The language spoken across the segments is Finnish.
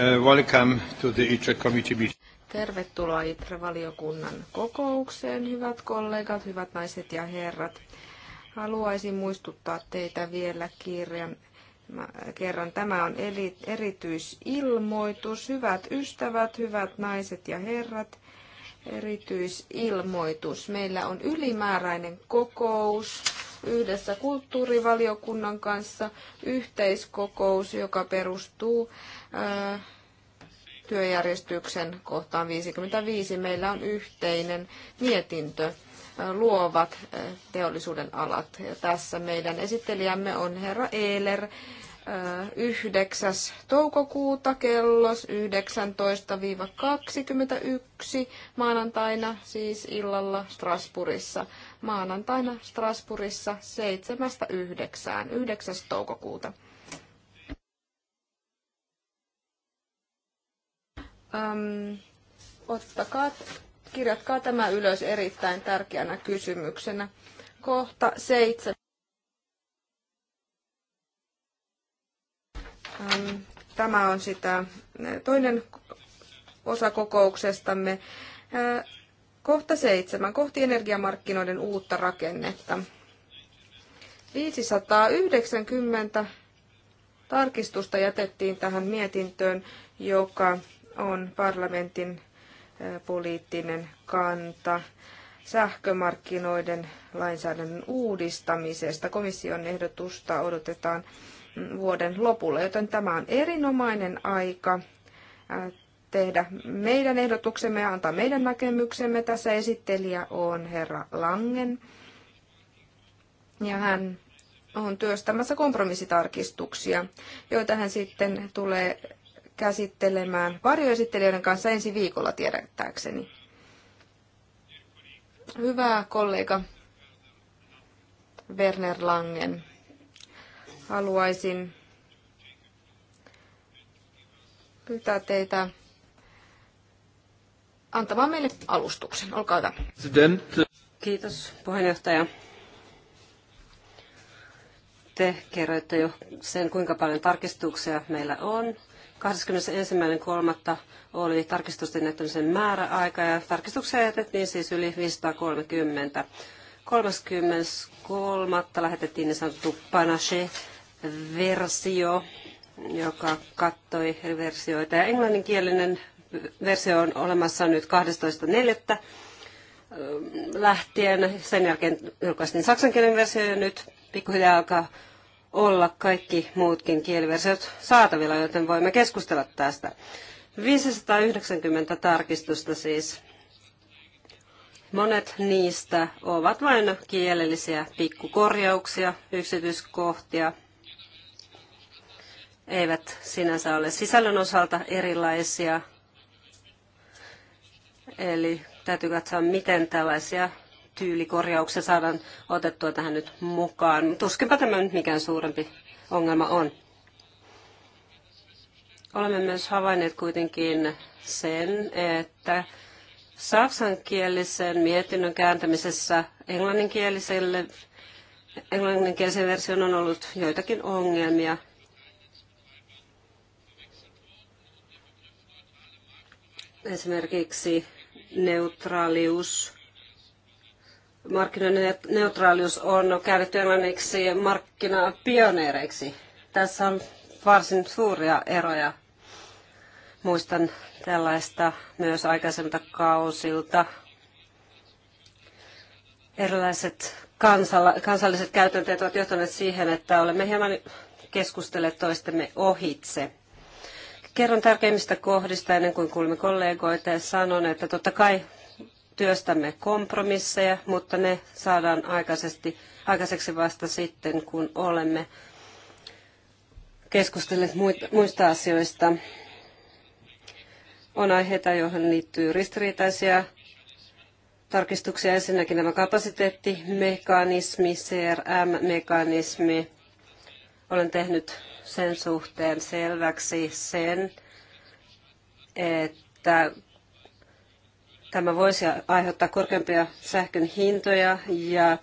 Uh, welcome to the ITRE committee meeting. Tervetuloa ITRE-valiokunnan kokoukseen, hyvät kollegat, hyvät naiset ja herrat. Haluaisin muistuttaa teitä vielä kirjan kerran. Tämä on erityisilmoitus. Hyvät ystävät, hyvät naiset ja herrat, erityisilmoitus. Meillä on ylimääräinen kokous yhdessä kulttuurivaliokunnan kanssa, yhteiskokous, joka perustuu työjärjestyksen kohtaan 55 meillä on yhteinen mietintö luovat teollisuuden alat. Ja tässä meidän esittelijämme on herra Eeler. 9. toukokuuta kello 19-21 maanantaina, siis illalla Strasbourgissa. Maanantaina Strasbourgissa 7.9. 9. toukokuuta. Öm, ähm, ottakaa, kirjatkaa tämä ylös erittäin tärkeänä kysymyksenä. Kohta seitsemän. Ähm, tämä on sitä äh, toinen osa kokouksestamme. Äh, kohta seitsemän, kohti energiamarkkinoiden uutta rakennetta. 590 tarkistusta jätettiin tähän mietintöön, joka on parlamentin poliittinen kanta sähkömarkkinoiden lainsäädännön uudistamisesta. Komission ehdotusta odotetaan mm, vuoden lopulla, joten tämä on erinomainen aika tehdä meidän ehdotuksemme ja antaa meidän näkemyksemme. Tässä esittelijä on herra Langen ja hän on työstämässä kompromissitarkistuksia, joita hän sitten tulee käsittelemään varjoesittelijöiden kanssa ensi viikolla tiedättääkseni. Hyvä kollega Werner Langen, haluaisin pyytää teitä antamaan meille alustuksen. Olkaa hyvä. Kiitos puheenjohtaja. Te kerroitte jo sen, kuinka paljon tarkistuksia meillä on 21.3. oli tarkistusten jättämisen määräaika ja tarkistuksia jätettiin siis yli 530. 33. lähetettiin niin sanottu Panache-versio, joka kattoi eri versioita. Ja englanninkielinen versio on olemassa nyt 12.4. lähtien. Sen jälkeen julkaistiin saksankielinen versio ja nyt pikkuhiljaa alkaa olla kaikki muutkin kieliversiot saatavilla, joten voimme keskustella tästä. 590 tarkistusta siis. Monet niistä ovat vain kielellisiä pikkukorjauksia, yksityiskohtia, eivät sinänsä ole sisällön osalta erilaisia. Eli täytyy katsoa, miten tällaisia tyylikorjauksia saadaan otettua tähän nyt mukaan. Tuskinpä tämä nyt mikään suurempi ongelma on. Olemme myös havainneet kuitenkin sen, että saksankielisen mietinnön kääntämisessä englanninkieliselle englanninkielisen version on ollut joitakin ongelmia. Esimerkiksi neutraalius markkinoiden neutraalius on käännetty englanniksi markkinapioneereiksi. Tässä on varsin suuria eroja. Muistan tällaista myös aikaisemmilta kausilta. Erilaiset kansala- kansalliset käytänteet ovat johtaneet siihen, että olemme hieman keskustelleet toistemme ohitse. Kerron tärkeimmistä kohdista ennen kuin kuulimme kollegoita ja sanon, että totta kai työstämme kompromisseja, mutta ne saadaan aikaisesti, aikaiseksi vasta sitten, kun olemme keskustelleet muista asioista. On aiheita, joihin liittyy ristiriitaisia tarkistuksia. Ensinnäkin tämä kapasiteettimekanismi, CRM-mekanismi. Olen tehnyt sen suhteen selväksi sen, että Tämä voisi aiheuttaa korkeampia sähkön hintoja ja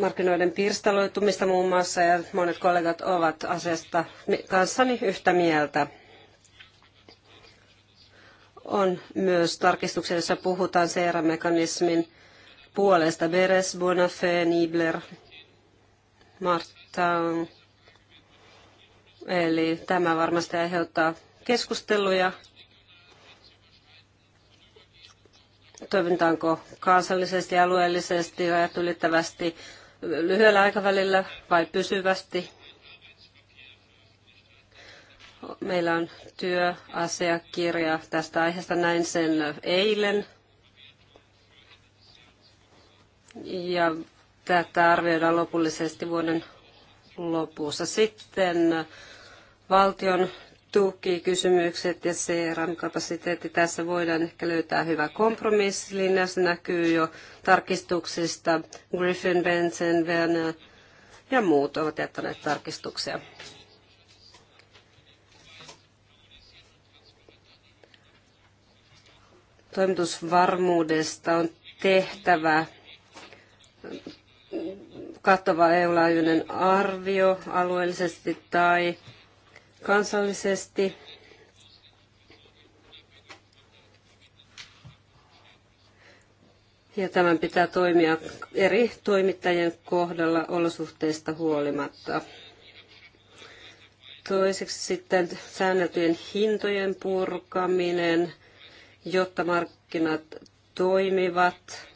markkinoiden pirstaloitumista muun muassa, ja monet kollegat ovat asiasta kanssani yhtä mieltä. On myös tarkistuksia, jossa puhutaan CR-mekanismin puolesta. Beres, Bonafé, Nibler, Marta. Eli tämä varmasti aiheuttaa keskusteluja toimintaanko kansallisesti, alueellisesti, rajat ylittävästi, lyhyellä aikavälillä vai pysyvästi. Meillä on työasiakirja tästä aiheesta, näin sen eilen. Ja tätä arvioidaan lopullisesti vuoden lopussa. Sitten valtion tukikysymykset ja CRM-kapasiteetti. Tässä voidaan ehkä löytää hyvä kompromissilinja. Se näkyy jo tarkistuksista. Griffin, Benson, Werner ja muut ovat jättäneet tarkistuksia. Toimitusvarmuudesta on tehtävä kattava EU-laajuinen arvio alueellisesti tai kansallisesti. Ja tämän pitää toimia eri toimittajien kohdalla olosuhteista huolimatta. Toiseksi sitten säänneltyjen hintojen purkaminen, jotta markkinat toimivat.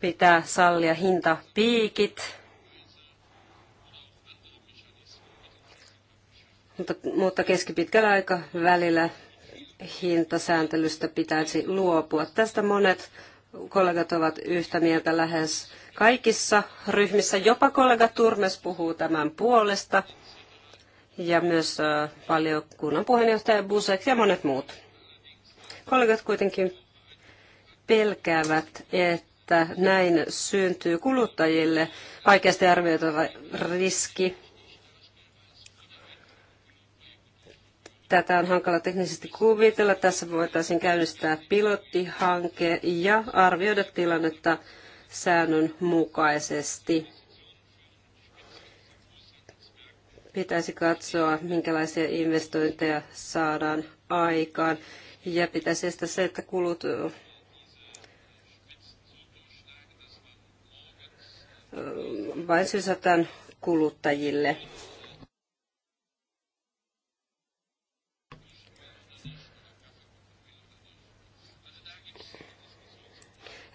Pitää sallia hintapiikit Mutta, mutta keskipitkällä aikavälillä hintasääntelystä pitäisi luopua. Tästä monet kollegat ovat yhtä mieltä lähes kaikissa ryhmissä. Jopa kollega Turmes puhuu tämän puolesta ja myös valiokunnan puheenjohtaja Busek ja monet muut. Kollegat kuitenkin pelkäävät, että näin syntyy kuluttajille vaikeasti arvioitava riski Tätä on hankala teknisesti kuvitella. Tässä voitaisiin käynnistää pilottihanke ja arvioida tilannetta säännönmukaisesti. Pitäisi katsoa, minkälaisia investointeja saadaan aikaan. Ja pitäisi estää se, että kulut vain sysätään kuluttajille.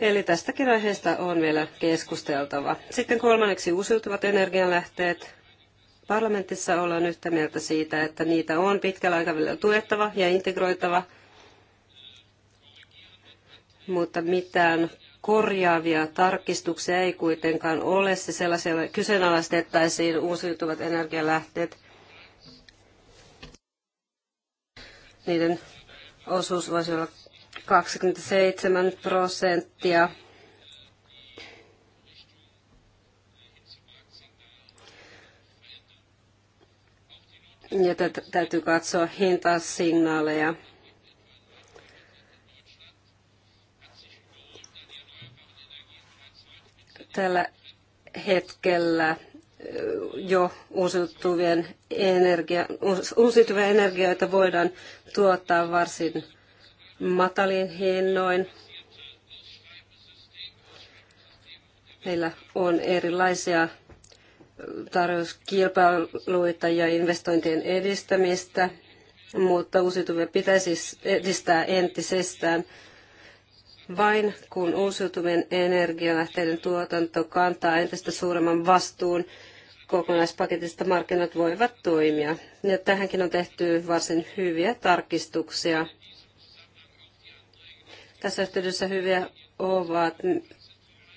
Eli tästäkin aiheesta on vielä keskusteltava. Sitten kolmanneksi uusiutuvat energianlähteet. Parlamentissa ollaan yhtä mieltä siitä, että niitä on pitkällä aikavälillä tuettava ja integroitava, mutta mitään korjaavia tarkistuksia ei kuitenkaan ole. Se sellaisella kyseenalaistettaisiin uusiutuvat energialähteet. Niiden osuus voisi olla 27 prosenttia. Ja täytyy katsoa hintasignaaleja. Tällä hetkellä jo uusiutuvien energia, uusiutuvia energioita voidaan tuottaa varsin matalin hinnoin. Meillä on erilaisia tarjouskilpailuita ja investointien edistämistä, mutta uusiutuvia pitäisi edistää entisestään. Vain kun uusiutuvien energialähteiden tuotanto kantaa entistä suuremman vastuun kokonaispaketista, markkinat voivat toimia. Ja tähänkin on tehty varsin hyviä tarkistuksia. Tässä yhteydessä hyviä ovat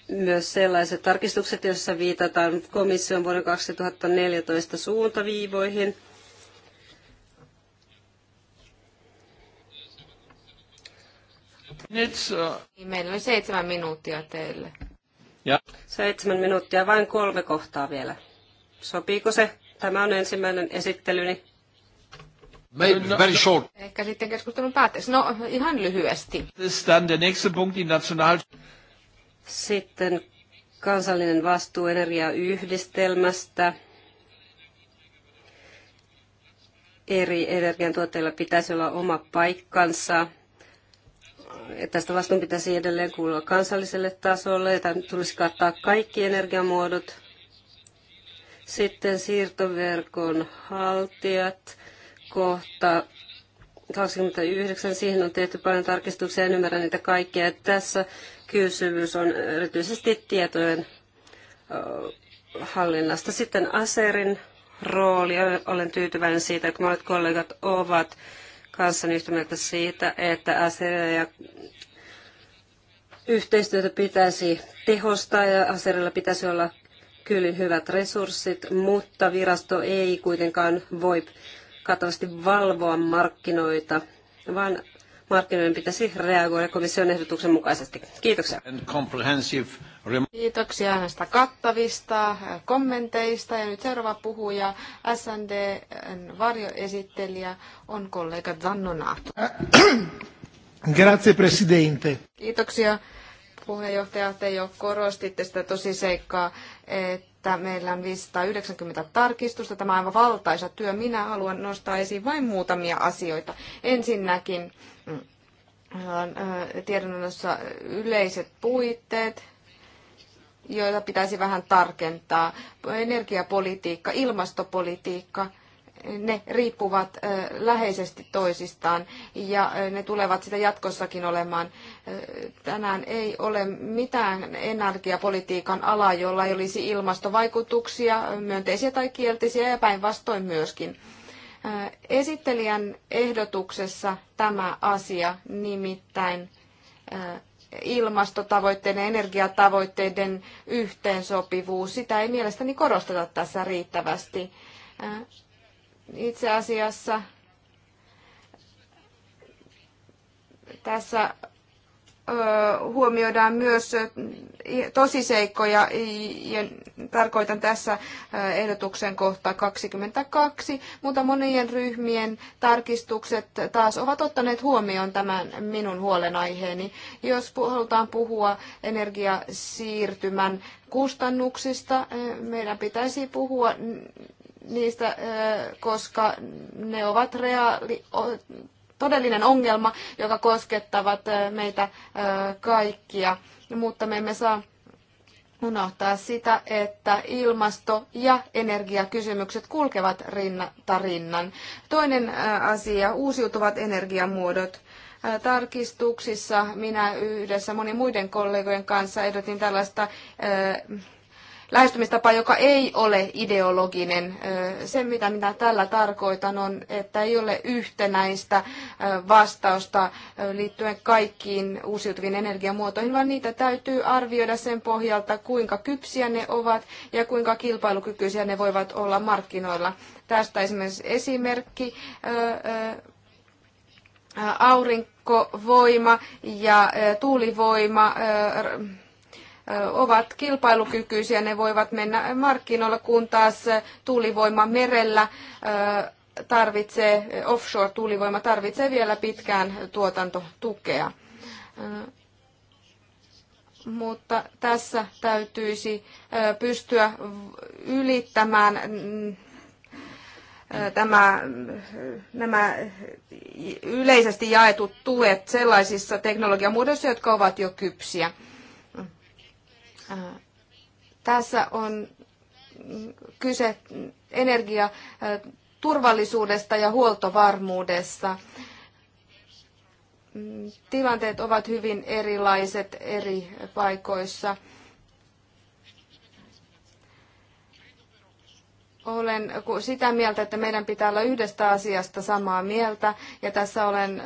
myös sellaiset tarkistukset, joissa viitataan komission vuoden 2014 suuntaviivoihin. Nyt äh, Meillä on seitsemän minuuttia teille. Ja. Seitsemän minuuttia, vain kolme kohtaa vielä. Sopiiko se? Tämä on ensimmäinen esittelyni very no, no, no. short. Ehkä sitten keskustelun päätteeksi. No, ihan lyhyesti. Sitten kansallinen vastuu energiayhdistelmästä. Eri energiantuotteilla pitäisi olla oma paikkansa. Tästä vastuun pitäisi edelleen kuulua kansalliselle tasolle, ja tulisi kattaa kaikki energiamuodot. Sitten siirtoverkon haltijat kohta 29, siihen on tehty paljon tarkistuksia, en ymmärrä niitä kaikkia. Tässä kysymys on erityisesti tietojen hallinnasta. Sitten Aserin rooli, olen tyytyväinen siitä, että monet kollegat ovat kanssani yhtä mieltä siitä, että Aseria ja yhteistyötä pitäisi tehostaa ja Aserilla pitäisi olla kyllin hyvät resurssit, mutta virasto ei kuitenkaan voi kattavasti valvoa markkinoita, vaan markkinoiden pitäisi reagoida komission ehdotuksen mukaisesti. Kiitoksia. Kiitoksia näistä kattavista äh, kommenteista. Ja nyt seuraava puhuja, SND varjoesittelijä, on kollega Zannonato. Grazie Presidente. Kiitoksia puheenjohtaja, te jo korostitte sitä tosiseikkaa, että että meillä on 590 tarkistusta. Tämä on aivan valtaisa työ. Minä haluan nostaa esiin vain muutamia asioita. Ensinnäkin mm, äh, tiedonannossa yleiset puitteet, joita pitäisi vähän tarkentaa. Energiapolitiikka, ilmastopolitiikka – ne riippuvat läheisesti toisistaan ja ne tulevat sitä jatkossakin olemaan. Tänään ei ole mitään energiapolitiikan ala, jolla ei olisi ilmastovaikutuksia, myönteisiä tai kielteisiä ja päinvastoin myöskin. Esittelijän ehdotuksessa tämä asia nimittäin ilmastotavoitteiden ja energiatavoitteiden yhteensopivuus, sitä ei mielestäni korosteta tässä riittävästi itse asiassa tässä huomioidaan myös tosiseikkoja, ja tarkoitan tässä ehdotuksen kohta 22, mutta monien ryhmien tarkistukset taas ovat ottaneet huomioon tämän minun huolenaiheeni. Jos halutaan puhua energiasiirtymän kustannuksista, meidän pitäisi puhua niistä, koska ne ovat reaali, todellinen ongelma, joka koskettavat meitä kaikkia. Mutta me emme saa unohtaa sitä, että ilmasto- ja energiakysymykset kulkevat rinnata rinnan. Toinen asia, uusiutuvat energiamuodot. Tarkistuksissa minä yhdessä monien muiden kollegojen kanssa ehdotin tällaista lähestymistapa, joka ei ole ideologinen. Se, mitä minä tällä tarkoitan, on, että ei ole yhtenäistä vastausta liittyen kaikkiin uusiutuviin energiamuotoihin, vaan niitä täytyy arvioida sen pohjalta, kuinka kypsiä ne ovat ja kuinka kilpailukykyisiä ne voivat olla markkinoilla. Tästä esimerkiksi esimerkki aurinkovoima ja tuulivoima ovat kilpailukykyisiä, ne voivat mennä markkinoilla, kun taas tuulivoima merellä tarvitsee, offshore-tuulivoima tarvitsee vielä pitkään tuotantotukea. Mutta tässä täytyisi pystyä ylittämään mm, tämä, nämä yleisesti jaetut tuet sellaisissa teknologiamuodoissa, jotka ovat jo kypsiä. Tässä on kyse energia turvallisuudesta ja huoltovarmuudessa. Mm, tilanteet ovat hyvin erilaiset eri paikoissa. Olen sitä mieltä, että meidän pitää olla yhdestä asiasta samaa mieltä, ja tässä olen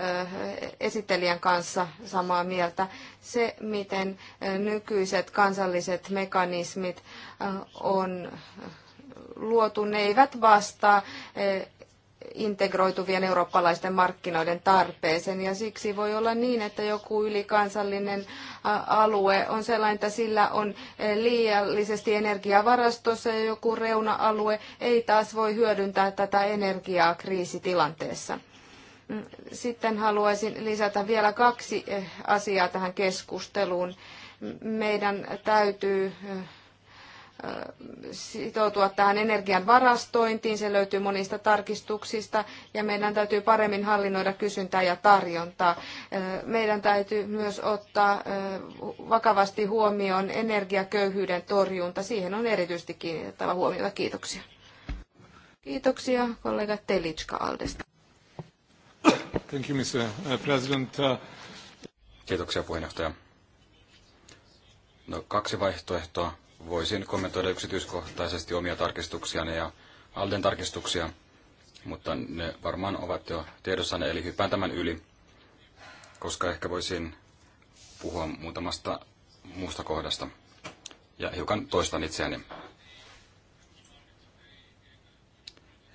esittelijän kanssa samaa mieltä. Se, miten nykyiset kansalliset mekanismit on luotu, ne eivät vastaa integroituvien eurooppalaisten markkinoiden tarpeeseen. Ja siksi voi olla niin, että joku ylikansallinen alue on sellainen, että sillä on liiallisesti energiavarastossa ja joku reuna-alue ei taas voi hyödyntää tätä energiaa kriisitilanteessa. Mm, sitten haluaisin lisätä vielä kaksi asiaa tähän keskusteluun. Meidän täytyy sitoutua tähän energian varastointiin. Se löytyy monista tarkistuksista ja meidän täytyy paremmin hallinnoida kysyntää ja tarjontaa. Meidän täytyy myös ottaa vakavasti huomioon energiaköyhyyden torjunta. Siihen on erityisesti kiinnitettävä huomiota. Kiitoksia. Kiitoksia kollega Telitska Aldesta. Thank you, Mr. Uh, President. Uh, Kiitoksia puheenjohtaja. No, kaksi vaihtoehtoa voisin kommentoida yksityiskohtaisesti omia tarkistuksiani ja Alden tarkistuksia, mutta ne varmaan ovat jo tiedossanne, eli hypään tämän yli, koska ehkä voisin puhua muutamasta muusta kohdasta. Ja hiukan toistan itseäni.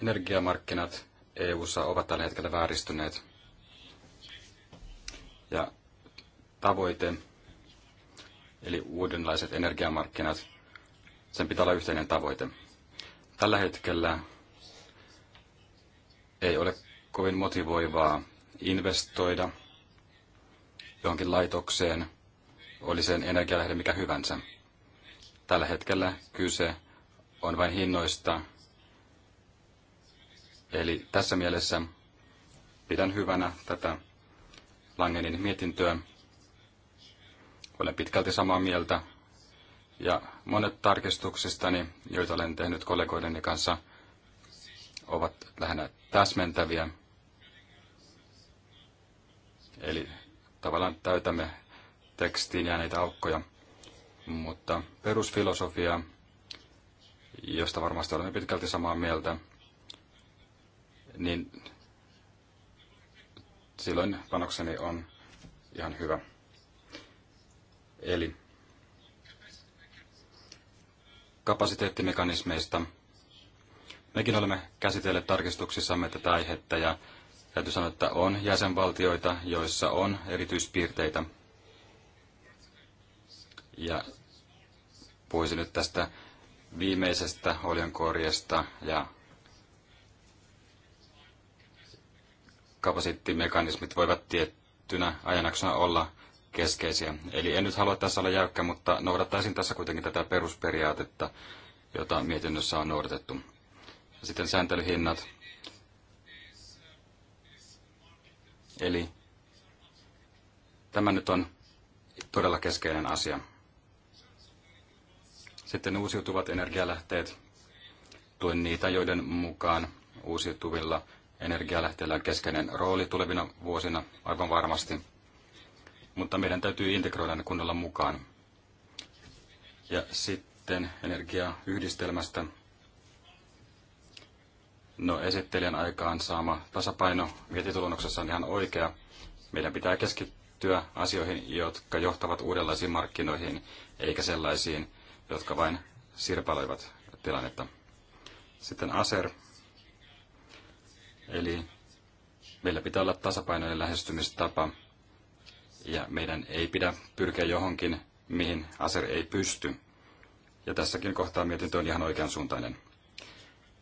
Energiamarkkinat EU:ssa ovat tällä hetkellä vääristyneet. Ja tavoite, eli uudenlaiset energiamarkkinat, sen pitää olla yhteinen tavoite. Tällä hetkellä ei ole kovin motivoivaa investoida johonkin laitokseen, oli sen energialähde mikä hyvänsä. Tällä hetkellä kyse on vain hinnoista. Eli tässä mielessä pidän hyvänä tätä Langenin mietintöä. Olen pitkälti samaa mieltä ja Monet tarkistuksistani, joita olen tehnyt kollegoideni kanssa, ovat lähinnä täsmentäviä. Eli tavallaan täytämme tekstiin jääneitä aukkoja, mutta perusfilosofia, josta varmasti olemme pitkälti samaa mieltä, niin silloin panokseni on ihan hyvä. Eli kapasiteettimekanismeista. Mekin olemme käsitelleet tarkistuksissamme tätä aihetta ja täytyy sanoa, että on jäsenvaltioita, joissa on erityispiirteitä. Ja puhuisin nyt tästä viimeisestä oljenkorjesta ja kapasiteettimekanismit voivat tiettynä ajanaksona olla keskeisiä. Eli en nyt halua tässä olla jäykkä, mutta noudattaisin tässä kuitenkin tätä perusperiaatetta, jota mietinnössä on noudatettu. Sitten sääntelyhinnat. Eli tämä nyt on todella keskeinen asia. Sitten uusiutuvat energialähteet. Tuen niitä, joiden mukaan uusiutuvilla energialähteillä on keskeinen rooli tulevina vuosina aivan varmasti mutta meidän täytyy integroida ne kunnolla mukaan. Ja sitten energiayhdistelmästä. No esittelijän aikaan saama tasapaino vietitulonnoksessa on ihan oikea. Meidän pitää keskittyä asioihin, jotka johtavat uudenlaisiin markkinoihin, eikä sellaisiin, jotka vain sirpaloivat tilannetta. Sitten ASER. Eli meillä pitää olla tasapainoinen lähestymistapa – ja meidän ei pidä pyrkiä johonkin, mihin ASER ei pysty. Ja tässäkin kohtaa mietintö on ihan oikeansuuntainen.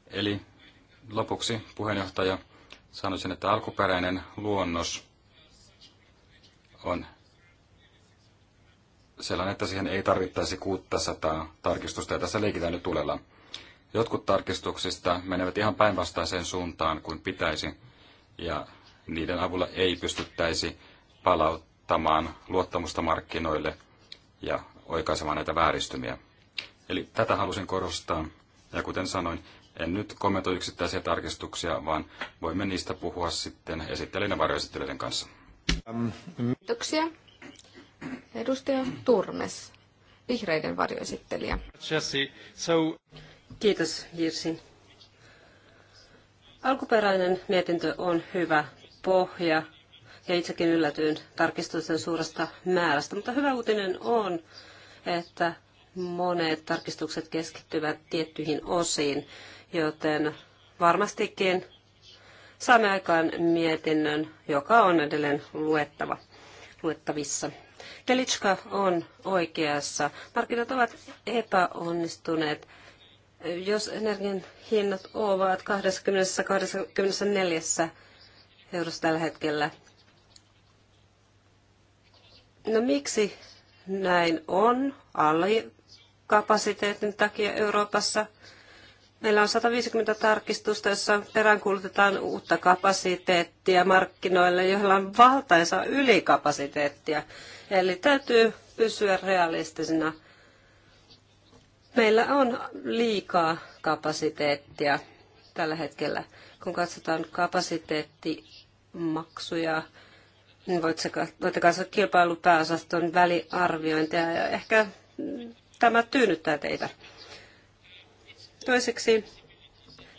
Eli lopuksi puheenjohtaja sanoisin, että alkuperäinen luonnos on sellainen, että siihen ei tarvittaisi 600 tarkistusta, ja tässä leikitään nyt tulella. Jotkut tarkistuksista menevät ihan päinvastaiseen suuntaan kuin pitäisi, ja niiden avulla ei pystyttäisi palauttamaan palauttamaan luottamusta markkinoille ja oikaisemaan näitä vääristymiä. Eli tätä halusin korostaa. Ja kuten sanoin, en nyt kommentoi yksittäisiä tarkistuksia, vaan voimme niistä puhua sitten esittelijän ja varjoesittelijöiden kanssa. Kiitoksia. Edustaja Turmes, vihreiden varjoesittelijä. Jesse, so... Kiitos, Jirsi. Alkuperäinen mietintö on hyvä pohja ja itsekin yllätyin tarkistusten suuresta määrästä. Mutta hyvä uutinen on, että monet tarkistukset keskittyvät tiettyihin osiin, joten varmastikin saamme aikaan mietinnön, joka on edelleen luettava, luettavissa. Telitska on oikeassa. Markkinat ovat epäonnistuneet. Jos energian hinnat ovat 20-24 eurossa tällä hetkellä, No miksi näin on alikapasiteetin takia Euroopassa? Meillä on 150 tarkistusta, jossa peräänkuulutetaan uutta kapasiteettia markkinoille, joilla on valtaisa ylikapasiteettia. Eli täytyy pysyä realistisena. Meillä on liikaa kapasiteettia tällä hetkellä, kun katsotaan kapasiteettimaksuja Voitte katsoa kilpailupääosaston väliarviointia ja ehkä mm, tämä tyynyttää teitä. Toiseksi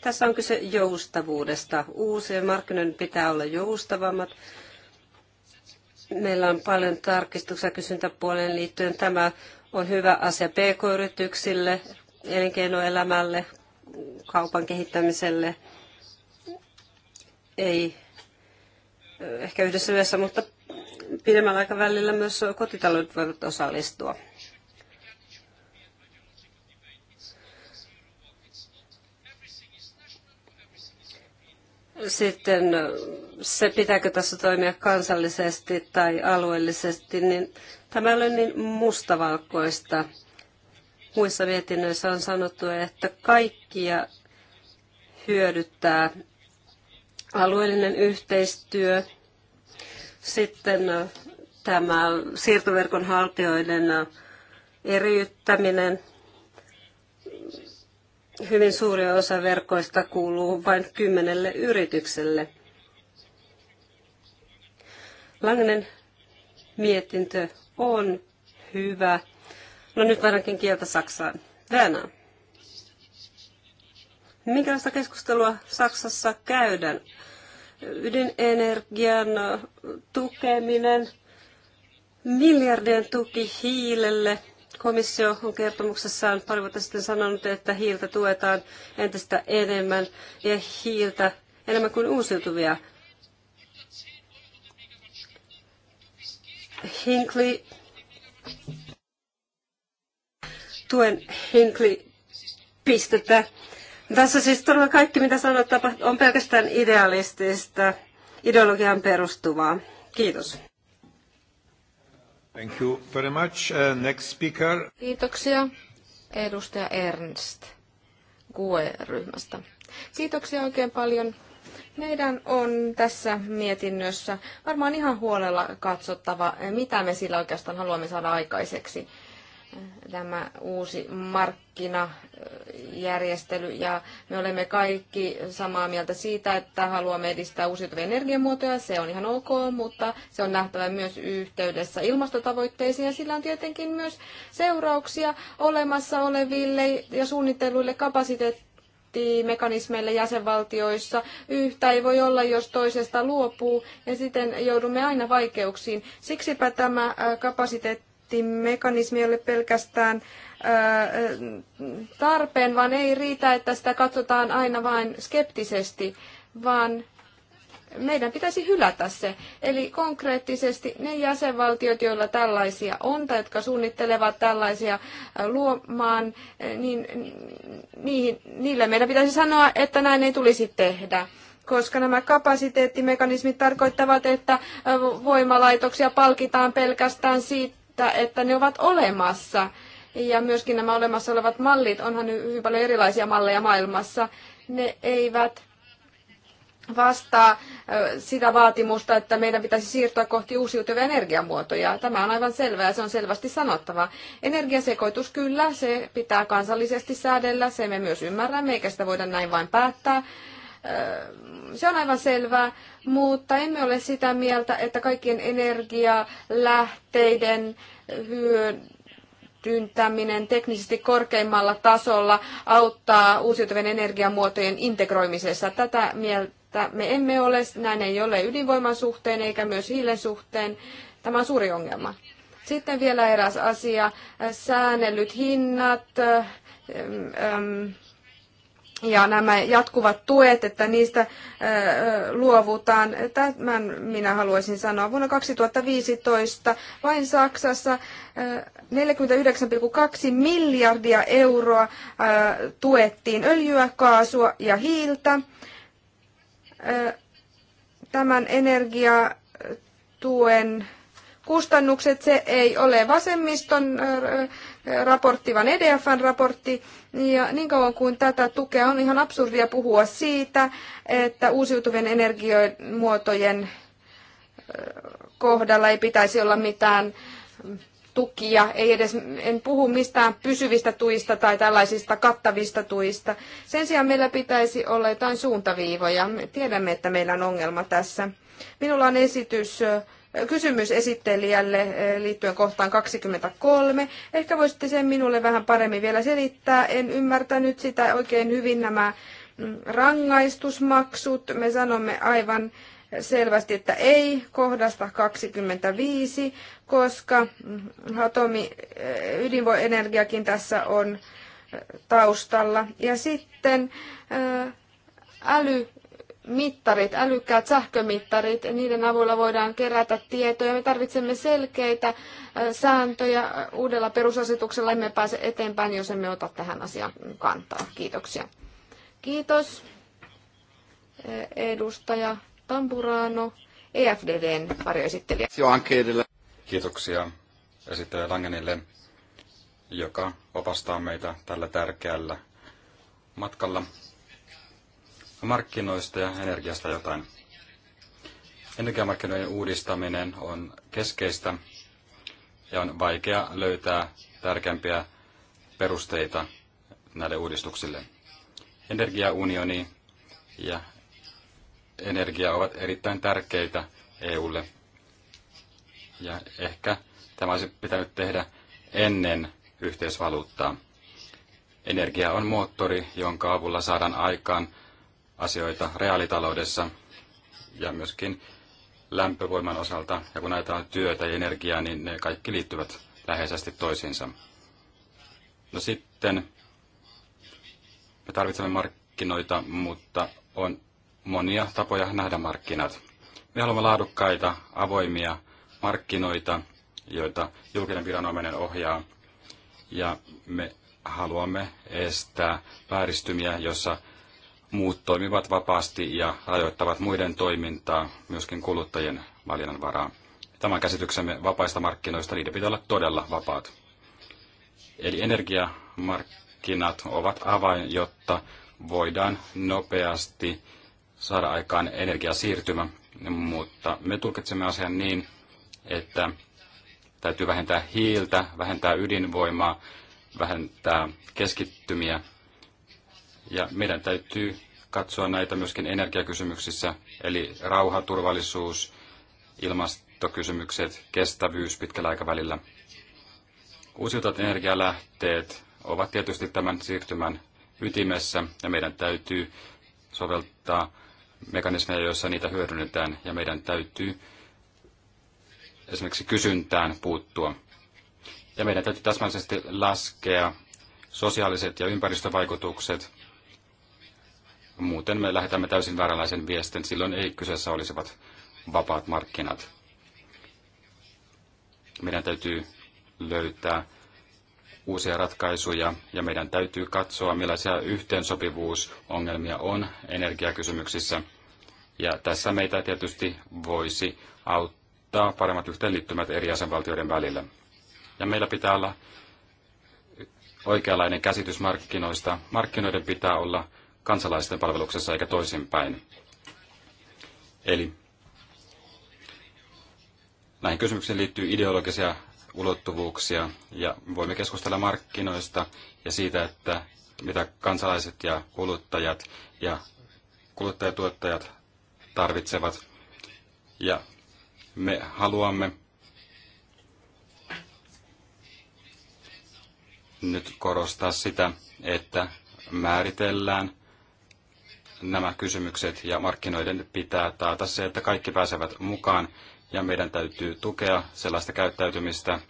tässä on kyse joustavuudesta. Uusien markkinoiden pitää olla joustavammat. Meillä on paljon tarkistuksia kysyntäpuoleen liittyen. Tämä on hyvä asia pk-yrityksille, elinkeinoelämälle, kaupan kehittämiselle. Ei ehkä yhdessä yössä, mutta pidemmällä aikavälillä myös kotitaloudet voivat osallistua. Sitten se, pitääkö tässä toimia kansallisesti tai alueellisesti, niin tämä ei ole niin mustavalkoista. Muissa mietinnöissä on sanottu, että kaikkia hyödyttää alueellinen yhteistyö, sitten äh, tämä siirtoverkon haltijoiden äh, eriyttäminen. Hyvin suuri osa verkoista kuuluu vain kymmenelle yritykselle. Langinen mietintö on hyvä. No nyt varankin kieltä Saksaan. Tänään. Minkälaista keskustelua Saksassa käydään? Ydinenergian tukeminen, miljardien tuki hiilelle. Komissio on kertomuksessaan pari vuotta sitten sanonut, että hiiltä tuetaan entistä enemmän ja hiiltä enemmän kuin uusiutuvia. Hinkley, tuen Hinkley pistettä tässä siis todella kaikki, mitä sanot, on pelkästään idealistista, ideologian perustuvaa. Kiitos. Thank you very much. Uh, next speaker. Kiitoksia. Edustaja Ernst GUE-ryhmästä. Kiitoksia oikein paljon. Meidän on tässä mietinnössä varmaan ihan huolella katsottava, mitä me sillä oikeastaan haluamme saada aikaiseksi tämä uusi markkinajärjestely ja me olemme kaikki samaa mieltä siitä, että haluamme edistää uusiutuvia energiamuotoja, se on ihan ok, mutta se on nähtävä myös yhteydessä ilmastotavoitteisiin ja sillä on tietenkin myös seurauksia olemassa oleville ja suunnitelluille kapasiteetteille mekanismeille jäsenvaltioissa. Yhtä ei voi olla, jos toisesta luopuu, ja siten joudumme aina vaikeuksiin. Siksipä tämä kapasiteetti mekanismi ei ole pelkästään tarpeen, vaan ei riitä, että sitä katsotaan aina vain skeptisesti, vaan meidän pitäisi hylätä se. Eli konkreettisesti ne jäsenvaltiot, joilla tällaisia on tai jotka suunnittelevat tällaisia luomaan, niin niihin, niille meidän pitäisi sanoa, että näin ei tulisi tehdä koska nämä kapasiteettimekanismit tarkoittavat, että voimalaitoksia palkitaan pelkästään siitä, että ne ovat olemassa. Ja myöskin nämä olemassa olevat mallit, onhan hyvin paljon erilaisia malleja maailmassa, ne eivät vastaa sitä vaatimusta, että meidän pitäisi siirtyä kohti uusiutuvia energiamuotoja. Tämä on aivan selvää ja se on selvästi sanottava. Energiasekoitus kyllä, se pitää kansallisesti säädellä, se me myös ymmärrämme, eikä sitä voida näin vain päättää. Se on aivan selvää, mutta emme ole sitä mieltä, että kaikkien energialähteiden hyödyntäminen teknisesti korkeimmalla tasolla auttaa uusiutuvien energiamuotojen integroimisessa. Tätä mieltä me emme ole, näin ei ole ydinvoiman suhteen eikä myös hiilen suhteen. Tämä on suuri ongelma. Sitten vielä eräs asia, säännellyt hinnat, ähm, ähm, ja nämä jatkuvat tuet, että niistä luovutaan. Tämän minä haluaisin sanoa. Vuonna 2015 vain Saksassa 49,2 miljardia euroa tuettiin öljyä, kaasua ja hiiltä. Tämän energiatuen kustannukset, se ei ole vasemmiston raportti, vaan EDFn raportti. Ja niin kauan kuin tätä tukea on ihan absurdia puhua siitä, että uusiutuvien energiamuotojen kohdalla ei pitäisi olla mitään tukia, ei edes, en puhu mistään pysyvistä tuista tai tällaisista kattavista tuista. Sen sijaan meillä pitäisi olla jotain suuntaviivoja. Me tiedämme, että meillä on ongelma tässä. Minulla on esitys kysymys esittelijälle eh, liittyen kohtaan 23. Ehkä voisitte sen minulle vähän paremmin vielä selittää. En ymmärtänyt sitä oikein hyvin nämä mm, rangaistusmaksut. Me sanomme aivan selvästi, että ei kohdasta 25, koska mm, atomi, eh, ydinvoenergiakin tässä on eh, taustalla. Ja sitten äly mittarit, älykkäät sähkömittarit, niiden avulla voidaan kerätä tietoja. Me tarvitsemme selkeitä äh, sääntöjä. Uudella perusasetuksella emme pääse eteenpäin, jos emme ota tähän asiaan kantaa. Kiitoksia. Kiitos eh, edustaja Tampurano, EFDDn varjoesittelijä. Kiitoksia esittelijä Langenille, joka opastaa meitä tällä tärkeällä matkalla markkinoista ja energiasta jotain. Energiamarkkinoiden uudistaminen on keskeistä ja on vaikea löytää tärkeämpiä perusteita näille uudistuksille. Energiaunioni ja energia ovat erittäin tärkeitä EUlle. Ja ehkä tämä olisi pitänyt tehdä ennen yhteisvaluuttaa. Energia on moottori, jonka avulla saadaan aikaan asioita reaalitaloudessa ja myöskin lämpövoiman osalta. Ja kun on työtä ja energiaa, niin ne kaikki liittyvät läheisesti toisiinsa. No sitten me tarvitsemme markkinoita, mutta on monia tapoja nähdä markkinat. Me haluamme laadukkaita, avoimia markkinoita, joita julkinen viranomainen ohjaa. Ja me haluamme estää vääristymiä, jossa muut toimivat vapaasti ja rajoittavat muiden toimintaa, myöskin kuluttajien valinnanvaraa. Tämän käsityksemme vapaista markkinoista niiden pitää olla todella vapaat. Eli energiamarkkinat ovat avain, jotta voidaan nopeasti saada aikaan energiasiirtymä, mutta me tulkitsemme asian niin, että täytyy vähentää hiiltä, vähentää ydinvoimaa, vähentää keskittymiä ja meidän täytyy katsoa näitä myöskin energiakysymyksissä, eli rauha, turvallisuus, ilmastokysymykset, kestävyys pitkällä aikavälillä. Uusiutuvat energialähteet ovat tietysti tämän siirtymän ytimessä, ja meidän täytyy soveltaa mekanismeja, joissa niitä hyödynnetään, ja meidän täytyy esimerkiksi kysyntään puuttua. Ja meidän täytyy täsmällisesti laskea sosiaaliset ja ympäristövaikutukset, Muuten me lähetämme täysin vääränlaisen viestin, silloin ei kyseessä olisivat vapaat markkinat. Meidän täytyy löytää uusia ratkaisuja ja meidän täytyy katsoa, millaisia yhteensopivuusongelmia on energiakysymyksissä. Ja tässä meitä tietysti voisi auttaa paremmat yhteenliittymät eri jäsenvaltioiden välillä. Ja meillä pitää olla oikeanlainen käsitys markkinoista. Markkinoiden pitää olla kansalaisten palveluksessa eikä toisinpäin. Eli näihin kysymyksiin liittyy ideologisia ulottuvuuksia ja voimme keskustella markkinoista ja siitä, että mitä kansalaiset ja kuluttajat ja kuluttajatuottajat tarvitsevat. Ja me haluamme nyt korostaa sitä, että määritellään nämä kysymykset ja markkinoiden pitää taata se, että kaikki pääsevät mukaan ja meidän täytyy tukea sellaista käyttäytymistä,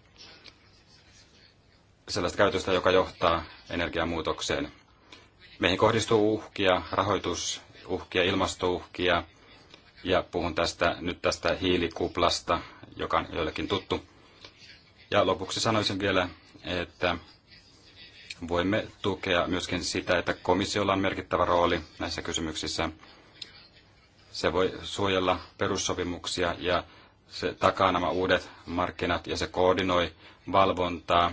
sellaista käytöstä, joka johtaa energiamuutokseen. Meihin kohdistuu uhkia, rahoitusuhkia, ilmastouhkia ja puhun tästä, nyt tästä hiilikuplasta, joka on joillekin tuttu. Ja lopuksi sanoisin vielä, että voimme tukea myöskin sitä, että komissiolla on merkittävä rooli näissä kysymyksissä. Se voi suojella perussopimuksia ja se takaa nämä uudet markkinat ja se koordinoi valvontaa,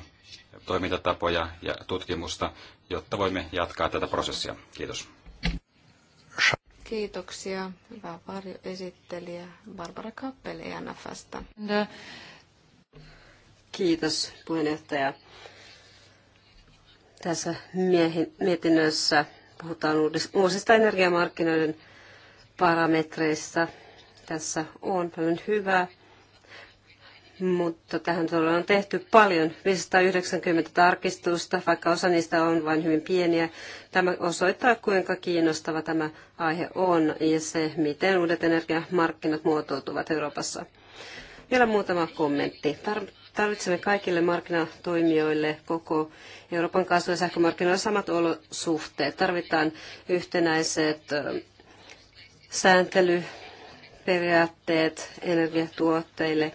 toimintatapoja ja tutkimusta, jotta voimme jatkaa tätä prosessia. Kiitos. Kiitoksia. Hyvä varjoesittelijä Barbara Kappeli NFstä. Kiitos puheenjohtaja. Tässä mietinnössä puhutaan uusista energiamarkkinoiden parametreista. Tässä on paljon hyvää, mutta tähän todella on tehty paljon, 590 tarkistusta, vaikka osa niistä on vain hyvin pieniä. Tämä osoittaa, kuinka kiinnostava tämä aihe on ja se, miten uudet energiamarkkinat muotoutuvat Euroopassa. Vielä muutama kommentti. Tar- Tarvitsemme kaikille markkinatoimijoille koko Euroopan kasvu- ja sähkömarkkinoilla samat olosuhteet. Tarvitaan yhtenäiset sääntelyperiaatteet energiatuotteille.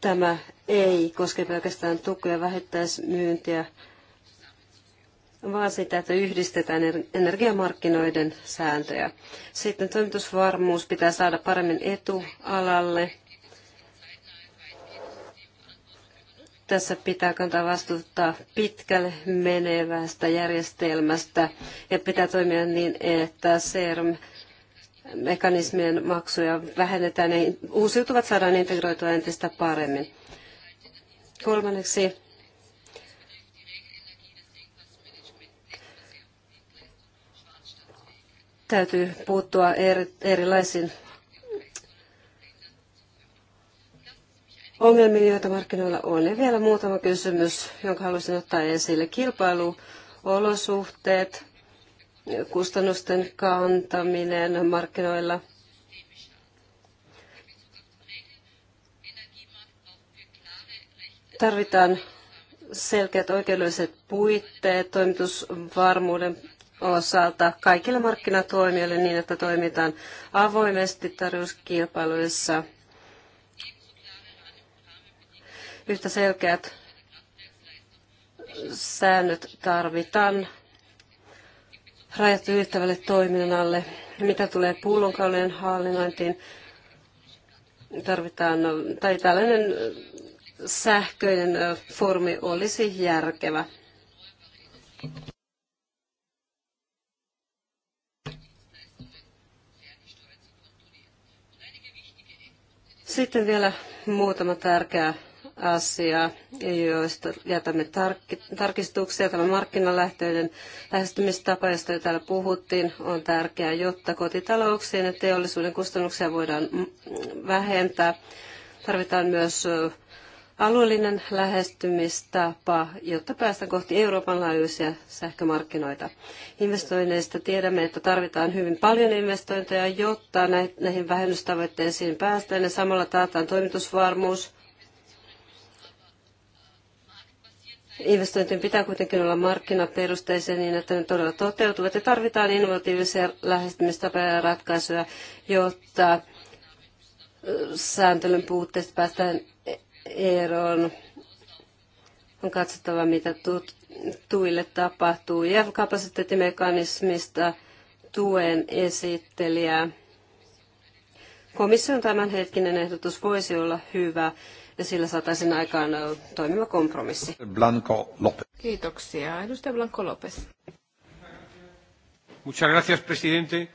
Tämä ei koske pelkästään tukea vähittäismyyntiä, myyntiä vaan sitä, että yhdistetään energiamarkkinoiden sääntöjä. Sitten toimitusvarmuus pitää saada paremmin etualalle. Tässä pitää kantaa vastuuta pitkälle menevästä järjestelmästä ja pitää toimia niin, että CERM mekanismien maksuja vähennetään ja uusiutuvat saadaan integroitua entistä paremmin. Kolmanneksi täytyy puuttua eri, erilaisiin ongelmiin, joita markkinoilla on. Ja vielä muutama kysymys, jonka haluaisin ottaa esille. Kilpailuolosuhteet, kustannusten kantaminen markkinoilla. Tarvitaan selkeät oikeudelliset puitteet toimitusvarmuuden osalta kaikille markkinatoimijoille niin, että toimitaan avoimesti tarjouskilpailuissa. Yhtä selkeät säännöt tarvitaan rajat ylittävälle toiminnalle. Mitä tulee pullonkaulojen hallinnointiin, tarvitaan, tai tällainen sähköinen formi olisi järkevä. Sitten vielä muutama tärkeä asia, joista jätämme tarkistuksia. Tämä markkinalähtöiden lähestymistapa, josta jo täällä puhuttiin, on tärkeää, jotta kotitalouksien ja teollisuuden kustannuksia voidaan vähentää. Tarvitaan myös alueellinen lähestymistapa, jotta päästään kohti Euroopan laajuisia sähkömarkkinoita. Investoinneista tiedämme, että tarvitaan hyvin paljon investointeja, jotta näihin vähennystavoitteisiin päästään ja samalla taataan toimitusvarmuus. Investointien pitää kuitenkin olla markkinaperusteisia niin, että ne todella toteutuvat ja tarvitaan innovatiivisia lähestymistapoja ja ratkaisuja, jotta sääntelyn puutteista päästään eroon. On katsottava, mitä tuille tapahtuu. Ja kapasiteettimekanismista tuen esittelijä. Komission tämänhetkinen ehdotus voisi olla hyvä ja sillä saataisiin aikaan toimiva kompromissi. Blanco Lopez. Kiitoksia. Edustaja Blanco Lopez. Muchas gracias, presidente.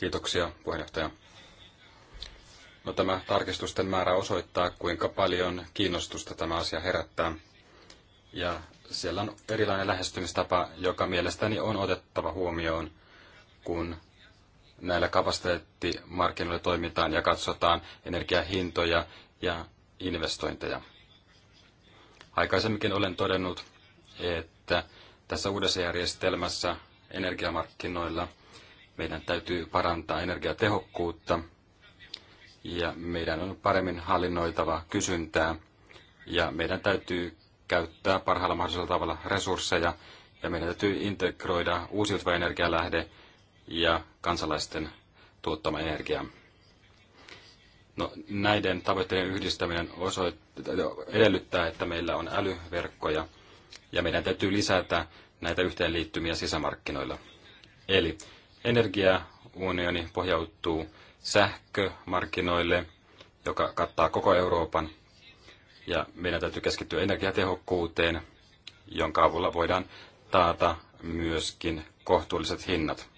Kiitoksia, puheenjohtaja. No tämä tarkistusten määrä osoittaa, kuinka paljon kiinnostusta tämä asia herättää. Ja siellä on erilainen lähestymistapa, joka mielestäni on otettava huomioon, kun näillä kapasiteettimarkkinoilla toimitaan ja katsotaan energiahintoja ja investointeja. Aikaisemminkin olen todennut, että tässä uudessa järjestelmässä energiamarkkinoilla meidän täytyy parantaa energiatehokkuutta – ja meidän on paremmin hallinnoitava kysyntää ja meidän täytyy käyttää parhaalla mahdollisella tavalla resursseja ja meidän täytyy integroida uusiutuva energialähde ja kansalaisten tuottama energia. No, näiden tavoitteiden yhdistäminen osoit- edellyttää, että meillä on älyverkkoja ja meidän täytyy lisätä näitä yhteenliittymiä sisämarkkinoilla. Eli energiaunioni pohjautuu sähkömarkkinoille, joka kattaa koko Euroopan. Ja meidän täytyy keskittyä energiatehokkuuteen, jonka avulla voidaan taata myöskin kohtuulliset hinnat.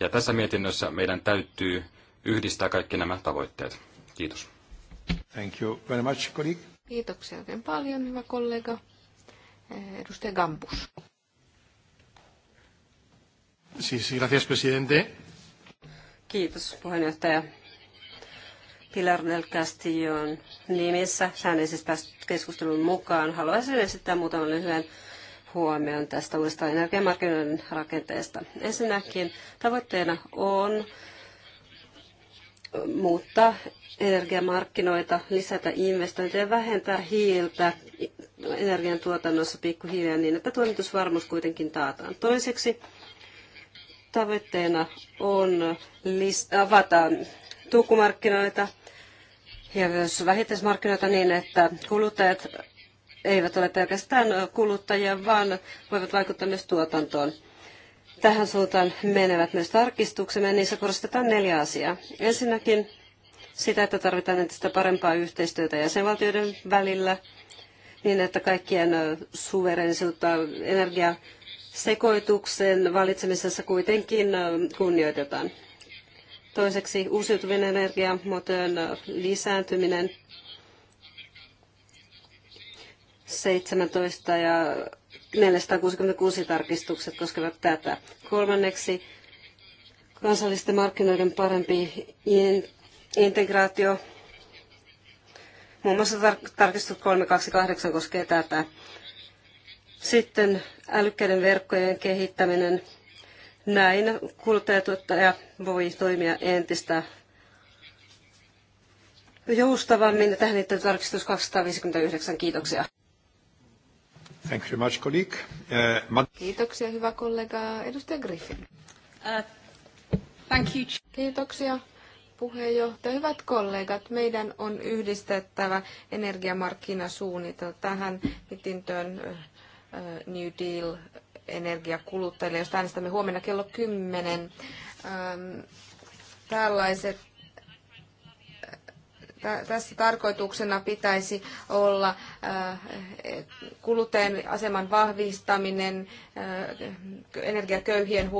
Ja tässä mietinnössä meidän täytyy yhdistää kaikki nämä tavoitteet. Kiitos. Thank you very much, colleague. Kiitoksia oikein paljon, hyvä kollega. Eh, edustaja Gampus. Sí, sí, gracias, presidente. Kiitos puheenjohtaja Pilar del Castillon nimissä. Hän ei siis päässyt keskustelun mukaan. Haluaisin esittää muutaman lyhyen huomion tästä uudesta energiamarkkinoiden rakenteesta. Ensinnäkin tavoitteena on muuttaa energiamarkkinoita, lisätä investointeja, vähentää hiiltä energiantuotannossa pikkuhiljaa niin, että toimitusvarmuus kuitenkin taataan. Toiseksi Tavoitteena on avata tukkumarkkinoita ja myös vähittäismarkkinoita niin, että kuluttajat eivät ole pelkästään kuluttajia, vaan voivat vaikuttaa myös tuotantoon. Tähän suuntaan menevät myös tarkistuksemme, ja niissä korostetaan neljä asiaa. Ensinnäkin sitä, että tarvitaan entistä parempaa yhteistyötä jäsenvaltioiden välillä, niin että kaikkien suverenisuutta energia- sekoituksen valitsemisessa kuitenkin kunnioitetaan. Toiseksi uusiutuvien energiamuotojen lisääntyminen 17 ja 466 tarkistukset koskevat tätä. Kolmanneksi kansallisten markkinoiden parempi integraatio. Muun muassa tar- tarkistus 328 koskee tätä. Sitten älykkäiden verkkojen kehittäminen. Näin kuluttajatuottaja voi toimia entistä joustavammin. Tähän liittyy tarkistus 259. Kiitoksia. Thank you much, colleague. Uh, Kiitoksia, hyvä kollega. Edustaja Griffin. Uh, thank you. Kiitoksia, puheenjohtaja. Hyvät kollegat, meidän on yhdistettävä energiamarkkinasuunnitelma tähän mitintöön Äh, New Deal energiakuluttajille, josta äänestämme huomenna kello 10. Ähm, tällaiset äh, tässä tarkoituksena pitäisi olla äh, kuluttajan aseman vahvistaminen, energiaköyhien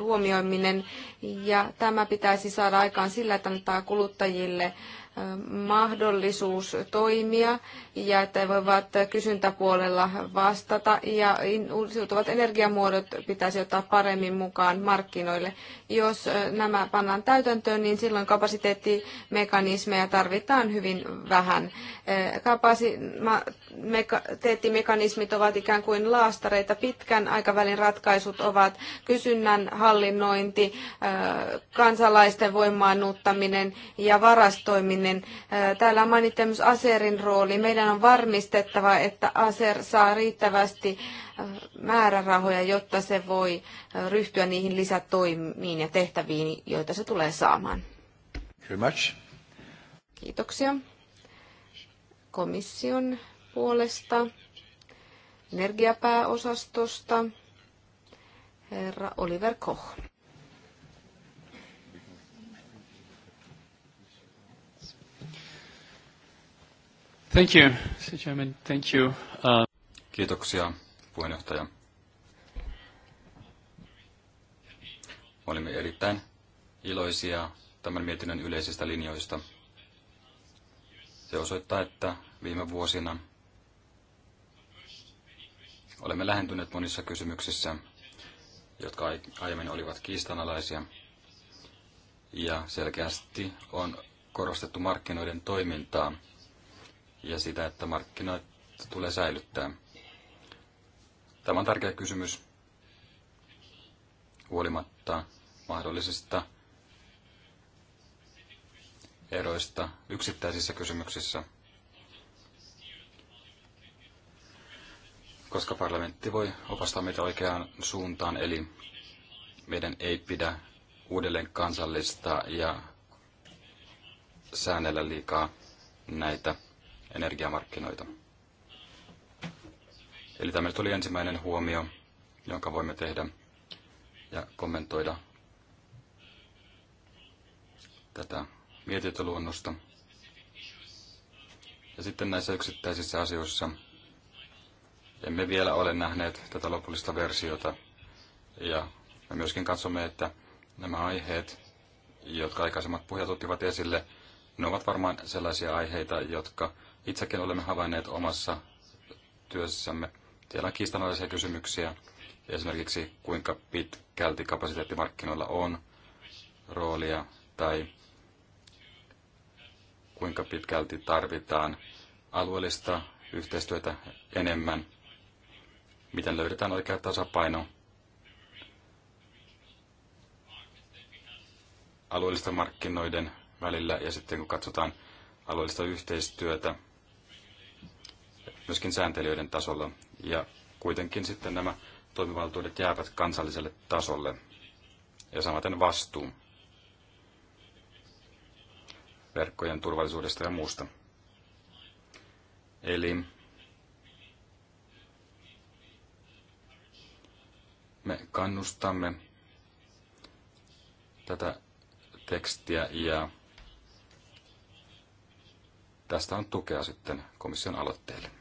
huomioiminen ja tämä pitäisi saada aikaan sillä, että antaa kuluttajille mahdollisuus toimia ja että he voivat kysyntäpuolella vastata ja uusiutuvat energiamuodot pitäisi ottaa paremmin mukaan markkinoille. Jos nämä pannaan täytäntöön, niin silloin kapasiteettimekanismeja tarvitaan hyvin vähän. Kapasiteettimekanismit ovat ikään kuin laastareita. Pitkän aikavälin ratkaisut ovat kysynnän hallinnointi, kansalaisten voimaannuttaminen ja varastoiminen myönteinen. Täällä mainittiin myös Aserin rooli. Meidän on varmistettava, että Aser saa riittävästi määrärahoja, jotta se voi ryhtyä niihin lisätoimiin ja tehtäviin, joita se tulee saamaan. Kiitoksia. Komission puolesta, energiapääosastosta, herra Oliver Koch. Thank you, Mr. Chairman. Thank you. Uh... Kiitoksia, puheenjohtaja. Olimme erittäin iloisia tämän mietinnön yleisistä linjoista. Se osoittaa, että viime vuosina olemme lähentyneet monissa kysymyksissä, jotka aiemmin olivat kiistanalaisia. Ja selkeästi on korostettu markkinoiden toimintaa ja sitä, että markkinoita tulee säilyttää. Tämä on tärkeä kysymys huolimatta mahdollisista eroista yksittäisissä kysymyksissä, koska parlamentti voi opastaa meitä oikeaan suuntaan, eli meidän ei pidä uudelleen kansallista ja säännellä liikaa näitä energiamarkkinoita. Eli tämä oli ensimmäinen huomio, jonka voimme tehdä ja kommentoida tätä mietintöluonnosta. Ja sitten näissä yksittäisissä asioissa emme vielä ole nähneet tätä lopullista versiota. Ja me myöskin katsomme, että nämä aiheet, jotka aikaisemmat puhujat ottivat esille, ne ovat varmaan sellaisia aiheita, jotka itsekin olemme havainneet omassa työssämme. Siellä on kiistanalaisia kysymyksiä, esimerkiksi kuinka pitkälti kapasiteettimarkkinoilla on roolia tai kuinka pitkälti tarvitaan alueellista yhteistyötä enemmän, miten löydetään oikea tasapaino alueellisten markkinoiden välillä ja sitten kun katsotaan alueellista yhteistyötä myöskin sääntelijöiden tasolla. Ja kuitenkin sitten nämä toimivaltuudet jäävät kansalliselle tasolle ja samaten vastuu verkkojen turvallisuudesta ja muusta. Eli me kannustamme tätä tekstiä ja tästä on tukea sitten komission aloitteelle.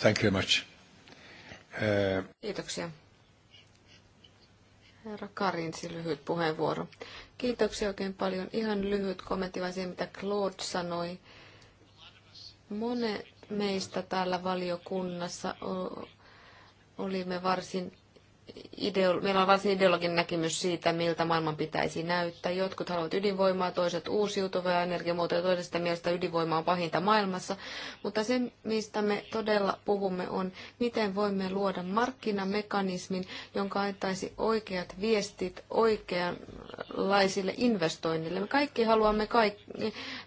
Thank you much. Uh... Kiitoksia. Herra Karinsi, lyhyt puheenvuoro. Kiitoksia oikein paljon. Ihan lyhyt kommentti vain siihen, mitä Claude sanoi. mone meistä täällä valiokunnassa olimme varsin ideo- meillä on varsin ideologinen näkemys siitä, miltä maailman pitäisi näyttää. Jotkut haluavat ydinvoimaa, toiset uusiutuvaa energiamuotoja, toisesta mielestä ydinvoima on pahinta maailmassa. Mutta se, mistä me todella puhumme, on, miten voimme luoda markkinamekanismin, jonka antaisi oikeat viestit oikeanlaisille investoinnille. Me kaikki haluamme kaikki,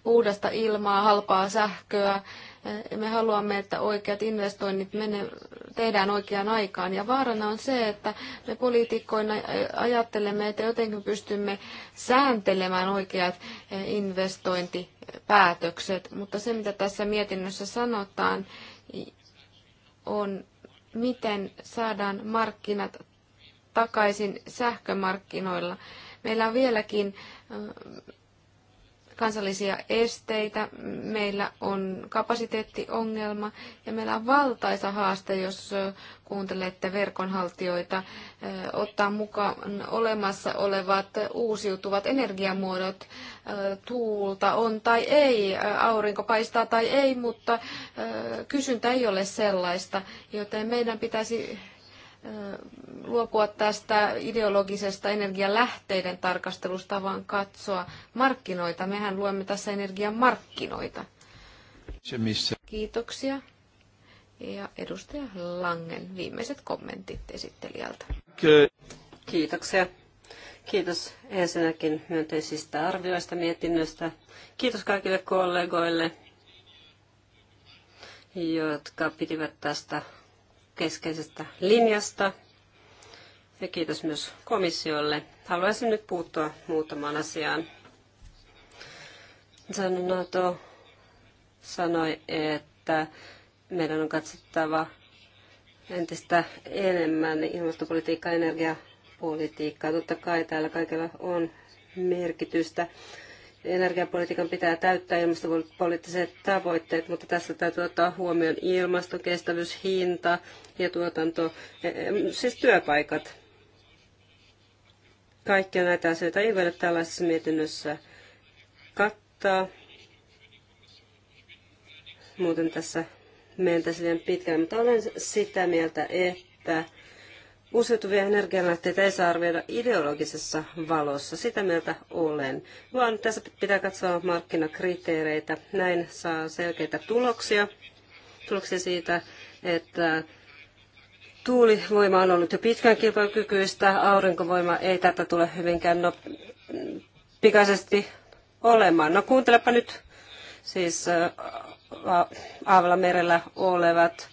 puhdasta ilmaa, halpaa sähköä, me haluamme, että oikeat investoinnit mene, tehdään oikeaan aikaan. Ja vaarana on se, että me poliitikkoina ajattelemme, että jotenkin pystymme sääntelemään oikeat eh, investointipäätökset. Mutta se, mitä tässä mietinnössä sanotaan, on, miten saadaan markkinat takaisin sähkömarkkinoilla. Meillä on vieläkin eh, kansallisia esteitä, meillä on kapasiteettiongelma ja meillä on valtaisa haaste, jos kuuntelette verkonhaltijoita, ottaa mukaan olemassa olevat uusiutuvat energiamuodot, tuulta on tai ei, aurinko paistaa tai ei, mutta kysyntä ei ole sellaista, joten meidän pitäisi luopua tästä ideologisesta energialähteiden tarkastelusta, vaan katsoa markkinoita. Mehän luemme tässä energian markkinoita. Kiitoksia. Ja edustaja Langen viimeiset kommentit esittelijältä. Kiitoksia. Kiitos ensinnäkin myönteisistä arvioista mietinnöstä. Kiitos kaikille kollegoille, jotka pitivät tästä keskeisestä linjasta. Ja kiitos myös komissiolle. Haluaisin nyt puuttua muutamaan asiaan. Sanonato sanoi, että meidän on katsottava entistä enemmän ilmastopolitiikkaa, energiapolitiikkaa. Totta kai täällä kaikella on merkitystä, Energiapolitiikan pitää täyttää ilmastopoliittiset tavoitteet, mutta tässä täytyy ottaa huomioon ilmastokestävyys, hinta ja tuotanto, e, e, siis työpaikat. Kaikkia näitä asioita ei voida tällaisessa mietinnössä kattaa. Muuten tässä mentäisiin liian pitkälle, mutta olen sitä mieltä, että Uusiutuvia energianlähteitä ei saa arvioida ideologisessa valossa, sitä mieltä olen, vaan tässä pitää katsoa markkinakriteereitä. Näin saa selkeitä tuloksia, tuloksia siitä, että tuulivoima on ollut jo pitkään kilpailukykyistä, aurinkovoima ei tätä tule hyvinkään no, pikaisesti olemaan. No kuuntelepa nyt siis merellä olevat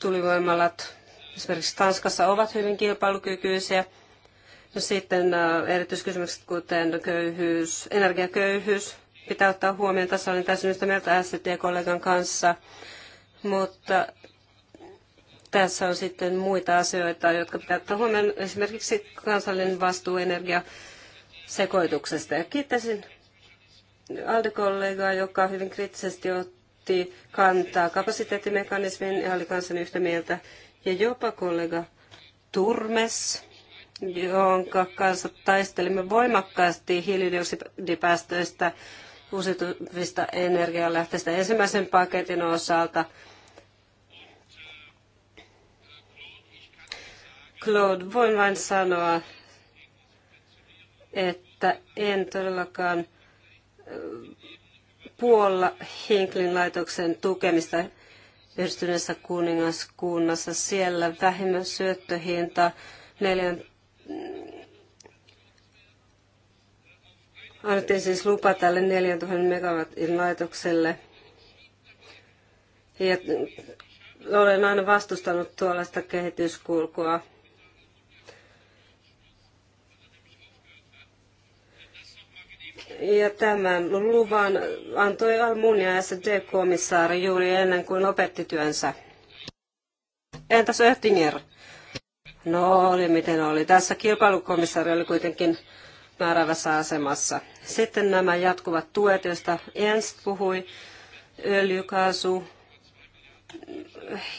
tulivoimalat esimerkiksi Tanskassa ovat hyvin kilpailukykyisiä. No sitten äh, erityiskysymykset, kuten köyhyys, energiaköyhyys, pitää ottaa huomioon. Tässä olen täysin yhtä mieltä SCT-kollegan kanssa, mutta tässä on sitten muita asioita, jotka pitää ottaa huomioon. Esimerkiksi kansallinen vastuu energiasekoituksesta. Ja kiittäisin Alde-kollegaa, joka hyvin kriittisesti otti kantaa kapasiteettimekanismin ja oli kanssani yhtä mieltä. Ja jopa kollega Turmes, jonka kanssa taistelimme voimakkaasti hiilidioksidipäästöistä uusiutuvista energialähteistä ensimmäisen paketin osalta. Claude, voin vain sanoa, että en todellakaan puolla Hinklin laitoksen tukemista yhdistyneessä kuningaskunnassa. Siellä vähemmän syöttöhinta neljän annettiin siis lupa tälle 4000 megawattin laitokselle. Ja olen aina vastustanut tuollaista kehityskulkua. Ja tämän luvan antoi Almunia SD-komissaari juuri ennen kuin lopetti työnsä. Entäs Öhtinger? No oli miten oli. Tässä kilpailukomissaari oli kuitenkin määräävässä asemassa. Sitten nämä jatkuvat tuet, joista Jens puhui, öljykaasu,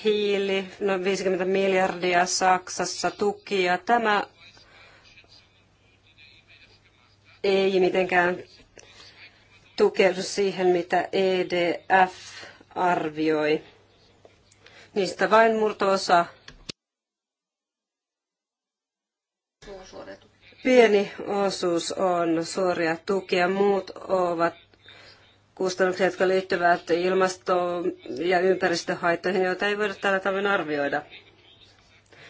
hiili, noin 50 miljardia Saksassa tukia. Tämä ei mitenkään tukeudu siihen, mitä EDF arvioi. Niistä vain murtoosa pieni osuus on suoria tukia, muut ovat kustannuksia, jotka liittyvät ilmastoon ja ympäristöhaittoihin, joita ei voida tällä tavoin arvioida.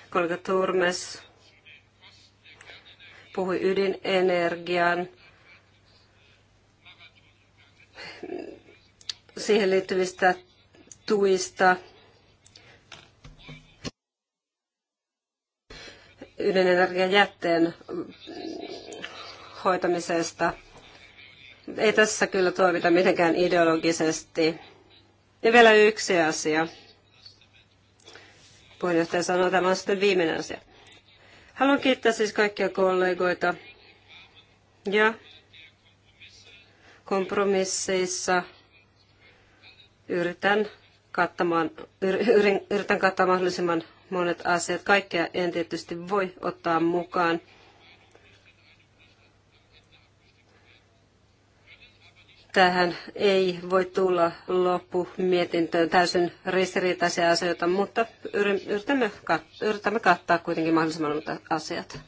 Kolka Turmes puhui ydinenergian, siihen liittyvistä tuista, ydinenergian jätteen hoitamisesta. Ei tässä kyllä toimita mitenkään ideologisesti. Ja vielä yksi asia. Puheenjohtaja sanoo, tämä on sitten viimeinen asia. Haluan kiittää siis kaikkia kollegoita ja kompromisseissa yritän kattamaan, yritän kattaa mahdollisimman monet asiat. Kaikkea en tietysti voi ottaa mukaan. tähän ei voi tulla loppu mietintöön täysin ristiriitaisia asioita, mutta yritämme, kat- yritämme kattaa kuitenkin mahdollisimman monta asiat.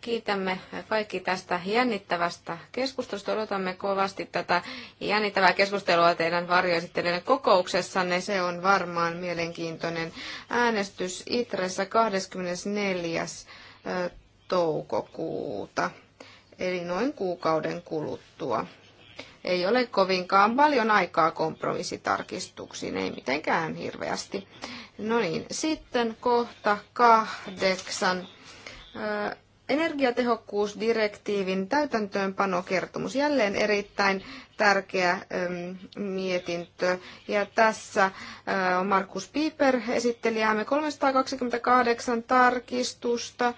Kiitämme kaikki tästä jännittävästä keskustelusta. Odotamme kovasti tätä jännittävää keskustelua teidän varjoesittelijöiden kokouksessanne. Se on varmaan mielenkiintoinen äänestys Itressä 24. toukokuuta eli noin kuukauden kuluttua. Ei ole kovinkaan paljon aikaa kompromissitarkistuksiin, ei mitenkään hirveästi. No niin, sitten kohta kahdeksan. Energiatehokkuusdirektiivin täytäntöönpanokertomus. Jälleen erittäin tärkeä mietintö. Ja tässä on Markus Piper esittelijäämme 328 tarkistusta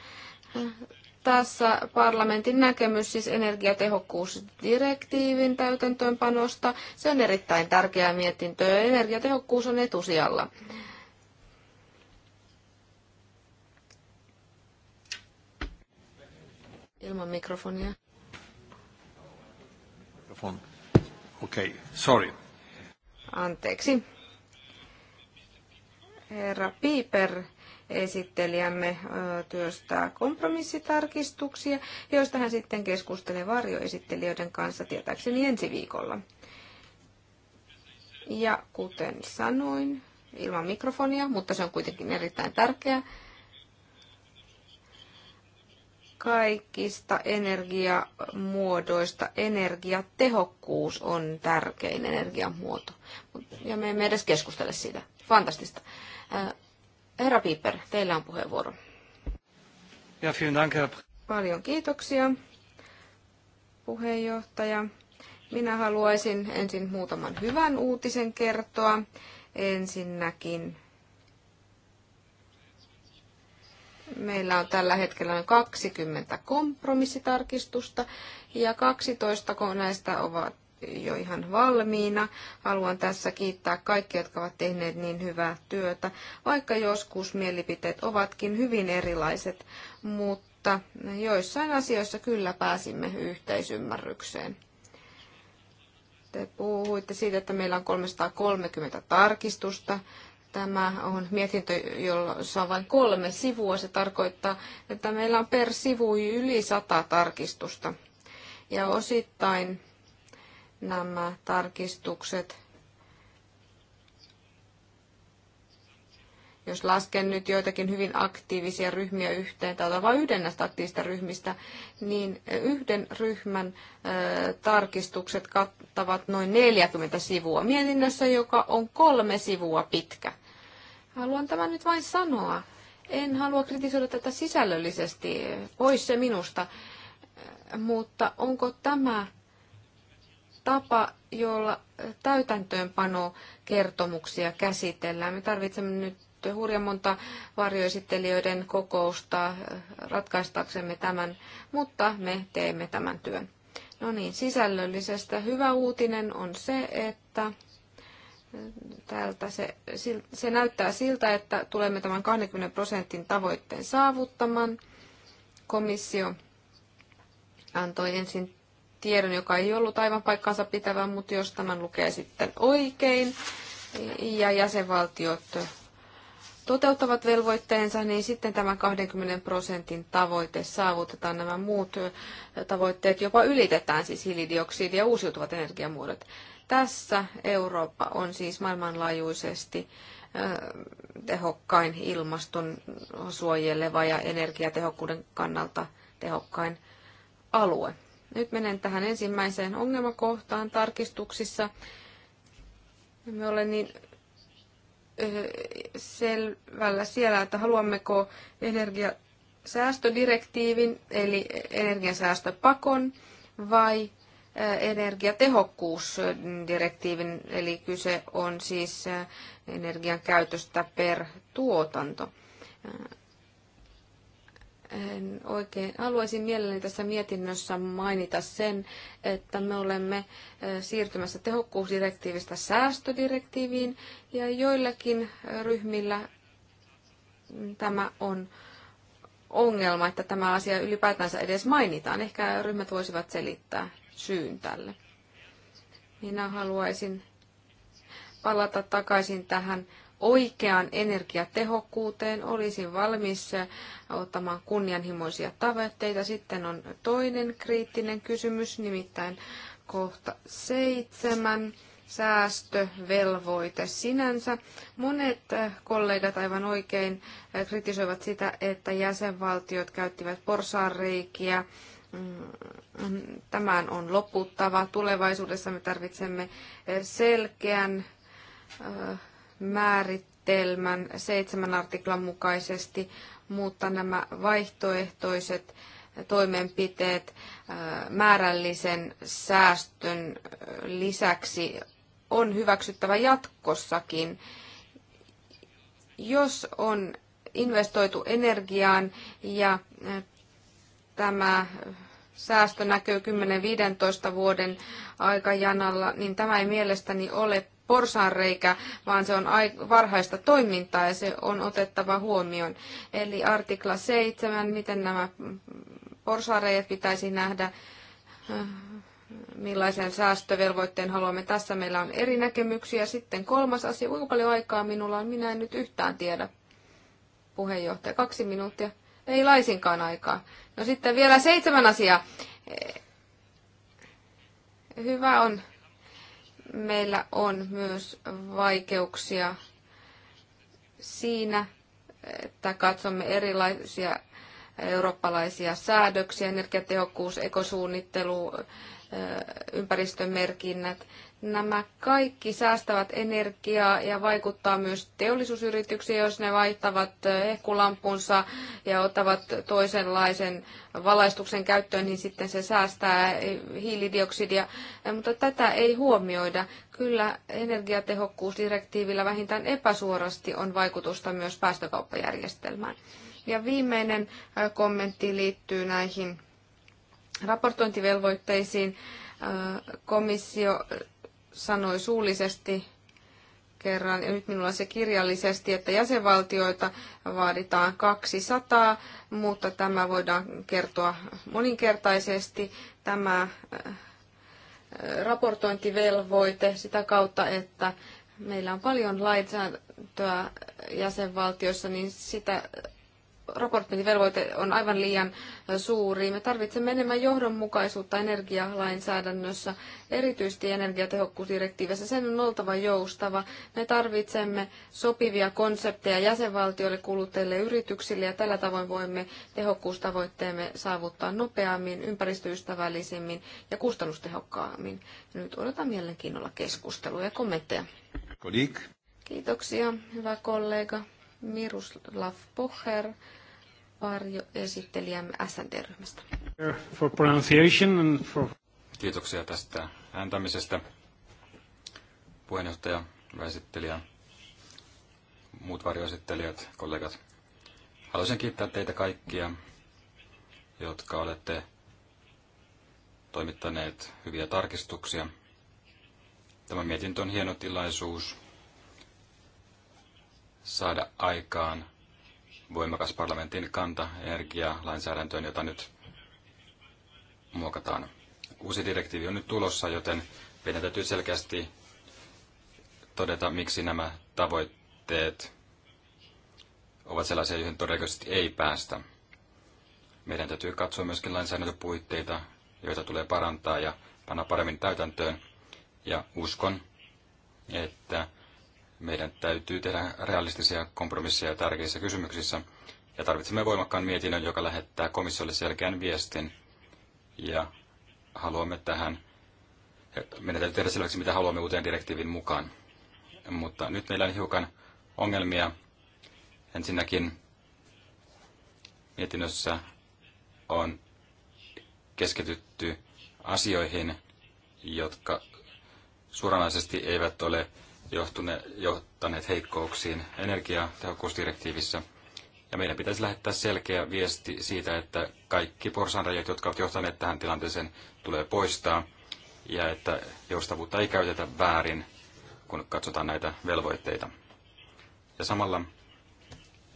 tässä parlamentin näkemys siis energiatehokkuusdirektiivin täytäntöönpanosta. Se on erittäin tärkeä mietintö ja energiatehokkuus on etusijalla. Ilman mikrofonia. Mikrofon. Okei, okay, sorry. Anteeksi. Herra Piper esittelijämme työstää kompromissitarkistuksia, joista hän sitten keskustelee varjoesittelijöiden kanssa tietääkseni ensi viikolla. Ja kuten sanoin, ilman mikrofonia, mutta se on kuitenkin erittäin tärkeä, kaikista energiamuodoista energiatehokkuus on tärkein energiamuoto. Ja me emme edes keskustele siitä. Fantastista. Herra Piper, teillä on puheenvuoro. Ja, vielen dank, herra. Paljon kiitoksia, puheenjohtaja. Minä haluaisin ensin muutaman hyvän uutisen kertoa. Ensinnäkin meillä on tällä hetkellä noin 20 kompromissitarkistusta ja 12 näistä ovat jo ihan valmiina. Haluan tässä kiittää kaikkia, jotka ovat tehneet niin hyvää työtä, vaikka joskus mielipiteet ovatkin hyvin erilaiset, mutta joissain asioissa kyllä pääsimme yhteisymmärrykseen. Te puhuitte siitä, että meillä on 330 tarkistusta. Tämä on mietintö, jolla on vain kolme sivua. Se tarkoittaa, että meillä on per sivu yli sata tarkistusta. Ja osittain nämä tarkistukset. Jos lasken nyt joitakin hyvin aktiivisia ryhmiä yhteen, tai otan vain yhden näistä aktiivisista ryhmistä, niin yhden ryhmän ö, tarkistukset kattavat noin 40 sivua mietinnössä, joka on kolme sivua pitkä. Haluan tämän nyt vain sanoa. En halua kritisoida tätä sisällöllisesti, pois se minusta, mutta onko tämä tapa, jolla täytäntöönpano kertomuksia käsitellään. Me tarvitsemme nyt hurjan monta varjoesittelijöiden kokousta äh, ratkaistaksemme tämän, mutta me teemme tämän työn. No niin, sisällöllisestä hyvä uutinen on se, että äh, täältä se, se näyttää siltä, että tulemme tämän 20 prosentin tavoitteen saavuttamaan. Komissio antoi ensin tiedon, joka ei ollut aivan paikkaansa pitävä, mutta jos tämän lukee sitten oikein ja jäsenvaltiot toteuttavat velvoitteensa, niin sitten tämä 20 prosentin tavoite saavutetaan. Nämä muut tavoitteet jopa ylitetään, siis hiilidioksidi ja uusiutuvat energiamuodot. Tässä Eurooppa on siis maailmanlaajuisesti tehokkain ilmaston suojeleva ja energiatehokkuuden kannalta tehokkain alue. Nyt menen tähän ensimmäiseen ongelmakohtaan tarkistuksissa. Me olemme niin selvällä siellä, että haluammeko energiasäästödirektiivin, eli energiasäästöpakon, vai energiatehokkuusdirektiivin, eli kyse on siis energian käytöstä per tuotanto en oikein, haluaisin mielelläni tässä mietinnössä mainita sen, että me olemme siirtymässä tehokkuusdirektiivistä säästödirektiiviin ja joillakin ryhmillä tämä on ongelma, että tämä asia ylipäätänsä edes mainitaan. Ehkä ryhmät voisivat selittää syyn tälle. Minä haluaisin palata takaisin tähän oikeaan energiatehokkuuteen. Olisin valmis ottamaan kunnianhimoisia tavoitteita. Sitten on toinen kriittinen kysymys, nimittäin kohta seitsemän säästövelvoite sinänsä. Monet kollegat aivan oikein kritisoivat sitä, että jäsenvaltiot käyttivät porsaanreikiä. Mm, tämän on loputtava. Tulevaisuudessa me tarvitsemme selkeän määritelmän seitsemän artiklan mukaisesti, mutta nämä vaihtoehtoiset toimenpiteet äh, määrällisen säästön äh, lisäksi on hyväksyttävä jatkossakin. Jos on investoitu energiaan ja äh, tämä säästö näkyy 10-15 vuoden aikajanalla, niin tämä ei mielestäni ole porsaanreikä, vaan se on varhaista toimintaa ja se on otettava huomioon. Eli artikla 7, miten nämä porsaanreijät pitäisi nähdä, millaisen säästövelvoitteen haluamme. Tässä meillä on eri näkemyksiä. Sitten kolmas asia, kuinka paljon aikaa minulla on, minä en nyt yhtään tiedä. Puheenjohtaja, kaksi minuuttia. Ei laisinkaan aikaa. No sitten vielä seitsemän asiaa. Hyvä on meillä on myös vaikeuksia siinä, että katsomme erilaisia eurooppalaisia säädöksiä, energiatehokkuus, ekosuunnittelu, ympäristömerkinnät. Nämä kaikki säästävät energiaa ja vaikuttaa myös teollisuusyrityksiin, jos ne vaihtavat ehkulampunsa ja ottavat toisenlaisen valaistuksen käyttöön, niin sitten se säästää hiilidioksidia. Mutta tätä ei huomioida. Kyllä energiatehokkuusdirektiivillä vähintään epäsuorasti on vaikutusta myös päästökauppajärjestelmään. Ja viimeinen kommentti liittyy näihin raportointivelvoitteisiin. Komissio sanoi suullisesti kerran, ja nyt minulla on se kirjallisesti, että jäsenvaltioita vaaditaan 200, mutta tämä voidaan kertoa moninkertaisesti. Tämä äh, raportointivelvoite sitä kautta, että meillä on paljon lainsäädäntöä jäsenvaltioissa, niin sitä raportointivelvoite on aivan liian suuri. Me tarvitsemme enemmän johdonmukaisuutta energialainsäädännössä, erityisesti energiatehokkuusdirektiivissä. Sen on oltava joustava. Me tarvitsemme sopivia konsepteja jäsenvaltioille, kuluttajille ja yrityksille, ja tällä tavoin voimme tehokkuustavoitteemme saavuttaa nopeammin, ympäristöystävällisemmin ja kustannustehokkaammin. Nyt odotan mielenkiinnolla keskustelua ja kommentteja. Kolik. Kiitoksia, hyvä kollega. Miroslav Pocher varjoesittelijämme SNT-ryhmästä. For pronunciation and for... Kiitoksia tästä ääntämisestä. Puheenjohtaja, esittelijä, muut varjoesittelijät, kollegat. Haluaisin kiittää teitä kaikkia, jotka olette toimittaneet hyviä tarkistuksia. Tämä mietintö on hieno tilaisuus saada aikaan voimakas parlamentin kanta energialainsäädäntöön, jota nyt muokataan. Uusi direktiivi on nyt tulossa, joten meidän täytyy selkeästi todeta, miksi nämä tavoitteet ovat sellaisia, joihin todennäköisesti ei päästä. Meidän täytyy katsoa myöskin lainsäädäntöpuitteita, joita tulee parantaa ja panna paremmin täytäntöön. Ja uskon, että meidän täytyy tehdä realistisia kompromisseja tärkeissä kysymyksissä ja tarvitsemme voimakkaan mietinnön, joka lähettää komissiolle selkeän viestin ja haluamme tähän, meidän täytyy tehdä selväksi, mitä haluamme uuteen direktiivin mukaan. Mutta nyt meillä on hiukan ongelmia. Ensinnäkin mietinnössä on keskitytty asioihin, jotka suoranaisesti eivät ole johtune, johtaneet heikkouksiin energiatehokkuusdirektiivissä. Ja meidän pitäisi lähettää selkeä viesti siitä, että kaikki porsanrajat, jotka ovat johtaneet tähän tilanteeseen, tulee poistaa ja että joustavuutta ei käytetä väärin, kun katsotaan näitä velvoitteita. Ja samalla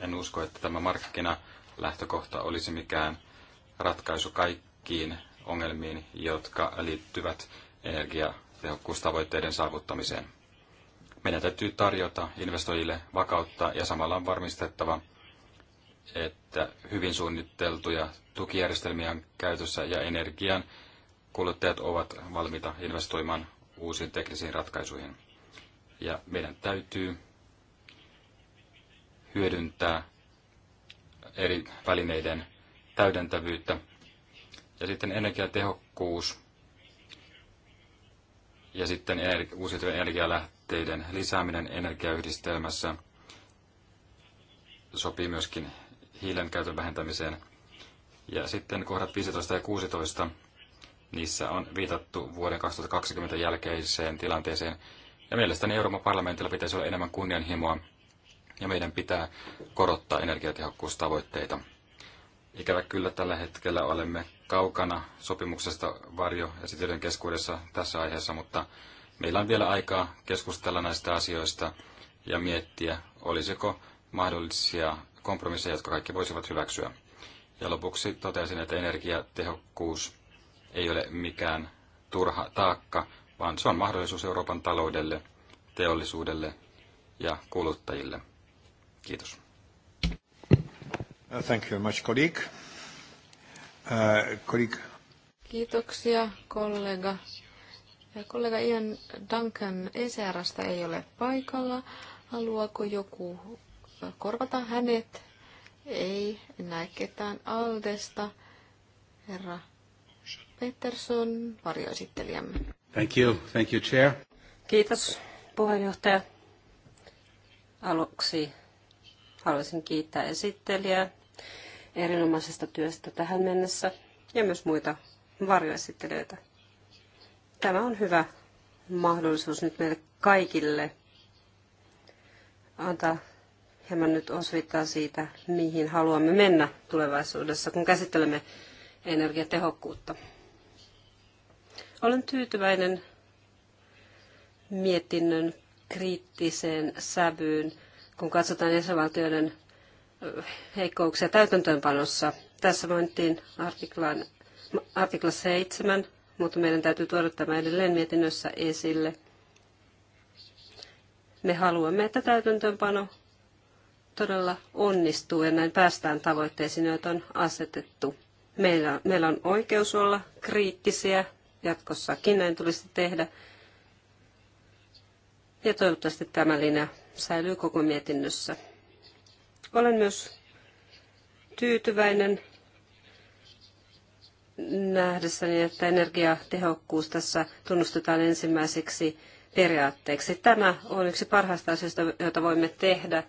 en usko, että tämä markkinalähtökohta olisi mikään ratkaisu kaikkiin ongelmiin, jotka liittyvät energiatehokkuustavoitteiden saavuttamiseen. Meidän täytyy tarjota investoijille vakautta ja samalla on varmistettava, että hyvin suunniteltuja tukijärjestelmiä on käytössä ja energian kuluttajat ovat valmiita investoimaan uusiin teknisiin ratkaisuihin. Ja meidän täytyy hyödyntää eri välineiden täydentävyyttä. Ja sitten energiatehokkuus ja sitten uusiutuvien energialähteiden jätteiden lisääminen energiayhdistelmässä sopii myöskin hiilen käytön vähentämiseen. Ja sitten kohdat 15 ja 16, niissä on viitattu vuoden 2020 jälkeiseen tilanteeseen. Ja mielestäni Euroopan parlamentilla pitäisi olla enemmän kunnianhimoa ja meidän pitää korottaa energiatehokkuustavoitteita. Ikävä kyllä tällä hetkellä olemme kaukana sopimuksesta varjo sitten keskuudessa tässä aiheessa, mutta Meillä on vielä aikaa keskustella näistä asioista ja miettiä, olisiko mahdollisia kompromisseja, jotka kaikki voisivat hyväksyä. Ja lopuksi totesin, että energiatehokkuus ei ole mikään turha taakka, vaan se on mahdollisuus Euroopan taloudelle, teollisuudelle ja kuluttajille. Kiitos. Uh, thank you very much, colleague. Uh, colleague. Kiitoksia, kollega. Ja kollega Ian Duncan ECRstä ei ole paikalla. Haluaako joku korvata hänet? Ei näe ketään Aldesta. Herra Peterson, varjoesittelijämme. Thank you, thank you, chair. Kiitos, puheenjohtaja. Aluksi haluaisin kiittää esittelijää erinomaisesta työstä tähän mennessä ja myös muita varjoesittelijöitä. Tämä on hyvä mahdollisuus nyt meille kaikille antaa hieman nyt osvittaa siitä, mihin haluamme mennä tulevaisuudessa, kun käsittelemme energiatehokkuutta. Olen tyytyväinen mietinnön kriittiseen sävyyn, kun katsotaan jäsenvaltioiden heikkouksia täytäntöönpanossa. Tässä mainittiin artikla 7 mutta meidän täytyy tuoda tämä edelleen mietinnössä esille. Me haluamme, että täytäntöönpano todella onnistuu ja näin päästään tavoitteisiin, joita on asetettu. Meillä, meillä on oikeus olla kriittisiä, jatkossakin näin tulisi tehdä. Ja toivottavasti tämä linja säilyy koko mietinnössä. Olen myös tyytyväinen nähdessäni, että energiatehokkuus tässä tunnustetaan ensimmäiseksi periaatteeksi. Tämä on yksi parhaista asioista, joita voimme tehdä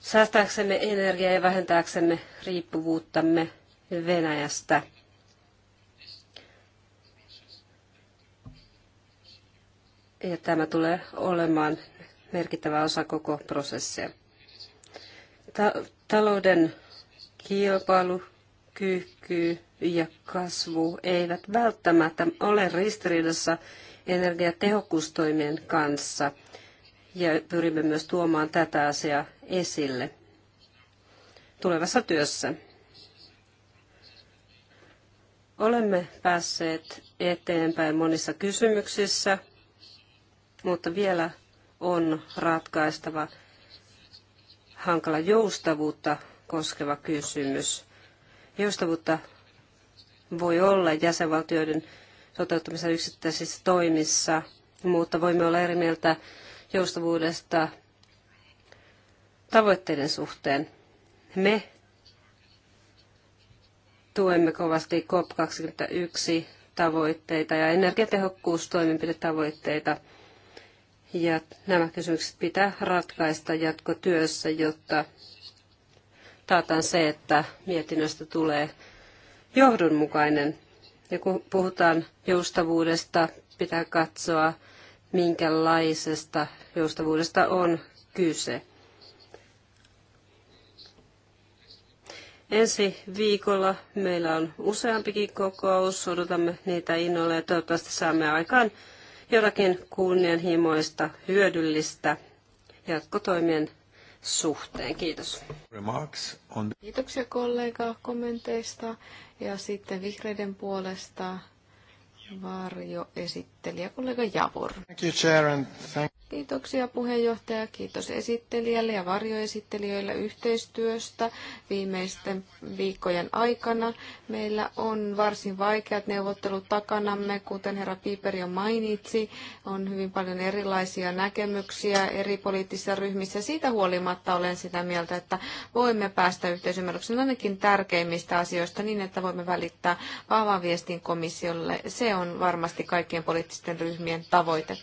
säästääksemme energiaa ja vähentääksemme riippuvuuttamme Venäjästä. Ja tämä tulee olemaan merkittävä osa koko prosessia. Ta- talouden kilpailukyky ja kasvu eivät välttämättä ole ristiriidassa energiatehokkuustoimien kanssa ja pyrimme myös tuomaan tätä asiaa esille tulevassa työssä. Olemme päässeet eteenpäin monissa kysymyksissä, mutta vielä on ratkaistava hankala joustavuutta koskeva kysymys. Joustavuutta voi olla jäsenvaltioiden toteuttamissa yksittäisissä toimissa, mutta voimme olla eri mieltä joustavuudesta tavoitteiden suhteen. Me tuemme kovasti COP21 tavoitteita ja energiatehokkuustoimenpidetavoitteita. Ja nämä kysymykset pitää ratkaista jatkotyössä, jotta taataan se, että mietinnöstä tulee johdonmukainen. Ja kun puhutaan joustavuudesta, pitää katsoa, minkälaisesta joustavuudesta on kyse. Ensi viikolla meillä on useampikin kokous. Odotamme niitä innolla ja toivottavasti saamme aikaan jotakin kunnianhimoista, hyödyllistä jatkotoimien suhteen. Kiitos. Kiitoksia kollega kommenteista. Ja sitten vihreiden puolesta varjoesittelijä kollega Javor. Kiitoksia puheenjohtaja, kiitos esittelijälle ja varjoesittelijöille yhteistyöstä viimeisten viikkojen aikana. Meillä on varsin vaikeat neuvottelut takanamme, kuten herra Piper jo mainitsi. On hyvin paljon erilaisia näkemyksiä eri poliittisissa ryhmissä. Siitä huolimatta olen sitä mieltä, että voimme päästä yhteisymmärryksen ainakin tärkeimmistä asioista niin, että voimme välittää vahvan viestin komissiolle. Se on varmasti kaikkien poliittisten ryhmien tavoite.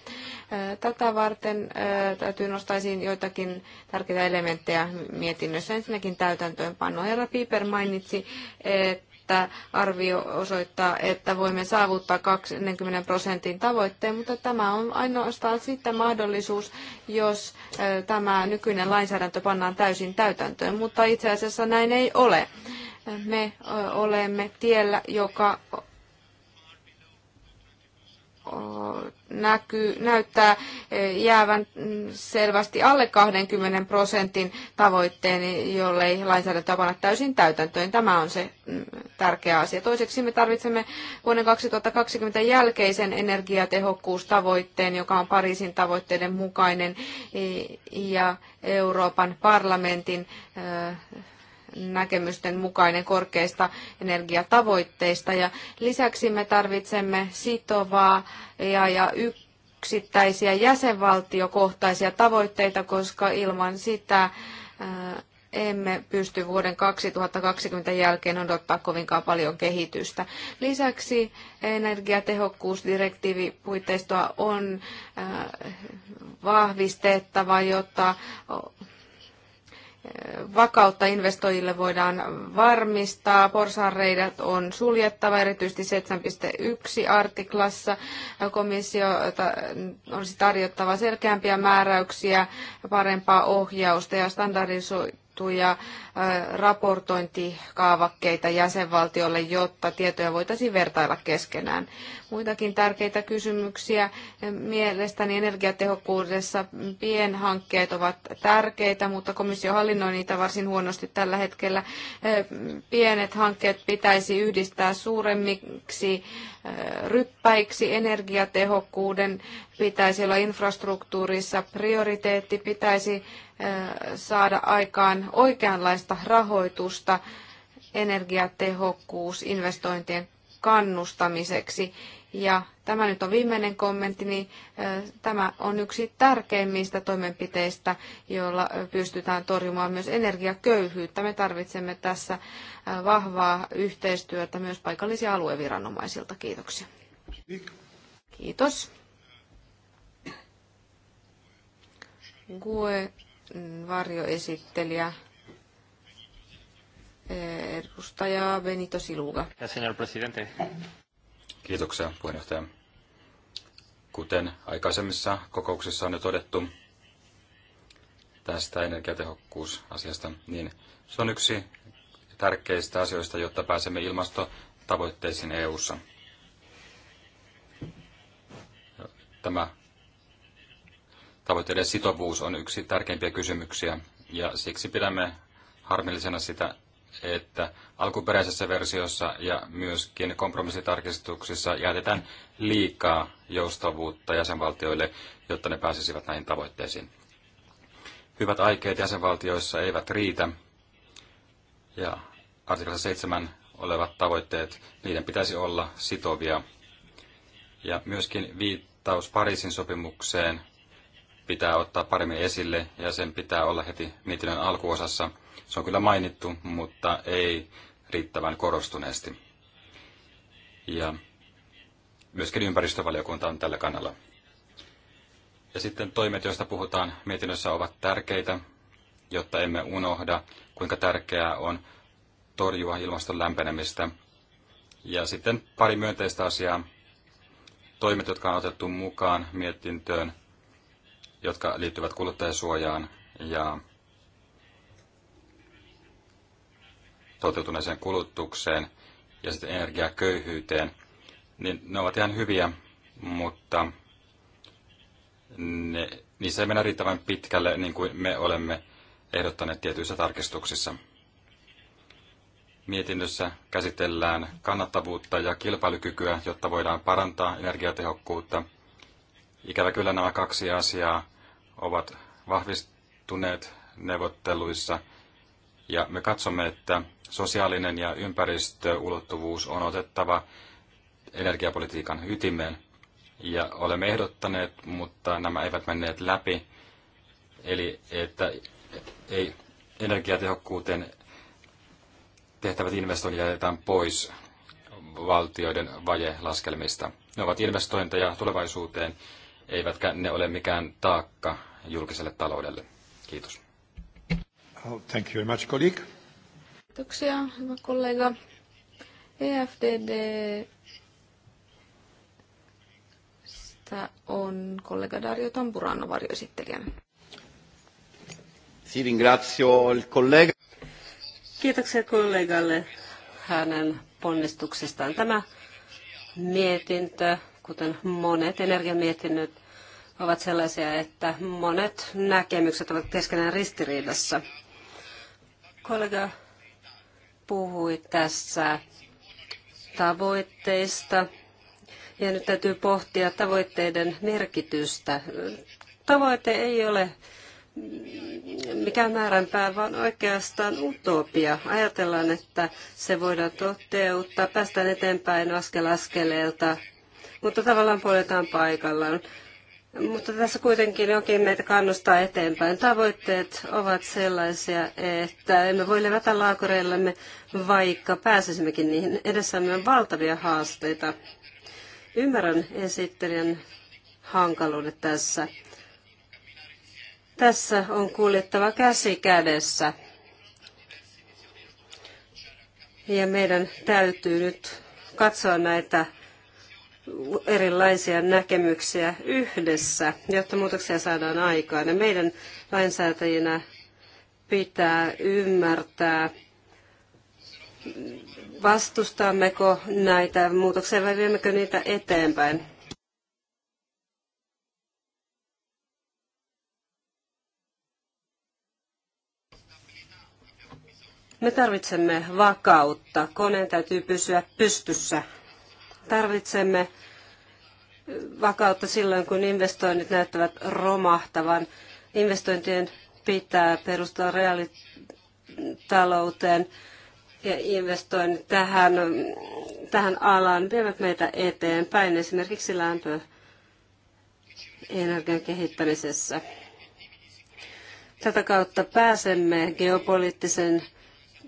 Tätä varten varten täytyy nostaisin joitakin tärkeitä elementtejä mietinnössä. Ensinnäkin täytäntöönpano. Herra Piper mainitsi, että että arvio osoittaa, että voimme saavuttaa 20 prosentin tavoitteen, mutta tämä on ainoastaan sitten mahdollisuus, jos tämä nykyinen lainsäädäntö pannaan täysin täytäntöön, mutta itse asiassa näin ei ole. Me olemme tiellä, joka näkyy, näyttää e, jäävän selvästi alle 20 prosentin tavoitteen, jollei lainsäädäntöä panna täysin täytäntöön. Tämä on se mm, tärkeä asia. Toiseksi me tarvitsemme vuoden 2020 jälkeisen energiatehokkuustavoitteen, joka on Pariisin tavoitteiden mukainen e, ja Euroopan parlamentin e, näkemysten mukainen korkeista energiatavoitteista. Ja lisäksi me tarvitsemme sitovaa ja, ja yksittäisiä jäsenvaltiokohtaisia tavoitteita, koska ilman sitä emme pysty vuoden 2020 jälkeen odottaa kovinkaan paljon kehitystä. Lisäksi energiatehokkuusdirektiivipuitteistoa on vahvistettava, jotta vakautta investoijille voidaan varmistaa. Porsaanreidat on suljettava erityisesti 7.1 artiklassa. Komissio olisi tarjottava selkeämpiä määräyksiä, parempaa ohjausta ja standardisoituja raportointikaavakkeita jäsenvaltiolle, jotta tietoja voitaisiin vertailla keskenään. Muitakin tärkeitä kysymyksiä. Mielestäni energiatehokkuudessa pienhankkeet ovat tärkeitä, mutta komissio hallinnoi niitä varsin huonosti tällä hetkellä. Pienet hankkeet pitäisi yhdistää suuremmiksi ryppäiksi. Energiatehokkuuden pitäisi olla infrastruktuurissa prioriteetti, pitäisi saada aikaan oikeanlaista eurooppalaista rahoitusta energiatehokkuusinvestointien kannustamiseksi. Ja tämä nyt on viimeinen kommentti, niin tämä on yksi tärkeimmistä toimenpiteistä, joilla pystytään torjumaan myös energiaköyhyyttä. Me tarvitsemme tässä vahvaa yhteistyötä myös paikallisia alueviranomaisilta. Kiitoksia. Kiitos. Gue varjoesittelijä Edustaja Benito Siluga. Kiitoksia puheenjohtaja. Kuten aikaisemmissa kokouksissa on jo todettu tästä energiatehokkuusasiasta, niin se on yksi tärkeistä asioista, jotta pääsemme ilmastotavoitteisiin EU:ssa. Tämä tavoitteiden sitovuus on yksi tärkeimpiä kysymyksiä ja siksi pidämme harmillisena sitä, että alkuperäisessä versiossa ja myöskin kompromissitarkistuksissa jätetään liikaa joustavuutta jäsenvaltioille, jotta ne pääsisivät näihin tavoitteisiin. Hyvät aikeet jäsenvaltioissa eivät riitä ja artiklassa 7 olevat tavoitteet, niiden pitäisi olla sitovia. Ja myöskin viittaus Pariisin sopimukseen pitää ottaa paremmin esille ja sen pitää olla heti mietinnön alkuosassa – se on kyllä mainittu, mutta ei riittävän korostuneesti. Ja myöskin ympäristövaliokunta on tällä kannalla. Ja sitten toimet, joista puhutaan mietinnössä, ovat tärkeitä, jotta emme unohda, kuinka tärkeää on torjua ilmaston lämpenemistä. Ja sitten pari myönteistä asiaa. Toimet, jotka on otettu mukaan mietintöön, jotka liittyvät kuluttajasuojaan ja toteutuneeseen kulutukseen ja sitten energiaköyhyyteen, niin ne ovat ihan hyviä, mutta ne, niissä ei mennä riittävän pitkälle, niin kuin me olemme ehdottaneet tietyissä tarkistuksissa. Mietinnössä käsitellään kannattavuutta ja kilpailukykyä, jotta voidaan parantaa energiatehokkuutta. Ikävä kyllä nämä kaksi asiaa ovat vahvistuneet neuvotteluissa, ja me katsomme, että sosiaalinen ja ympäristöulottuvuus on otettava energiapolitiikan ytimeen. Ja olemme ehdottaneet, mutta nämä eivät menneet läpi. Eli että ei energiatehokkuuteen tehtävät investoinnit jätetään pois valtioiden vajelaskelmista. Ne ovat investointeja tulevaisuuteen, eivätkä ne ole mikään taakka julkiselle taloudelle. Kiitos. Oh, thank you very much, colleague. Kiitoksia, hyvä kollega. EFDD Sitä on kollega Dario Tampurano varjoesittelijänä. Si ringrazio il collega. Kiitoksia kollegalle hänen ponnistuksestaan. Tämä mietintö, kuten monet energiamietinnöt, ovat sellaisia, että monet näkemykset ovat keskenään ristiriidassa. Kollega puhui tässä tavoitteista. Ja nyt täytyy pohtia tavoitteiden merkitystä. Tavoite ei ole mikään määränpää, vaan oikeastaan utopia. Ajatellaan, että se voidaan toteuttaa, päästään eteenpäin askel askeleelta, mutta tavallaan poljetaan paikallaan. Mutta tässä kuitenkin jokin meitä kannustaa eteenpäin. Tavoitteet ovat sellaisia, että emme voi levätä laakureillemme, vaikka pääsisimmekin niihin. Edessämme on valtavia haasteita. Ymmärrän esittelijän hankaluudet tässä. Tässä on kuljettava käsi kädessä. Ja meidän täytyy nyt katsoa näitä erilaisia näkemyksiä yhdessä, jotta muutoksia saadaan aikaan. Ja meidän lainsäätäjinä pitää ymmärtää, vastustammeko näitä muutoksia vai viemmekö niitä eteenpäin. Me tarvitsemme vakautta. Koneen täytyy pysyä pystyssä. Tarvitsemme vakautta silloin, kun investoinnit näyttävät romahtavan. Investointien pitää perustua reaalitalouteen ja investoinnit tähän, tähän alaan vievät meitä eteenpäin esimerkiksi lämpöenergian energian kehittämisessä. Tätä kautta pääsemme geopoliittisen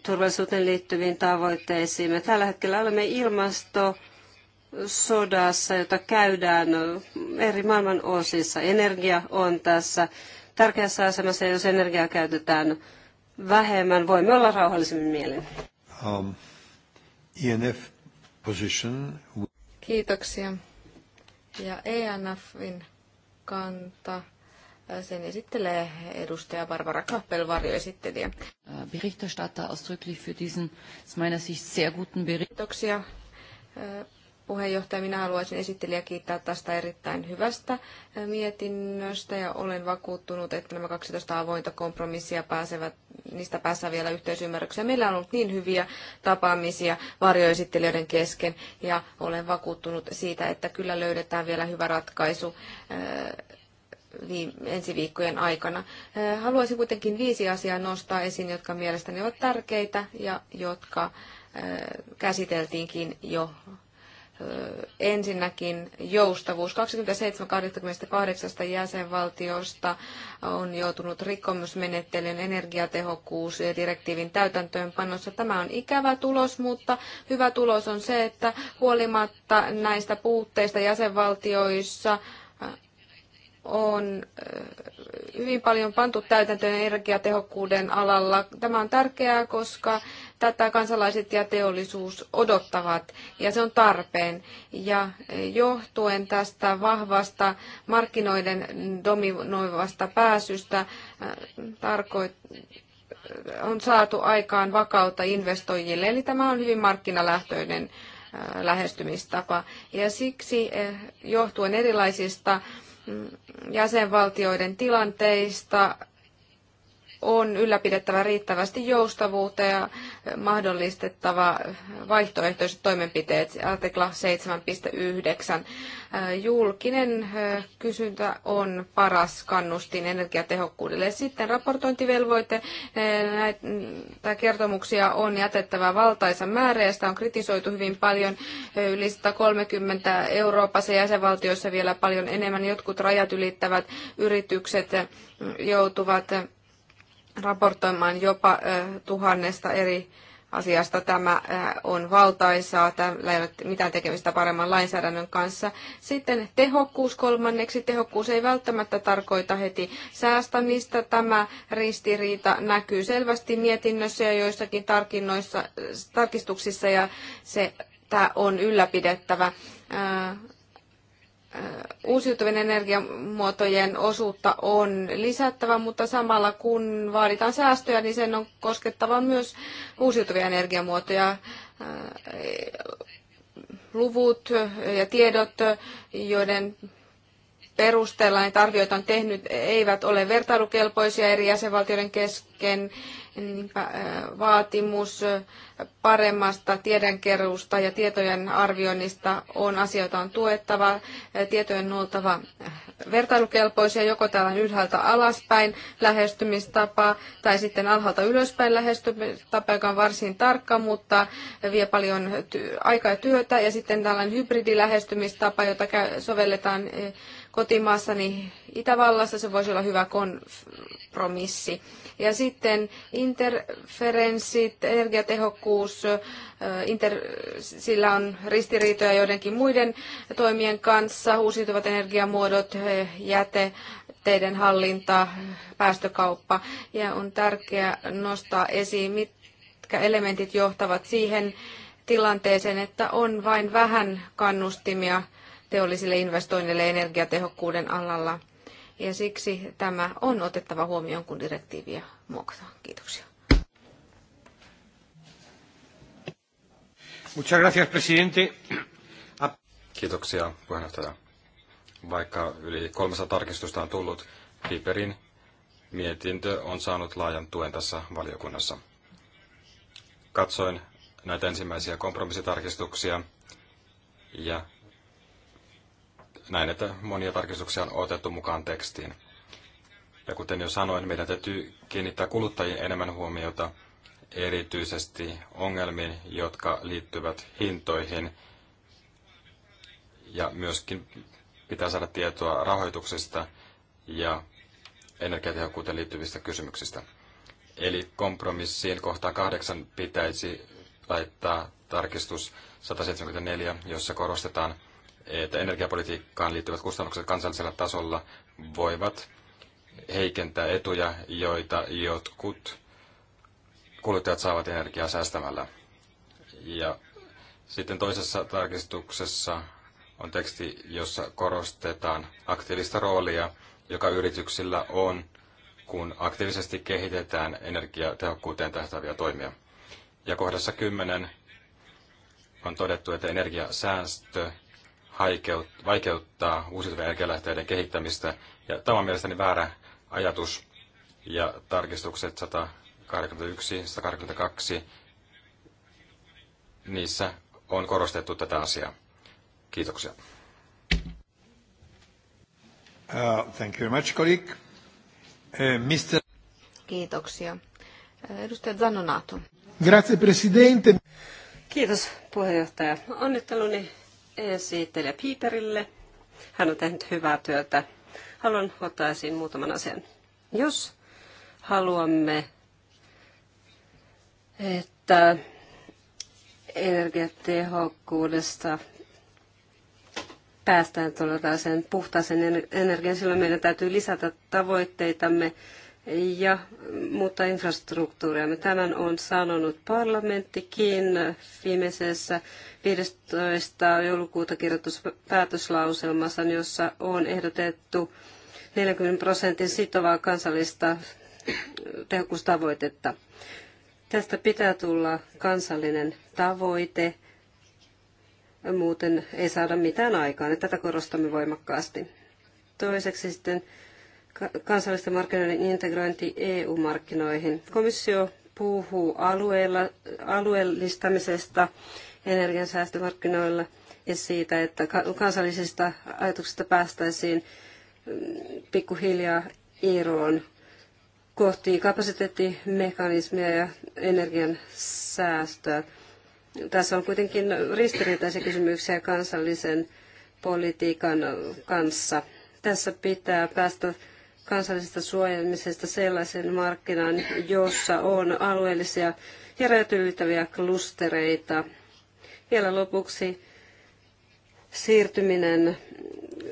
turvallisuuteen liittyviin tavoitteisiin. Me tällä hetkellä olemme ilmasto- sodassa, jota käydään eri maailman osissa. Energia on tässä tärkeässä asemassa, ja jos energiaa käytetään vähemmän, voimme olla rauhallisemmin mielin. Um, INF e position. Kiitoksia. Ja ENFin kanta. Äh, sen esittelee edustaja Barbara Kappel, varjoesittelijä. Äh, Berichterstatter ausdrücklich für diesen, aus meiner Sicht, sehr guten Bericht. Kiitoksia äh, puheenjohtaja, minä haluaisin esittelijä kiittää tästä erittäin hyvästä mietinnöstä ja olen vakuuttunut, että nämä 12 avointa kompromissia pääsevät, niistä päästään vielä yhteisymmärrykseen. Meillä on ollut niin hyviä tapaamisia varjoesittelijöiden kesken ja olen vakuuttunut siitä, että kyllä löydetään vielä hyvä ratkaisu ensi viikkojen aikana. Haluaisin kuitenkin viisi asiaa nostaa esiin, jotka mielestäni ovat tärkeitä ja jotka käsiteltiinkin jo ensinnäkin joustavuus. 27-28 jäsenvaltiosta on joutunut rikkomusmenettelyn energiatehokkuus ja direktiivin täytäntöönpanossa. Tämä on ikävä tulos, mutta hyvä tulos on se, että huolimatta näistä puutteista jäsenvaltioissa on hyvin paljon pantu täytäntöön energiatehokkuuden alalla. Tämä on tärkeää, koska Tätä kansalaiset ja teollisuus odottavat ja se on tarpeen. Ja johtuen tästä vahvasta markkinoiden dominoivasta pääsystä äh, äh, on saatu aikaan vakautta investoijille, eli tämä on hyvin markkinalähtöinen äh, lähestymistapa. Ja siksi johtuen erilaisista mm, jäsenvaltioiden tilanteista on ylläpidettävä riittävästi joustavuutta ja mahdollistettava vaihtoehtoiset toimenpiteet, artikla 7.9. Julkinen kysyntä on paras kannustin energiatehokkuudelle. Sitten raportointivelvoite, näitä kertomuksia on jätettävä valtaisa määrä ja sitä on kritisoitu hyvin paljon, yli 130 Euroopassa ja jäsenvaltioissa vielä paljon enemmän. Jotkut rajat ylittävät yritykset joutuvat raportoimaan jopa tuhannesta eri asiasta. Tämä on valtaisaa, tämä ei ole mitään tekemistä paremman lainsäädännön kanssa. Sitten tehokkuus kolmanneksi. Tehokkuus ei välttämättä tarkoita heti säästämistä. Tämä ristiriita näkyy selvästi mietinnössä ja joissakin tarkistuksissa ja se tämä on ylläpidettävä uusiutuvien energiamuotojen osuutta on lisättävä, mutta samalla kun vaaditaan säästöjä, niin sen on koskettava myös uusiutuvia energiamuotoja. Luvut ja tiedot, joiden perusteella näitä arvioita on tehnyt, eivät ole vertailukelpoisia eri jäsenvaltioiden kesken. Vaatimus paremmasta tiedonkeruusta ja tietojen arvioinnista on asioita on tuettava, tietojen on oltava vertailukelpoisia, joko tällainen ylhäältä alaspäin lähestymistapa tai sitten alhaalta ylöspäin lähestymistapa, joka on varsin tarkka, mutta vie paljon aikaa ja työtä, ja sitten tällainen hybridilähestymistapa, jota sovelletaan kotimaassani Itävallassa. Se voisi olla hyvä kompromissi. Ja sitten interferenssit, energiatehokkuus, inter, sillä on ristiriitoja joidenkin muiden toimien kanssa, uusiutuvat energiamuodot, jäte, teiden hallinta, päästökauppa. Ja on tärkeää nostaa esiin, mitkä elementit johtavat siihen tilanteeseen, että on vain vähän kannustimia teollisille investoinneille energiatehokkuuden alalla. Ja siksi tämä on otettava huomioon, kun direktiiviä muokataan. Kiitoksia. Muchas gracias, presidente. Kiitoksia, puheenjohtaja. Vaikka yli 300 tarkistusta on tullut, Piperin mietintö on saanut laajan tuen tässä valiokunnassa. Katsoin näitä ensimmäisiä kompromissitarkistuksia ja näin, että monia tarkistuksia on otettu mukaan tekstiin. Ja kuten jo sanoin, meidän täytyy kiinnittää kuluttajien enemmän huomiota erityisesti ongelmiin, jotka liittyvät hintoihin. Ja myöskin pitää saada tietoa rahoituksesta ja energiatehokkuuteen liittyvistä kysymyksistä. Eli kompromissiin kohtaan kahdeksan pitäisi laittaa tarkistus 174, jossa korostetaan, että energiapolitiikkaan liittyvät kustannukset kansallisella tasolla voivat heikentää etuja, joita jotkut kuluttajat saavat energiaa säästämällä. Ja sitten toisessa tarkistuksessa on teksti, jossa korostetaan aktiivista roolia, joka yrityksillä on, kun aktiivisesti kehitetään energiatehokkuuteen tähtäviä toimia. Ja kohdassa 10 on todettu, että energiasäästö vaikeuttaa uusiutuvien energialähteiden kehittämistä. Ja tämä on mielestäni väärä ajatus. Ja tarkistukset 181, 182, niissä on korostettu tätä asiaa. Kiitoksia. Uh, thank you very much, colleague. Uh, Mr. Kiitoksia. Uh, edustaja Zanonato. Grazie, presidente. Kiitos, puheenjohtaja. Onnitteluni esittelijä Piiperille. Hän on tehnyt hyvää työtä. Haluan ottaa esiin muutaman asian. Jos haluamme, että energiatehokkuudesta päästään tuollaiseen puhtaaseen energiaan, silloin meidän täytyy lisätä tavoitteitamme ja muuttaa infrastruktuuria. Tämän on sanonut parlamenttikin viimeisessä 15. joulukuuta kirjoitussa päätöslauselmassa, jossa on ehdotettu 40 prosentin sitovaa kansallista tehokkuustavoitetta. Tästä pitää tulla kansallinen tavoite, muuten ei saada mitään aikaan. Tätä korostamme voimakkaasti. Toiseksi sitten kansallisten markkinoiden integrointi EU-markkinoihin. Komissio puhuu alueella, alueellistamisesta energiansäästömarkkinoilla ja siitä, että kansallisista ajatuksista päästäisiin mm, pikkuhiljaa eroon kohti kapasiteettimekanismia ja energian säästöä. Tässä on kuitenkin ristiriitaisia kysymyksiä kansallisen politiikan kanssa. Tässä pitää päästä kansallisesta suojelmisesta sellaisen markkinan, jossa on alueellisia ja räätyyttäviä klustereita. Vielä lopuksi siirtyminen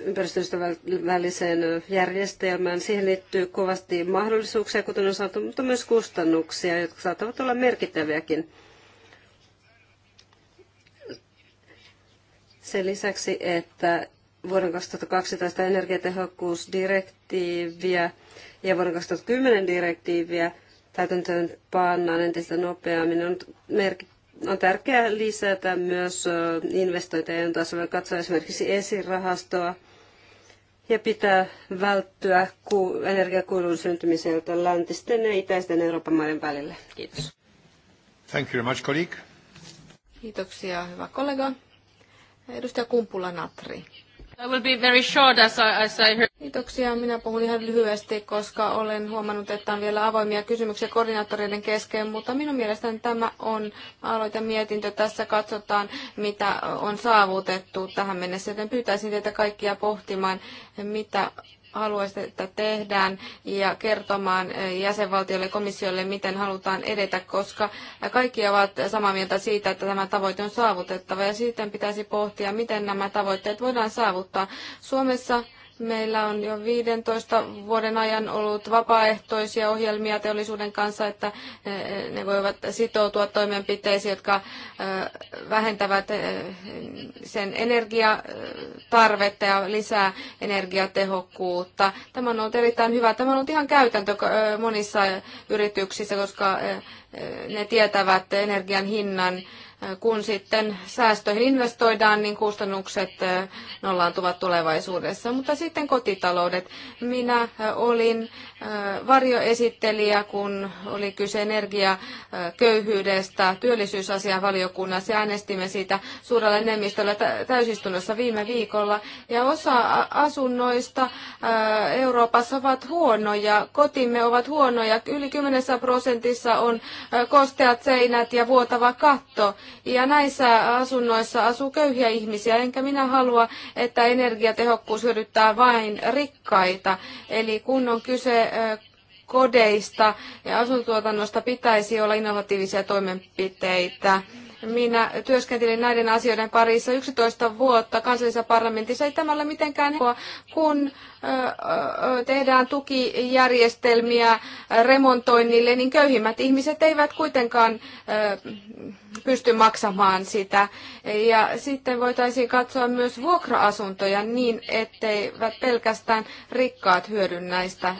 ympäristöystävälliseen järjestelmään. Siihen liittyy kovasti mahdollisuuksia, kuten on saatu, mutta myös kustannuksia, jotka saattavat olla merkittäviäkin. Sen lisäksi, että vuoden 2012 energiatehokkuusdirektiiviä ja vuoden 2010 direktiiviä täytäntöön pannaan entistä nopeammin. On, on tärkeää lisätä myös investointeja, taas voi katsoa esimerkiksi esirahastoa ja pitää välttyä ku- energiakuilun syntymiseltä läntisten ja itäisten Euroopan maiden välillä. Kiitos. Thank you very much, colleague. Kiitoksia, hyvä kollega. Edustaja Kumpula-Natri. I will be very short as I, as I heard. Kiitoksia. Minä puhun ihan lyhyesti, koska olen huomannut, että on vielä avoimia kysymyksiä koordinaattoreiden kesken, mutta minun mielestäni tämä on mietintö Tässä katsotaan, mitä on saavutettu tähän mennessä, joten pyytäisin teitä kaikkia pohtimaan, mitä haluaisitte, että tehdään ja kertomaan jäsenvaltiolle komissiolle, miten halutaan edetä, koska kaikki ovat samaa mieltä siitä, että tämä tavoite on saavutettava ja sitten pitäisi pohtia, miten nämä tavoitteet voidaan saavuttaa. Suomessa Meillä on jo 15 vuoden ajan ollut vapaaehtoisia ohjelmia teollisuuden kanssa, että eh, ne voivat sitoutua toimenpiteisiin, jotka eh, vähentävät eh, sen energiatarvetta ja lisää energiatehokkuutta. Tämä on ollut erittäin hyvä. Tämä on ollut ihan käytäntö monissa yrityksissä, koska ne tietävät energian hinnan Äh, kun sitten säästöihin investoidaan, niin kustannukset äh, nollaantuvat tulevaisuudessa. Mutta sitten kotitaloudet. Minä äh, olin varjoesittelijä, kun oli kyse energiaköyhyydestä työllisyysasian valiokunnassa ja äänestimme siitä suurella enemmistöllä täysistunnossa viime viikolla. Ja osa asunnoista Euroopassa ovat huonoja, kotimme ovat huonoja. Yli 10 prosentissa on kosteat seinät ja vuotava katto. Ja näissä asunnoissa asuu köyhiä ihmisiä, enkä minä halua, että energiatehokkuus hyödyttää vain rikkaita. Eli kun on kyse kodeista ja asuntotuotannosta pitäisi olla innovatiivisia toimenpiteitä. Minä työskentelin näiden asioiden parissa 11 vuotta kansallisessa parlamentissa. Ei tämä ole mitenkään helppoa, kun tehdään tukijärjestelmiä remontoinnille, niin köyhimmät ihmiset eivät kuitenkaan pysty maksamaan sitä. Ja sitten voitaisiin katsoa myös vuokra-asuntoja niin, etteivät pelkästään rikkaat hyödy näistä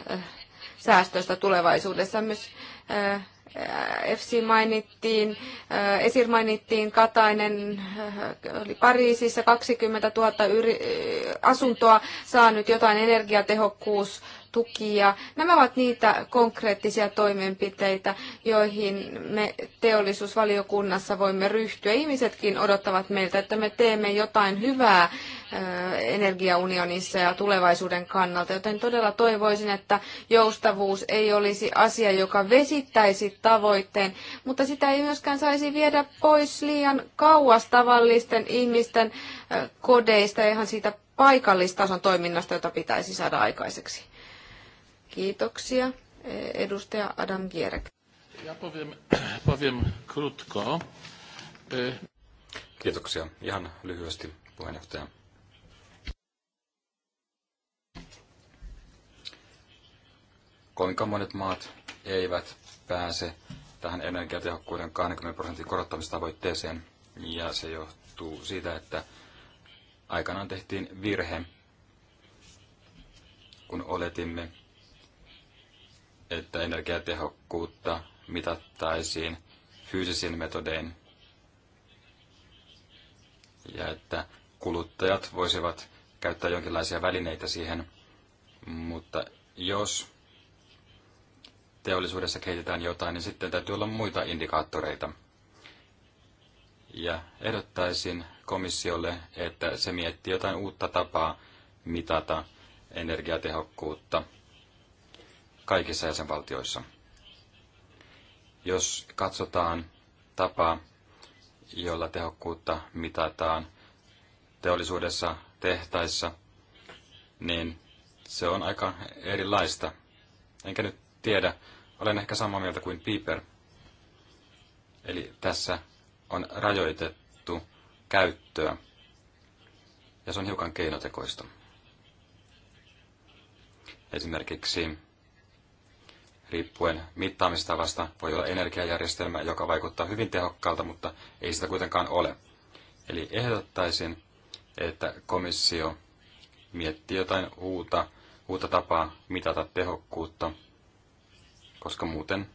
säästöistä tulevaisuudessa. Myös FC mainittiin, äh, Esir mainittiin, Katainen äh, oli Pariisissa 20 000 äh, asuntoa saanut jotain energiatehokkuus tukia. Nämä ovat niitä konkreettisia toimenpiteitä, joihin me teollisuusvaliokunnassa voimme ryhtyä. Ihmisetkin odottavat meiltä, että me teemme jotain hyvää energiaunionissa ja tulevaisuuden kannalta, joten todella toivoisin, että joustavuus ei olisi asia, joka vesittäisi tavoitteen, mutta sitä ei myöskään saisi viedä pois liian kauas tavallisten ihmisten kodeista ja ihan siitä paikallistason toiminnasta, jota pitäisi saada aikaiseksi. Kiitoksia. Edustaja Adam Gierek. Ja powiem, powiem krótko. Kiitoksia. Ihan lyhyesti, puheenjohtaja. Kuinka monet maat eivät pääse tähän energiatehokkuuden 20 prosentin korottamistavoitteeseen, ja se johtuu siitä, että aikanaan tehtiin virhe, kun oletimme, että energiatehokkuutta mitattaisiin fyysisin metodein ja että kuluttajat voisivat käyttää jonkinlaisia välineitä siihen, mutta jos teollisuudessa kehitetään jotain, niin sitten täytyy olla muita indikaattoreita. Ja ehdottaisin komissiolle, että se miettii jotain uutta tapaa mitata energiatehokkuutta – kaikissa jäsenvaltioissa. Jos katsotaan tapaa, jolla tehokkuutta mitataan teollisuudessa, tehtaissa, niin se on aika erilaista. Enkä nyt tiedä, olen ehkä samaa mieltä kuin Piper. Eli tässä on rajoitettu käyttöä, ja se on hiukan keinotekoista. Esimerkiksi riippuen mittaamistavasta voi olla energiajärjestelmä, joka vaikuttaa hyvin tehokkaalta, mutta ei sitä kuitenkaan ole. Eli ehdottaisin, että komissio miettii jotain uutta, uutta tapaa mitata tehokkuutta, koska muuten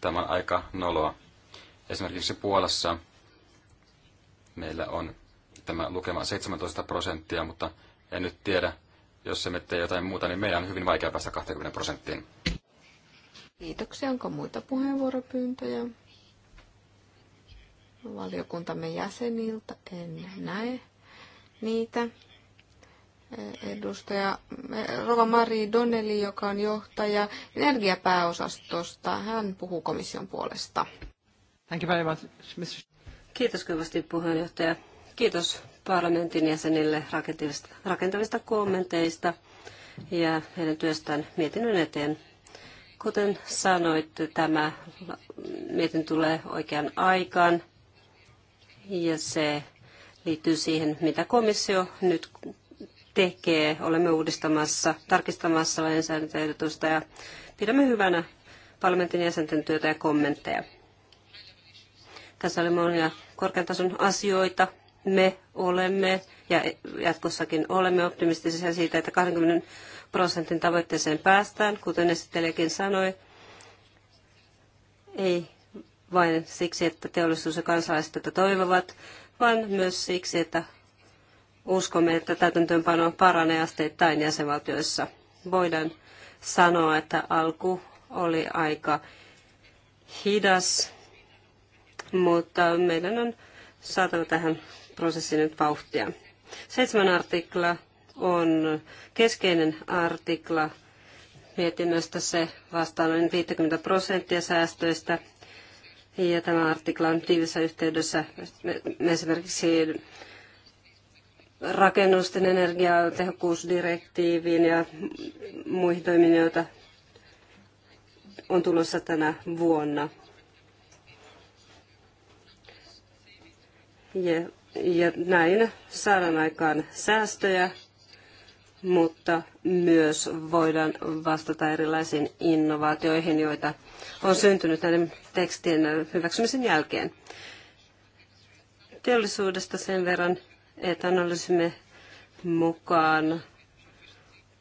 tämä on aika noloa. Esimerkiksi Puolassa meillä on tämä lukema 17 prosenttia, mutta en nyt tiedä, jos emme tee jotain muuta, niin meidän on hyvin vaikea päästä 20 prosenttiin. Kiitoksia. Onko muita puheenvuoropyyntöjä? Valiokuntamme jäseniltä en näe niitä. Edustaja eh, Rova Mari Donnelli, joka on johtaja energiapääosastosta, hän puhuu komission puolesta. Thank you very much, Mr. Kiitos kovasti puheenjohtaja. Kiitos parlamentin jäsenille rakentavista kommenteista ja heidän työstään mietinnön eteen. Kuten sanoit, tämä mietin tulee oikean aikaan ja se liittyy siihen, mitä komissio nyt tekee. Olemme uudistamassa, tarkistamassa lainsäädäntöehdotusta ja pidämme hyvänä parlamentin jäsenten työtä ja kommentteja. Tässä oli monia korkean tason asioita. Me olemme ja jatkossakin olemme optimistisia siitä, että 20 prosentin tavoitteeseen päästään, kuten esittelijäkin sanoi, ei vain siksi, että teollisuus ja kansalaiset tätä toivovat, vaan myös siksi, että uskomme, että täytäntöönpano paranee asteittain jäsenvaltioissa. Voidaan sanoa, että alku oli aika hidas, mutta meidän on saatava tähän prosessiin nyt vauhtia. Seitsemän artikla on keskeinen artikla mietinnöstä. Se vastaa noin 50 prosenttia säästöistä. Ja tämä artikla on tiivissä yhteydessä esimerkiksi rakennusten energiatehokkuusdirektiiviin ja muihin toimiin, joita on tulossa tänä vuonna. Ja, ja näin saadaan aikaan säästöjä mutta myös voidaan vastata erilaisiin innovaatioihin, joita on syntynyt näiden tekstien hyväksymisen jälkeen. Teollisuudesta sen verran, että analysimme mukaan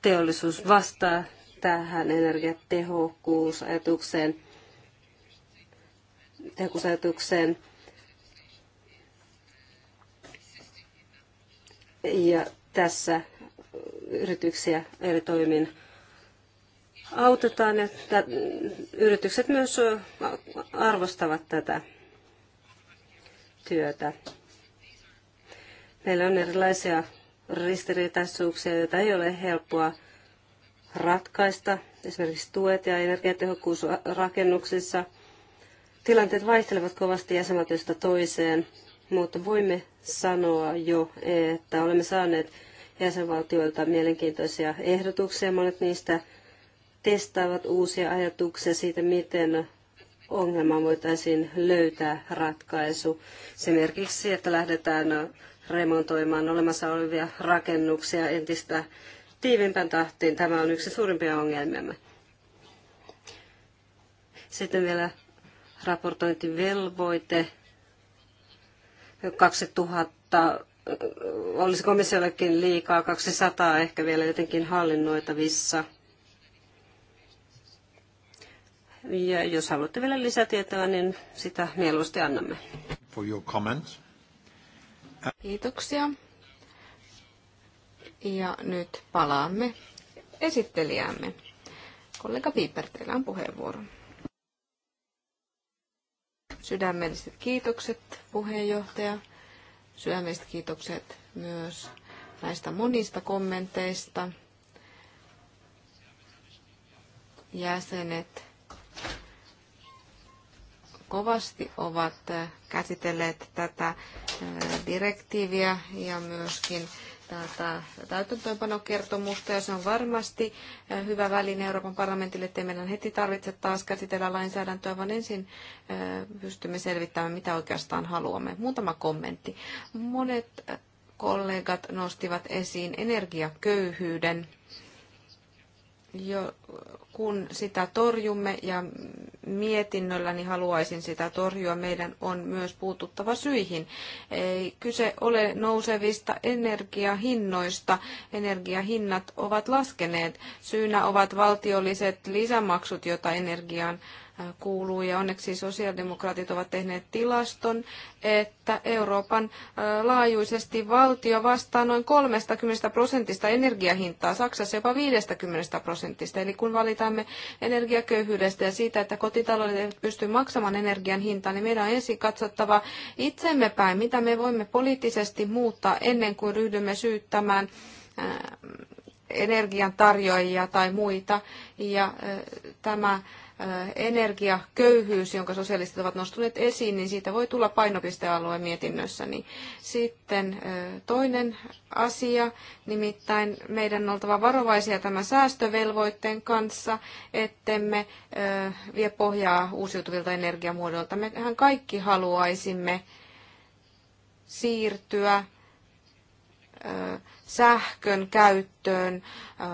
teollisuus vastaa tähän energiatehokkuusajatukseen tehokkuusajatukseen. Ja tässä yrityksiä eri toimin autetaan, että yritykset myös arvostavat tätä työtä. Meillä on erilaisia ristiriitaisuuksia, joita ei ole helppoa ratkaista. Esimerkiksi tuet ja energiatehokkuus rakennuksissa. Tilanteet vaihtelevat kovasti jäsenvaltiosta toiseen, mutta voimme sanoa jo, että olemme saaneet jäsenvaltioilta mielenkiintoisia ehdotuksia. Monet niistä testaavat uusia ajatuksia siitä, miten ongelmaan voitaisiin löytää ratkaisu. Esimerkiksi, että lähdetään remontoimaan olemassa olevia rakennuksia entistä tiivimpään tahtiin. Tämä on yksi suurimpia ongelmia. Sitten vielä raportointivelvoite. 2000 olisi komissiollekin liikaa, 200 ehkä vielä jotenkin hallinnoitavissa. Ja jos haluatte vielä lisätietoa, niin sitä mieluusti annamme. For your comments. Kiitoksia. Ja nyt palaamme esittelijäämme. Kollega Piper, teillä on puheenvuoro. Sydämelliset kiitokset, puheenjohtaja sydämestä kiitokset myös näistä monista kommenteista. Jäsenet kovasti ovat käsitelleet tätä eh, direktiiviä ja myöskin tätä täytäntöönpanokertomusta ja se on varmasti eh, hyvä väline Euroopan parlamentille, ettei meidän heti tarvitse taas käsitellä lainsäädäntöä, vaan ensin eh, pystymme selvittämään, mitä oikeastaan haluamme. Muutama kommentti. Monet eh, kollegat nostivat esiin energiaköyhyyden jo, kun sitä torjumme ja mietinnölläni niin haluaisin sitä torjua, meidän on myös puututtava syihin. Ei kyse ole nousevista energiahinnoista. Energiahinnat ovat laskeneet. Syynä ovat valtiolliset lisämaksut, joita energiaan Äh, kuuluu. Ja onneksi sosiaalidemokraatit ovat tehneet tilaston, että Euroopan äh, laajuisesti valtio vastaa noin 30 prosentista energiahintaa, Saksassa jopa 50 prosentista. Eli kun valitamme energiaköyhyydestä ja siitä, että kotitaloudet eivät pysty maksamaan energian hintaa, niin meidän on ensin katsottava itsemme päin, mitä me voimme poliittisesti muuttaa ennen kuin ryhdymme syyttämään äh, energian tarjoajia tai muita. Ja tämä energiaköyhyys, jonka sosialistit ovat nostuneet esiin, niin siitä voi tulla painopistealue mietinnössä. Sitten toinen asia, nimittäin meidän on oltava varovaisia tämän säästövelvoitteen kanssa, ettemme vie pohjaa uusiutuvilta energiamuodoilta. Mehän kaikki haluaisimme siirtyä sähkön käyttöön, äh,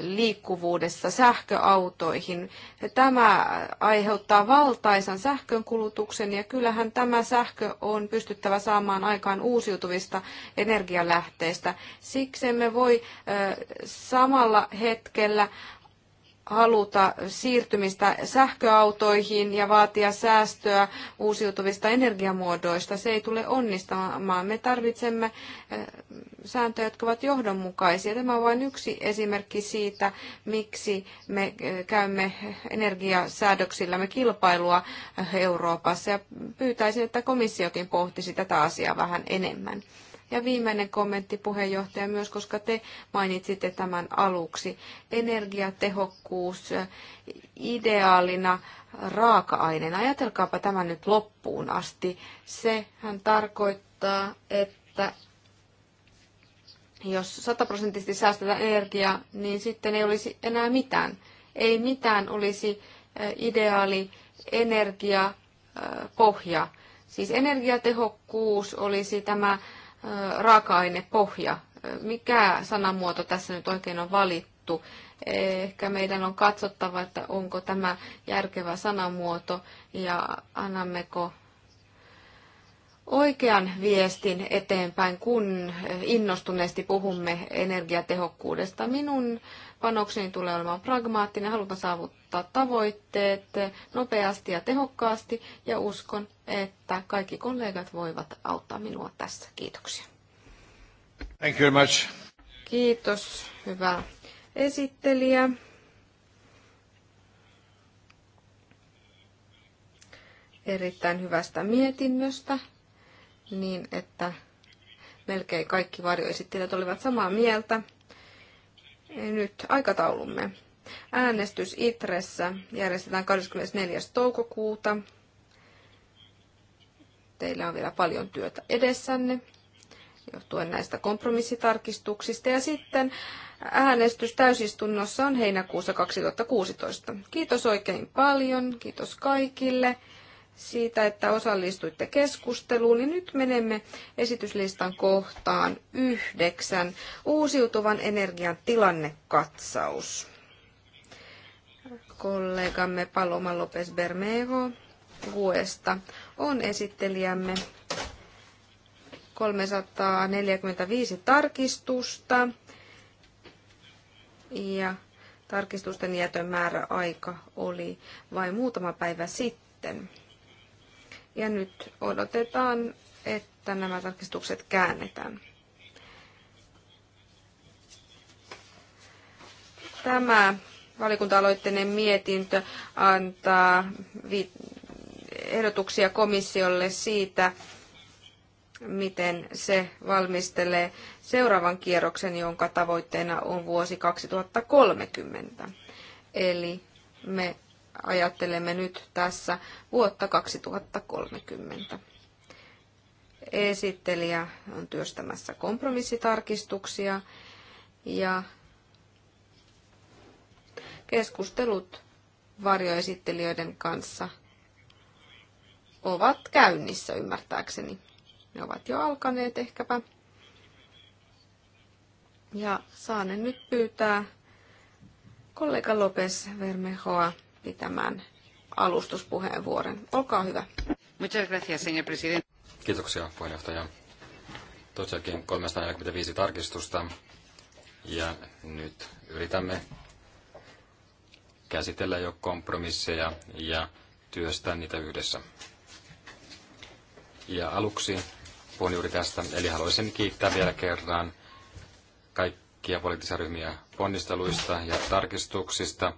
liikkuvuudesta sähköautoihin. Tämä aiheuttaa valtaisan sähkönkulutuksen ja kyllähän tämä sähkö on pystyttävä saamaan aikaan uusiutuvista energialähteistä. Siksi emme voi äh, samalla hetkellä haluta siirtymistä sähköautoihin ja vaatia säästöä uusiutuvista energiamuodoista. Se ei tule onnistamaan. Me tarvitsemme eh, sääntöjä, jotka ovat johdonmukaisia. Tämä on vain yksi esimerkki siitä, miksi me eh, käymme energiasäädöksillämme kilpailua eh, Euroopassa. Ja pyytäisin, että komissiokin pohtisi tätä asiaa vähän enemmän. Ja viimeinen kommentti puheenjohtaja myös, koska te mainitsitte tämän aluksi. Energiatehokkuus ideaalina raaka-aineena. Ajatelkaapa tämä nyt loppuun asti. Sehän tarkoittaa, että jos sataprosenttisesti säästetään energiaa, niin sitten ei olisi enää mitään. Ei mitään olisi ideaali energiapohja. Siis energiatehokkuus olisi tämä raaka-ainepohja. Mikä sanamuoto tässä nyt oikein on valittu? Ehkä meidän on katsottava, että onko tämä järkevä sanamuoto ja annammeko oikean viestin eteenpäin, kun innostuneesti puhumme energiatehokkuudesta. Minun äh, panokseni tulee olemaan pragmaattinen, halutaan saavuttaa tavoitteet nopeasti ja tehokkaasti ja uskon, että kaikki kollegat voivat auttaa minua tässä. Kiitoksia. Thank you very much. Kiitos, hyvä esittelijä. Erittäin hyvästä mietinnöstä, niin että melkein kaikki varjoesittelijät olivat samaa mieltä nyt aikataulumme. Äänestys Itressä järjestetään 24. toukokuuta. Teillä on vielä paljon työtä edessänne johtuen näistä kompromissitarkistuksista. Ja sitten äänestys täysistunnossa on heinäkuussa 2016. Kiitos oikein paljon, kiitos kaikille siitä, että osallistuitte keskusteluun. Niin nyt menemme esityslistan kohtaan yhdeksän. Uusiutuvan energian tilannekatsaus. Kollegamme Paloma López Bermejo vuesta on esittelijämme 345 tarkistusta ja tarkistusten jätön määräaika oli vain muutama päivä sitten. Ja nyt odotetaan, että nämä tarkistukset käännetään. Tämä valikunta-aloitteinen mietintö antaa ehdotuksia komissiolle siitä, miten se valmistelee seuraavan kierroksen, jonka tavoitteena on vuosi 2030. Eli me ajattelemme nyt tässä vuotta 2030. Esittelijä on työstämässä kompromissitarkistuksia ja keskustelut varjoesittelijöiden kanssa ovat käynnissä ymmärtääkseni. Ne ovat jo alkaneet ehkäpä. Ja saanen nyt pyytää kollega Lopes Vermehoa piti tämän alustuspuheenvuoron. Olkaa hyvä. Muchas gracias, señor presidente. Kiitoksia, puheenjohtaja. Tosiaankin 345 tarkistusta ja nyt yritämme käsitellä jo kompromisseja ja työstää niitä yhdessä. Ja aluksi puhun juuri tästä, eli haluaisin kiittää vielä kerran kaikkia poliittisia ryhmiä ponnisteluista ja tarkistuksista –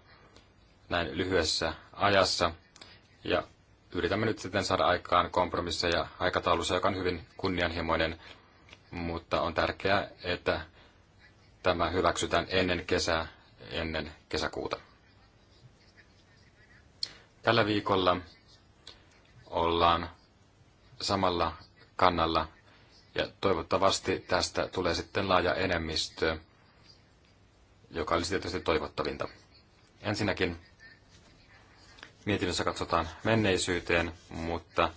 näin lyhyessä ajassa. Ja yritämme nyt sitten saada aikaan kompromisseja aikataulussa, joka on hyvin kunnianhimoinen, mutta on tärkeää, että tämä hyväksytään ennen kesää, ennen kesäkuuta. Tällä viikolla ollaan samalla kannalla ja toivottavasti tästä tulee sitten laaja enemmistö, joka olisi tietysti toivottavinta. Ensinnäkin mietinnössä katsotaan menneisyyteen, mutta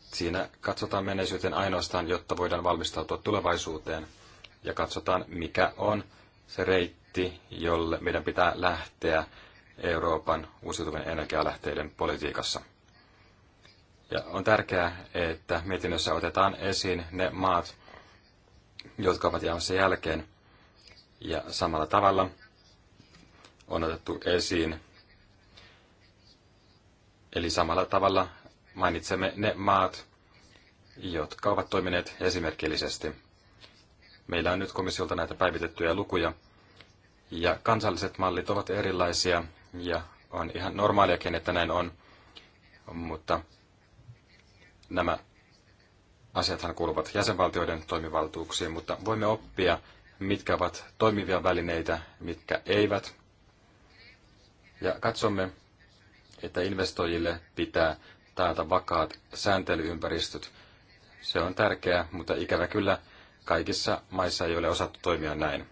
siinä katsotaan menneisyyteen ainoastaan, jotta voidaan valmistautua tulevaisuuteen ja katsotaan, mikä on se reitti, jolle meidän pitää lähteä Euroopan uusiutuvien energialähteiden politiikassa. Ja on tärkeää, että mietinnössä otetaan esiin ne maat, jotka ovat jäämässä jälkeen. Ja samalla tavalla on otettu esiin Eli samalla tavalla mainitsemme ne maat, jotka ovat toimineet esimerkillisesti. Meillä on nyt komissiolta näitä päivitettyjä lukuja, ja kansalliset mallit ovat erilaisia, ja on ihan normaaliakin, että näin on, mutta nämä asiathan kuuluvat jäsenvaltioiden toimivaltuuksiin, mutta voimme oppia, mitkä ovat toimivia välineitä, mitkä eivät. Ja katsomme, että investoijille pitää taata vakaat sääntelyympäristöt. Se on tärkeää, mutta ikävä kyllä kaikissa maissa ei ole osattu toimia näin.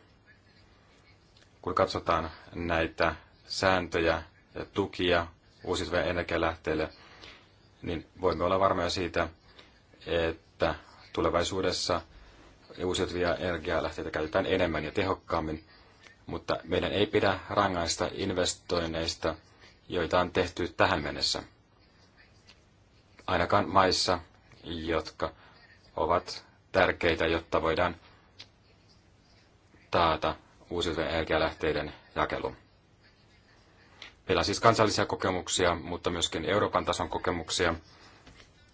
Kun katsotaan näitä sääntöjä ja tukia uusiutuvien energialähteille, niin voimme olla varmoja siitä, että tulevaisuudessa uusiutuvia energialähteitä käytetään enemmän ja tehokkaammin, mutta meidän ei pidä rangaista investoinneista – joita on tehty tähän mennessä. Ainakaan maissa, jotka ovat tärkeitä, jotta voidaan taata uusiutuvien energialähteiden jakelu. Meillä on siis kansallisia kokemuksia, mutta myöskin Euroopan tason kokemuksia.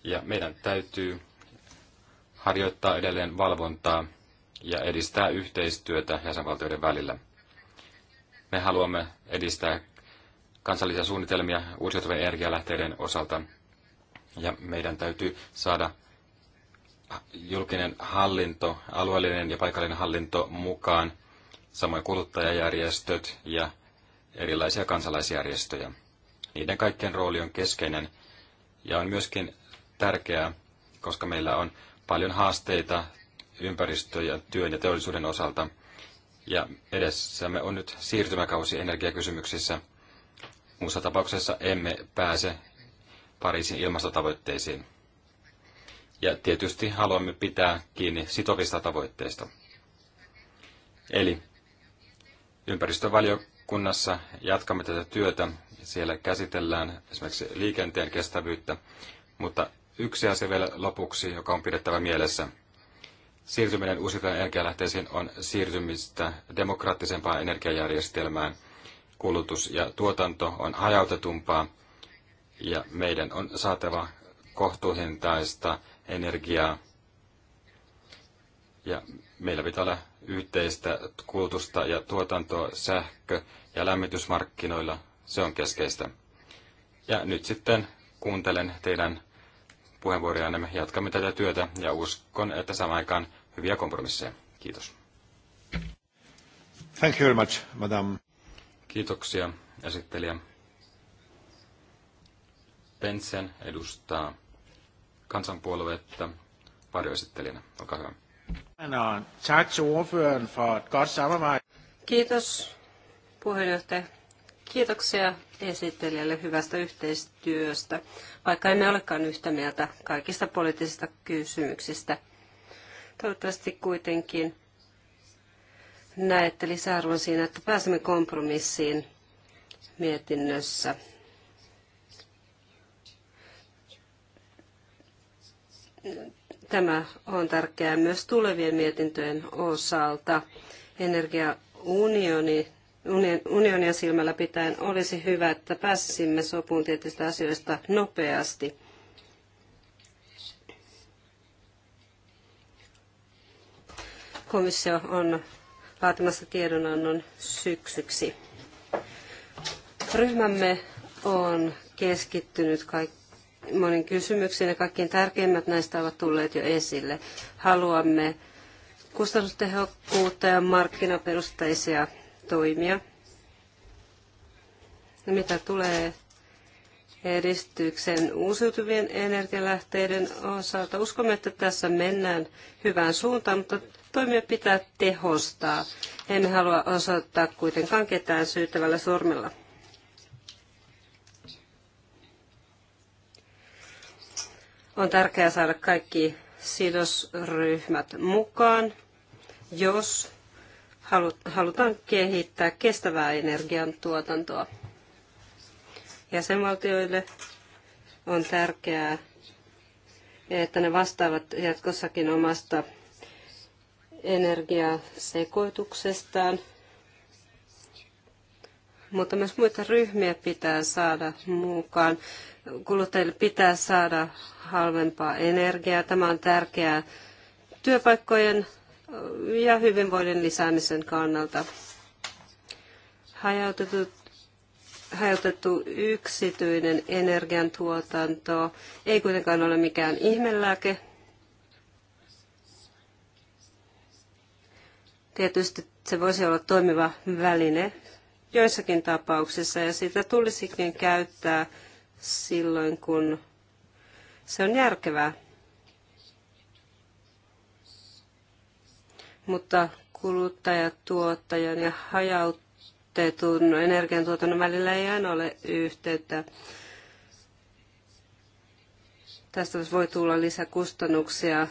Ja meidän täytyy harjoittaa edelleen valvontaa ja edistää yhteistyötä jäsenvaltioiden välillä. Me haluamme edistää kansallisia suunnitelmia uusiutuvien energialähteiden osalta. Ja meidän täytyy saada julkinen hallinto, alueellinen ja paikallinen hallinto mukaan, samoin kuluttajajärjestöt ja erilaisia kansalaisjärjestöjä. Niiden kaikkien rooli on keskeinen ja on myöskin tärkeää, koska meillä on paljon haasteita ympäristö- ja työn ja teollisuuden osalta. Ja edessämme on nyt siirtymäkausi energiakysymyksissä – Muussa tapauksessa emme pääse Pariisin ilmastotavoitteisiin. Ja tietysti haluamme pitää kiinni sitovista tavoitteista. Eli ympäristövaliokunnassa jatkamme tätä työtä. Siellä käsitellään esimerkiksi liikenteen kestävyyttä, mutta yksi asia vielä lopuksi, joka on pidettävä mielessä. Siirtyminen uusiutuvan energialähteisiin on siirtymistä demokraattisempaan energiajärjestelmään – kulutus ja tuotanto on hajautetumpaa ja meidän on saatava kohtuuhintaista energiaa ja meillä pitää olla yhteistä kulutusta ja tuotantoa sähkö- ja lämmitysmarkkinoilla. Se on keskeistä. Ja nyt sitten kuuntelen teidän puheenvuorojanne. Jatkamme tätä työtä ja uskon, että samaan aikaan hyviä kompromisseja. Kiitos. Thank you very much, madam. Kiitoksia esittelijä. Pensen edustaa kansanpuolueetta varjoesittelijänä. Olkaa hyvä. Er Kiitos puheenjohtaja. Kiitoksia esittelijälle hyvästä yhteistyöstä, vaikka emme olekaan yhtä mieltä kaikista poliittisista kysymyksistä. Toivottavasti kuitenkin näette lisäarvon siinä, että pääsemme kompromissiin mietinnössä? Tämä on tärkeää myös tulevien mietintöjen osalta. Energiaunioni unionia silmällä pitäen olisi hyvä, että pääsisimme sopuun tietystä asioista nopeasti. Komissio on laatimassa tiedonannon syksyksi. Ryhmämme on keskittynyt kaikki monin kysymyksiin ja kaikkein tärkeimmät näistä ovat tulleet jo esille. Haluamme kustannustehokkuutta ja markkinaperusteisia toimia. Mitä tulee edistyksen uusiutuvien energialähteiden osalta, uskomme, että tässä mennään hyvään suuntaan, mutta Toimia pitää tehostaa. Emme halua osoittaa kuitenkaan ketään syyttävällä sormella. On tärkeää saada kaikki sidosryhmät mukaan, jos halutaan kehittää kestävää energiantuotantoa. Jäsenvaltioille on tärkeää, että ne vastaavat jatkossakin omasta energiasekoituksestaan, mutta myös muita ryhmiä pitää saada mukaan. Kuluttajille pitää saada halvempaa energiaa. Tämä on tärkeää työpaikkojen ja hyvinvoinnin lisäämisen kannalta. Hajautetut hajautettu yksityinen energiantuotanto ei kuitenkaan ole mikään ihmelääke. Tietysti se voisi olla toimiva väline joissakin tapauksissa ja sitä tulisikin käyttää silloin, kun se on järkevää. Mutta kuluttajatuottajan ja hajautetun energiantuotannon välillä ei aina ole yhteyttä. Tästä voi tulla lisäkustannuksia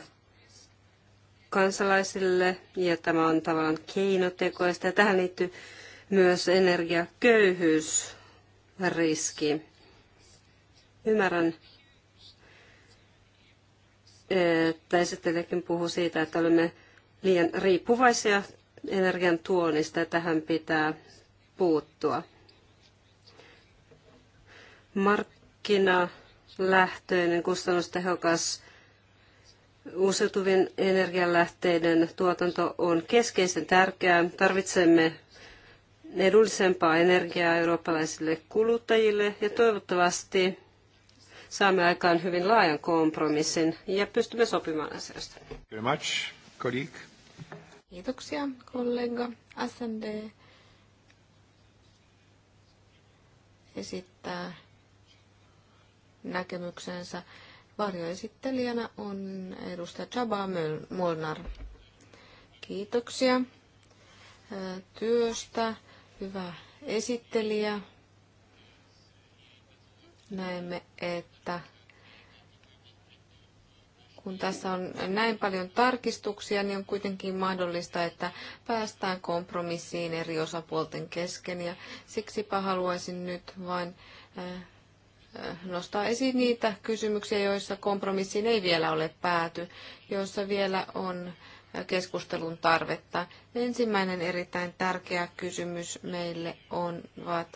kansalaisille ja tämä on tavallaan keinotekoista. Ja tähän liittyy myös energiaköyhyysriski. Ymmärrän, että esittelijäkin puhuu siitä, että olemme liian riippuvaisia energian tuonnista ja tähän pitää puuttua. Markkinalähtöinen, kustannustehokas Uusiutuvien energialähteiden tuotanto on keskeisen tärkeää. Tarvitsemme edullisempaa energiaa eurooppalaisille kuluttajille ja toivottavasti saamme aikaan hyvin laajan kompromissin ja pystymme sopimaan asiasta. Very much, colleague. Kiitoksia, kollega. SND esittää näkemyksensä Varjoesittelijänä on edustaja Chaba Molnar. Kiitoksia työstä. Hyvä esittelijä. Näemme, että kun tässä on näin paljon tarkistuksia, niin on kuitenkin mahdollista, että päästään kompromissiin eri osapuolten kesken. Ja siksipä haluaisin nyt vain äh, nostaa esiin niitä kysymyksiä, joissa kompromissiin ei vielä ole pääty, joissa vielä on keskustelun tarvetta. Ensimmäinen erittäin tärkeä kysymys meille on ovat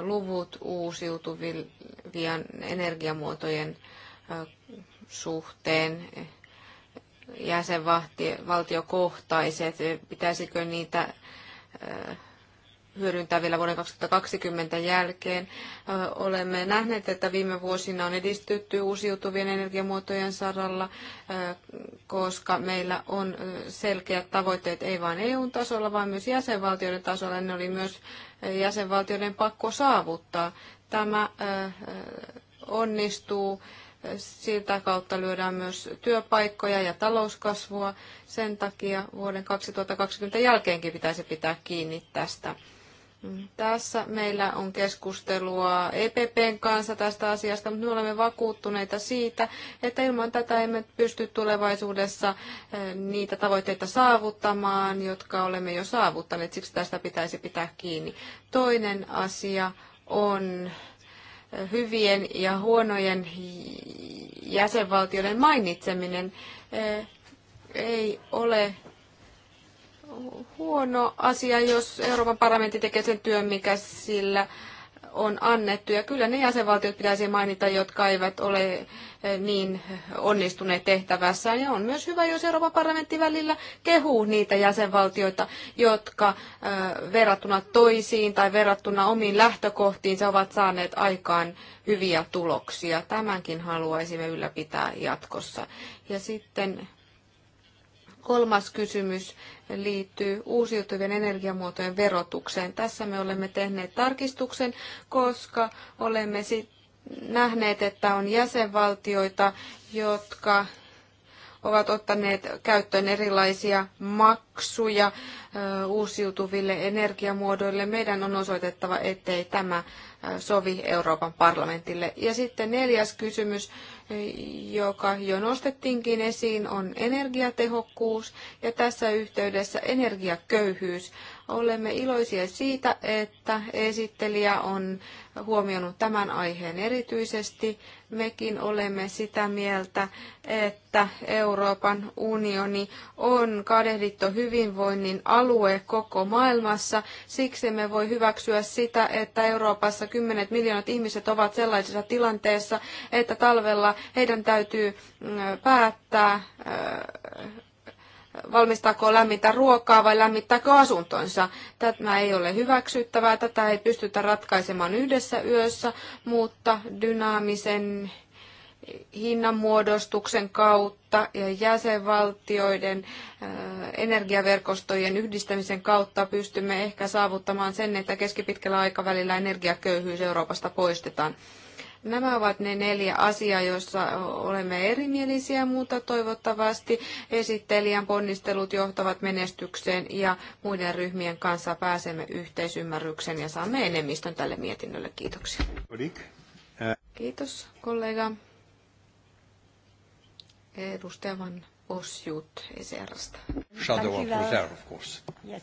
luvut uusiutuvien energiamuotojen suhteen, jäsenvaltiokohtaiset, pitäisikö niitä hyödyntää vielä vuoden 2020 jälkeen. Olemme nähneet, että viime vuosina on edistytty uusiutuvien energiamuotojen saralla, koska meillä on selkeät tavoitteet ei vain EU-tasolla, vaan myös jäsenvaltioiden tasolla. Ne oli myös jäsenvaltioiden pakko saavuttaa. Tämä onnistuu sitä kautta lyödään myös työpaikkoja ja talouskasvua. Sen takia vuoden 2020 jälkeenkin pitäisi pitää kiinni tästä. Tässä meillä on keskustelua EPPn kanssa tästä asiasta, mutta me olemme vakuuttuneita siitä, että ilman tätä emme pysty tulevaisuudessa eh, niitä tavoitteita saavuttamaan, jotka olemme jo saavuttaneet. Siksi tästä pitäisi pitää kiinni. Toinen asia on eh, hyvien ja huonojen jäsenvaltioiden mainitseminen. Eh, ei ole huono asia, jos Euroopan parlamentti tekee sen työn, mikä sillä on annettu. Ja kyllä ne jäsenvaltiot pitäisi mainita, jotka eivät ole eh, niin onnistuneet tehtävässään. Ja on myös hyvä, jos Euroopan parlamentti välillä kehuu niitä jäsenvaltioita, jotka eh, verrattuna toisiin tai verrattuna omiin lähtökohtiinsa ovat saaneet aikaan hyviä tuloksia. Tämänkin haluaisimme ylläpitää jatkossa. Ja sitten kolmas kysymys liittyy uusiutuvien energiamuotojen verotukseen. Tässä me olemme tehneet tarkistuksen, koska olemme nähneet, että on jäsenvaltioita, jotka ovat ottaneet käyttöön erilaisia maksuja uusiutuville energiamuodoille. Meidän on osoitettava, ettei tämä sovi Euroopan parlamentille. Ja sitten neljäs kysymys joka jo nostettiinkin esiin, on energiatehokkuus ja tässä yhteydessä energiaköyhyys. Olemme iloisia siitä, että esittelijä on huomioinut tämän aiheen erityisesti. Mekin olemme sitä mieltä, että Euroopan unioni on kadehdittu hyvinvoinnin alue koko maailmassa. Siksi me voi hyväksyä sitä, että Euroopassa kymmenet miljoonat ihmiset ovat sellaisessa tilanteessa, että talvella heidän täytyy mm, päättää valmistaako lämmintä ruokaa vai lämmittääkö asuntonsa. Tämä ei ole hyväksyttävää, tätä ei pystytä ratkaisemaan yhdessä yössä, mutta dynaamisen hinnanmuodostuksen kautta ja jäsenvaltioiden äh, energiaverkostojen yhdistämisen kautta pystymme ehkä saavuttamaan sen, että keskipitkällä aikavälillä energiaköyhyys Euroopasta poistetaan. Nämä ovat ne neljä asiaa, joissa olemme erimielisiä, mutta toivottavasti esittelijän ponnistelut johtavat menestykseen ja muiden ryhmien kanssa pääsemme yhteisymmärrykseen ja saamme enemmistön tälle mietinnölle. Kiitoksia. Kiitos kollega. Edustaja Van Osjut Eserasta. Shadow of Reserve, of course. Yes. Um,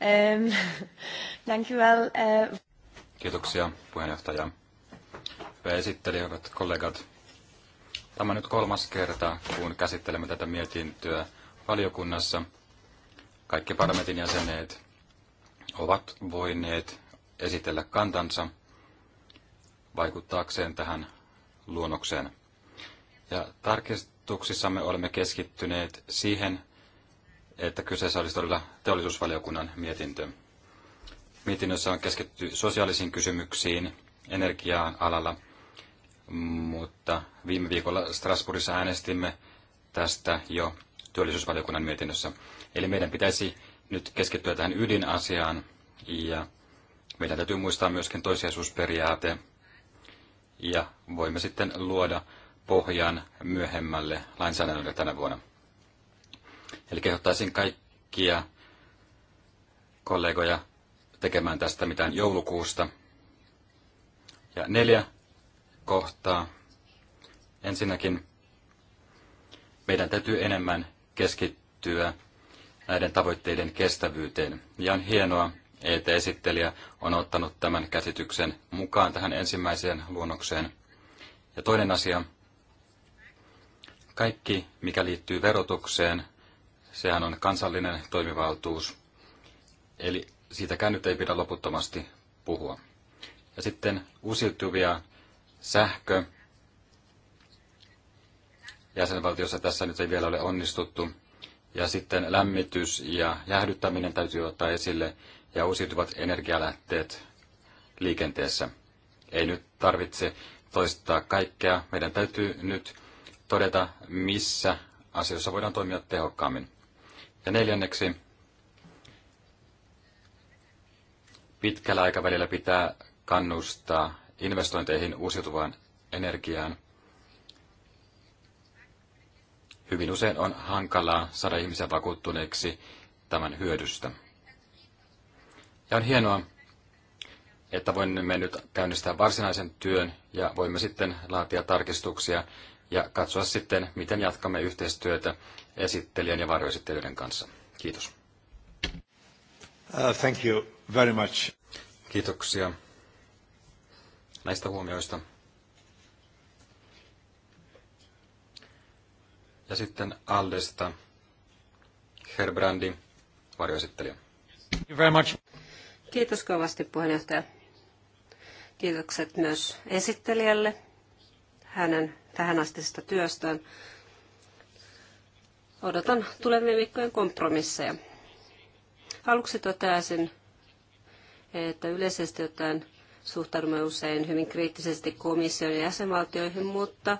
ehm, thank you well. Uh... Eh. Kiitoksia puheenjohtaja hyvä esittelijä, hyvät kollegat. Tämä on nyt kolmas kerta, kun käsittelemme tätä mietintöä valiokunnassa. Kaikki parlamentin jäsenet ovat voineet esitellä kantansa vaikuttaakseen tähän luonnokseen. Ja tarkistuksissamme olemme keskittyneet siihen, että kyseessä olisi todella teollisuusvaliokunnan mietintö. Mietinnössä on keskitty sosiaalisiin kysymyksiin, energia-alalla, mutta viime viikolla Strasbourgissa äänestimme tästä jo työllisyysvaliokunnan mietinnössä. Eli meidän pitäisi nyt keskittyä tähän ydinasiaan ja meidän täytyy muistaa myöskin toisiaisuusperiaate ja voimme sitten luoda pohjan myöhemmälle lainsäädännölle tänä vuonna. Eli kehottaisin kaikkia kollegoja tekemään tästä mitään joulukuusta – ja neljä kohtaa. Ensinnäkin meidän täytyy enemmän keskittyä näiden tavoitteiden kestävyyteen. Ja on hienoa, että esittelijä on ottanut tämän käsityksen mukaan tähän ensimmäiseen luonnokseen. Ja toinen asia, kaikki mikä liittyy verotukseen, sehän on kansallinen toimivaltuus. Eli siitäkään nyt ei pidä loputtomasti puhua. Ja sitten uusiutuvia sähkö. Jäsenvaltiossa tässä nyt ei vielä ole onnistuttu. Ja sitten lämmitys ja jäähdyttäminen täytyy ottaa esille ja uusiutuvat energialähteet liikenteessä. Ei nyt tarvitse toistaa kaikkea. Meidän täytyy nyt todeta, missä asioissa voidaan toimia tehokkaammin. Ja neljänneksi, pitkällä aikavälillä pitää kannustaa investointeihin uusiutuvaan energiaan. Hyvin usein on hankalaa saada ihmisiä vakuuttuneeksi tämän hyödystä. Ja on hienoa, että voimme nyt käynnistää varsinaisen työn ja voimme sitten laatia tarkistuksia ja katsoa sitten, miten jatkamme yhteistyötä esittelijän ja varjoesittelijöiden kanssa. Kiitos. Uh, thank you very much. Kiitoksia näistä huomioista. Ja sitten Aldesta Herbrandi, varjoesittelijä. Kiitos kovasti puheenjohtaja. Kiitokset myös esittelijälle hänen tähänastisesta työstään. Odotan tulevien viikkojen kompromisseja. Aluksi toteaisin, että yleisesti ottaen Suhtaudumme usein hyvin kriittisesti komission ja jäsenvaltioihin, mutta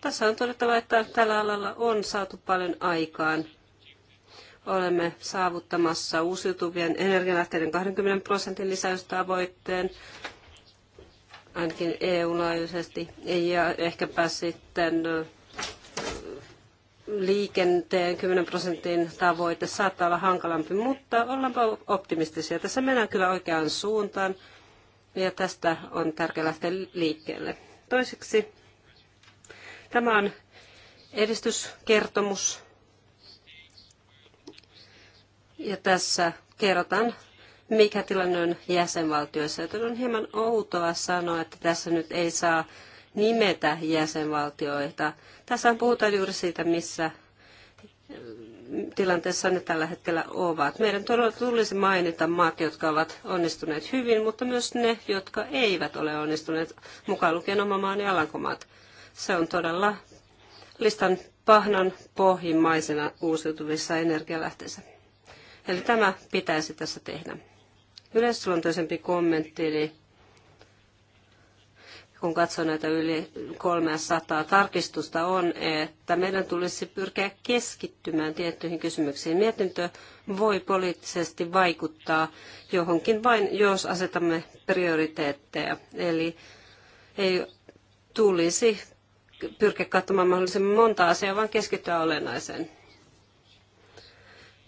tässä on todettava, että tällä alalla on saatu paljon aikaan. Olemme saavuttamassa uusiutuvien energialähteiden 20 prosentin lisäystavoitteen, ainakin EU-laajuisesti, ja ehkäpä sitten liikenteen 10 prosentin tavoite saattaa olla hankalampi, mutta ollaanpa optimistisia. Tässä mennään kyllä oikeaan suuntaan. Ja tästä on tärkeää lähteä liikkeelle. Toiseksi tämä on edistyskertomus. Ja tässä kerrotaan, mikä tilanne on jäsenvaltioissa. Joten on hieman outoa sanoa, että tässä nyt ei saa nimetä jäsenvaltioita. Tässä puhutaan juuri siitä, missä tilanteessa ne tällä hetkellä ovat. Meidän todella tulisi mainita maat, jotka ovat onnistuneet hyvin, mutta myös ne, jotka eivät ole onnistuneet, mukaan lukien oma ja Alankomaat. Se on todella listan pahnan pohjimmaisena uusiutuvissa energialähteissä. Eli tämä pitäisi tässä tehdä. Yleisluontoisempi kommentti, eli kun katsoo näitä yli 300 tarkistusta, on, että meidän tulisi pyrkiä keskittymään tiettyihin kysymyksiin. Mietintö voi poliittisesti vaikuttaa johonkin vain, jos asetamme prioriteetteja. Eli ei tulisi pyrkiä katsomaan mahdollisimman monta asiaa, vaan keskittyä olennaiseen.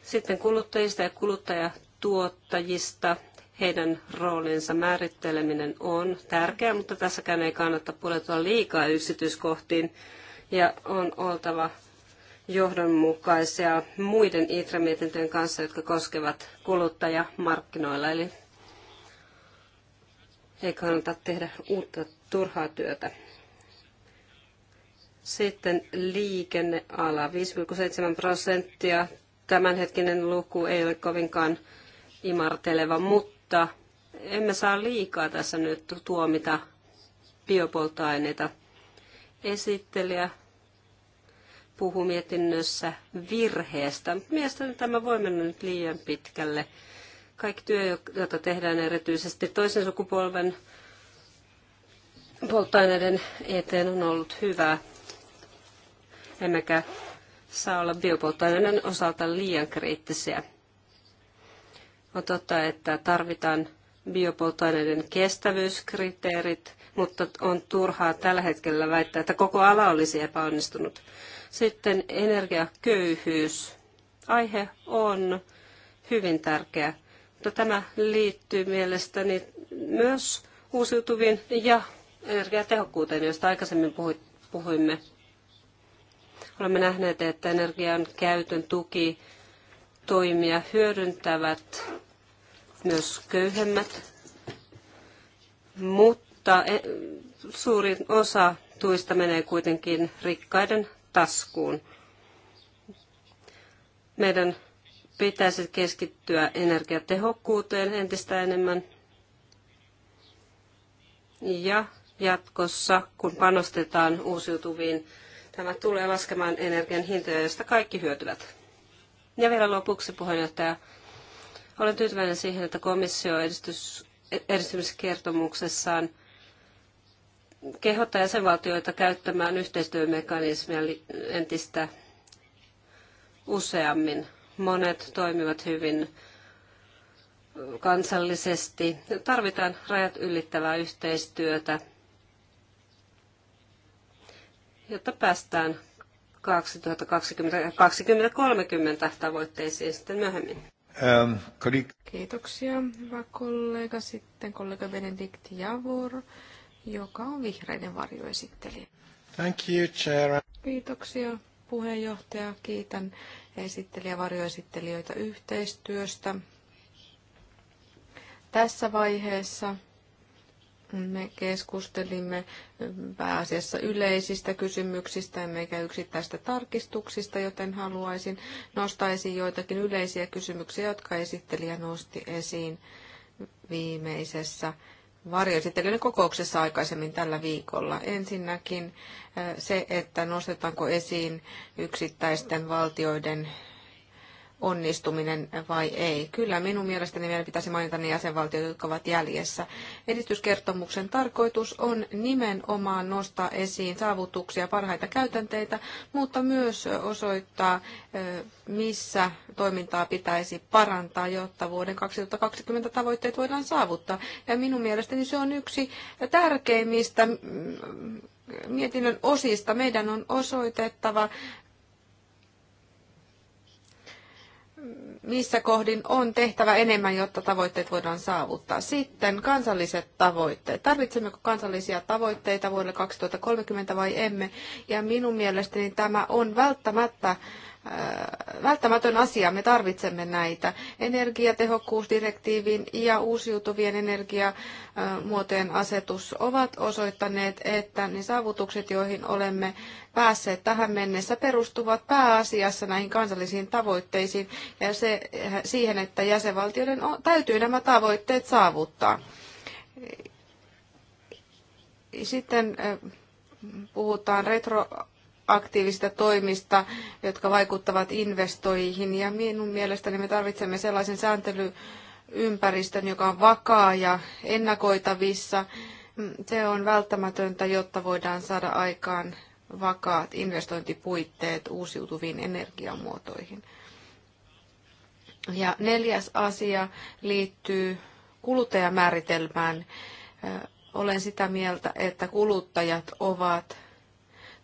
Sitten kuluttajista ja kuluttajatuottajista – heidän roolinsa määritteleminen on tärkeää, mutta tässäkään ei kannata pureutua liikaa yksityiskohtiin ja on oltava johdonmukaisia muiden ITRA-mietintöjen kanssa, jotka koskevat kuluttajamarkkinoilla. Eli ei kannata tehdä uutta turhaa työtä. Sitten liikenneala, 5,7 prosenttia. Tämänhetkinen luku ei ole kovinkaan imarteleva, mutta mutta emme saa liikaa tässä nyt tuomita biopolttoaineita. Esittelijä puhuu mietinnössä virheestä. Mielestäni tämä voi mennä nyt liian pitkälle. Kaikki työ, jota tehdään erityisesti toisen sukupolven polttoaineiden eteen, on ollut hyvää. Emmekä saa olla biopolttoaineiden osalta liian kriittisiä. On totta, että tarvitaan biopolttoaineiden kestävyyskriteerit, mutta on turhaa tällä hetkellä väittää, että koko ala olisi epäonnistunut. Sitten energiaköyhyys. Aihe on hyvin tärkeä, mutta no, tämä liittyy mielestäni myös uusiutuviin ja energiatehokkuuteen, joista aikaisemmin puhuimme. Olemme nähneet, että energian käytön tuki toimia hyödyntävät myös köyhemmät, mutta e, suurin osa tuista menee kuitenkin rikkaiden taskuun. Meidän pitäisi keskittyä energiatehokkuuteen entistä enemmän ja jatkossa, kun panostetaan uusiutuviin, tämä tulee laskemaan energian hintoja, josta kaikki hyötyvät. Ja vielä lopuksi puheenjohtaja. Olen tyytyväinen siihen, että komissio edistys, edistymiskertomuksessaan kehottaa jäsenvaltioita käyttämään yhteistyömekanismia entistä useammin. Monet toimivat hyvin kansallisesti. Tarvitaan rajat ylittävää yhteistyötä, jotta päästään 2020-2030 tavoitteisiin sitten myöhemmin. Ähm, Kiitoksia, hyvä kollega. Sitten kollega Benedikt Javor, joka on vihreiden varjoesittelijä. Thank you, Chair. Kiitoksia, puheenjohtaja. Kiitän esittelijä varjoesittelijöitä yhteistyöstä tässä vaiheessa. Me keskustelimme pääasiassa yleisistä kysymyksistä emmekä yksittäistä tarkistuksista, joten haluaisin nostaa esiin joitakin yleisiä kysymyksiä, jotka esittelijä nosti esiin viimeisessä varjoesittelijöiden kokouksessa aikaisemmin tällä viikolla. Ensinnäkin eh, se, että nostetaanko esiin yksittäisten valtioiden onnistuminen vai ei. Kyllä minun mielestäni meidän pitäisi mainita ne jäsenvaltiot, jotka ovat jäljessä. Edistyskertomuksen tarkoitus on nimenomaan nostaa esiin saavutuksia, parhaita käytänteitä, mutta myös osoittaa, missä toimintaa pitäisi parantaa, jotta vuoden 2020 tavoitteet voidaan saavuttaa. Ja minun mielestäni se on yksi tärkeimmistä mm, mietinnön osista meidän on osoitettava missä kohdin on tehtävä enemmän, jotta tavoitteet voidaan saavuttaa. Sitten kansalliset tavoitteet. Tarvitsemmeko kansallisia tavoitteita vuodelle 2030 vai emme? Ja minun mielestäni tämä on välttämättä Äh, välttämätön asia. Me tarvitsemme näitä energiatehokkuusdirektiivin ja uusiutuvien energiamuotojen asetus ovat osoittaneet, että ne saavutukset, joihin olemme päässeet tähän mennessä, perustuvat pääasiassa näihin kansallisiin tavoitteisiin ja se, äh, siihen, että jäsenvaltioiden täytyy nämä tavoitteet saavuttaa. Sitten äh, puhutaan retro aktiivista toimista, jotka vaikuttavat investoihin. Ja minun mielestäni me tarvitsemme sellaisen sääntelyympäristön, joka on vakaa ja ennakoitavissa. Se on välttämätöntä, jotta voidaan saada aikaan vakaat investointipuitteet uusiutuviin energiamuotoihin. Ja neljäs asia liittyy kuluttajamääritelmään. Olen sitä mieltä, että kuluttajat ovat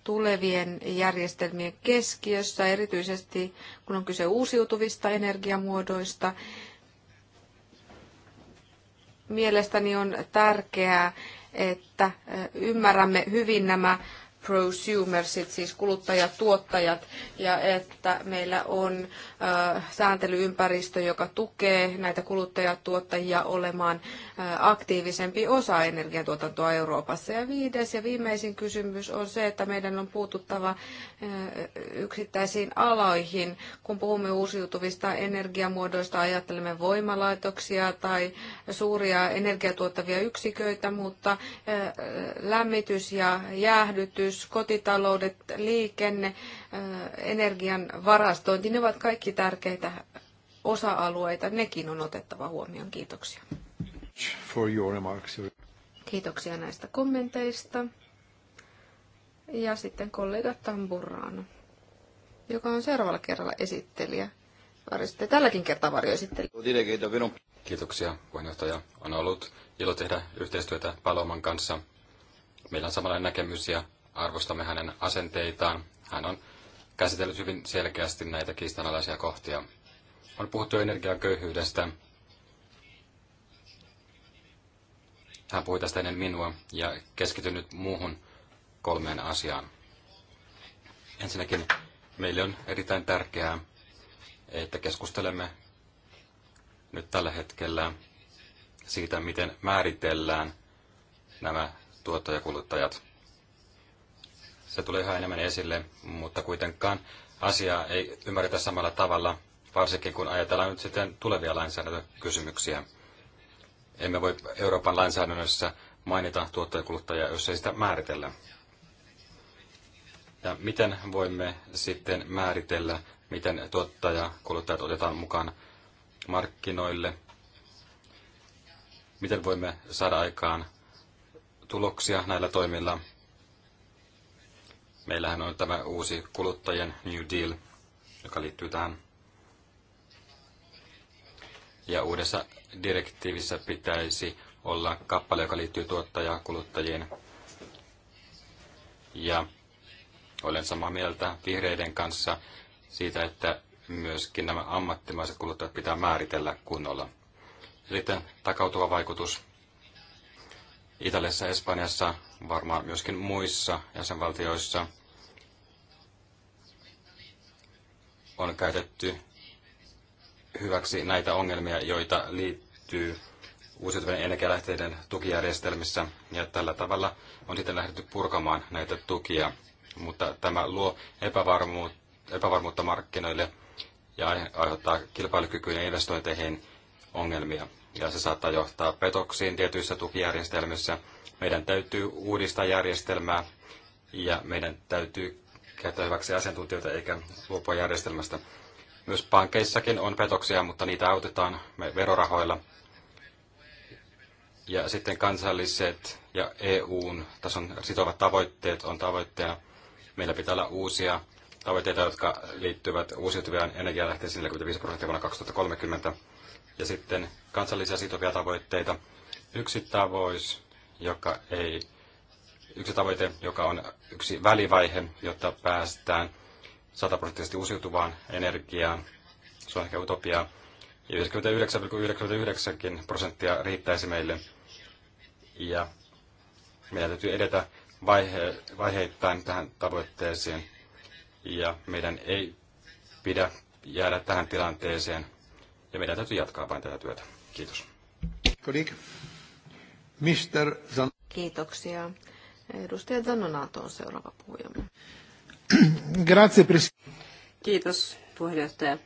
tulevien järjestelmien keskiössä, erityisesti kun on kyse uusiutuvista energiamuodoista. Mielestäni on tärkeää, että ymmärrämme hyvin nämä prosumers, siis kuluttajat, tuottajat, ja että meillä on äh, sääntelyympäristö, joka tukee näitä kuluttajatuottajia olemaan äh, aktiivisempi osa energiantuotantoa Euroopassa. Ja viides ja viimeisin kysymys on se, että meidän on puututtava äh, yksittäisiin aloihin. Kun puhumme uusiutuvista energiamuodoista, ajattelemme voimalaitoksia tai suuria energiatuottavia yksiköitä, mutta lämmitys ja jäähdytys yritys, kotitaloudet, liikenne, energian varastointi, ne ovat kaikki tärkeitä osa-alueita. Nekin on otettava huomioon. Kiitoksia. Kiitoksia näistä kommenteista. Ja sitten kollega Tamburano, joka on seuraavalla kerralla esittelijä. Varjoisitte tälläkin kertaa varjoesittelijä. Kiitoksia puheenjohtaja. On ollut ilo tehdä yhteistyötä Paloman kanssa. Meillä on samanlainen näkemys ja arvostamme hänen asenteitaan. Hän on käsitellyt hyvin selkeästi näitä kiistanalaisia kohtia. On puhuttu energiaköyhyydestä. Hän puhui tästä ennen minua ja keskitynyt muuhun kolmeen asiaan. Ensinnäkin meille on erittäin tärkeää, että keskustelemme nyt tällä hetkellä siitä, miten määritellään nämä tuottajakuluttajat. kuluttajat se tulee yhä enemmän esille, mutta kuitenkaan asiaa ei ymmärretä samalla tavalla, varsinkin kun ajatellaan nyt sitten tulevia lainsäädäntökysymyksiä. Emme voi Euroopan lainsäädännössä mainita tuottajakuluttajia jos ei sitä määritellä. Ja miten voimme sitten määritellä, miten tuottajakuluttajat otetaan mukaan markkinoille? Miten voimme saada aikaan tuloksia näillä toimilla? Meillähän on tämä uusi kuluttajien New Deal, joka liittyy tähän. Ja uudessa direktiivissä pitäisi olla kappale, joka liittyy tuottajaa Ja olen samaa mieltä vihreiden kanssa siitä, että myöskin nämä ammattimaiset kuluttajat pitää määritellä kunnolla. Sitten takautuva vaikutus. Italiassa, Espanjassa, varmaan myöskin muissa jäsenvaltioissa on käytetty hyväksi näitä ongelmia, joita liittyy uusiutuvien energialähteiden tukijärjestelmissä. Ja tällä tavalla on sitten lähdetty purkamaan näitä tukia. Mutta tämä luo epävarmuutta markkinoille ja aiheuttaa kilpailukykyyn ja investointeihin ongelmia. Ja se saattaa johtaa petoksiin tietyissä tukijärjestelmissä. Meidän täytyy uudistaa järjestelmää ja meidän täytyy käyttää hyväksi asiantuntijoita eikä luopua järjestelmästä. Myös pankeissakin on petoksia, mutta niitä autetaan me verorahoilla. Ja sitten kansalliset ja EUn tason sitovat tavoitteet on tavoitteena. Meillä pitää olla uusia tavoitteita, jotka liittyvät uusiutuvien energialähteisiin 45 prosenttia vuonna 2030 ja sitten kansallisia sitovia tavoitteita. Yksi, tavois, joka ei, yksi tavoite, joka on yksi välivaihe, jotta päästään sataprosenttisesti uusiutuvaan energiaan. Se on ehkä utopiaa. 99,99 prosenttia riittäisi meille. Ja meidän täytyy edetä vaihe, vaiheittain tähän tavoitteeseen. Ja meidän ei pidä jäädä tähän tilanteeseen, ja meidän täytyy jatkaa vain tätä työtä. Kiitos. Mr. Zan... Kiitoksia. Edustaja Zanonato on seuraava puhujamme. Kiitos puheenjohtaja.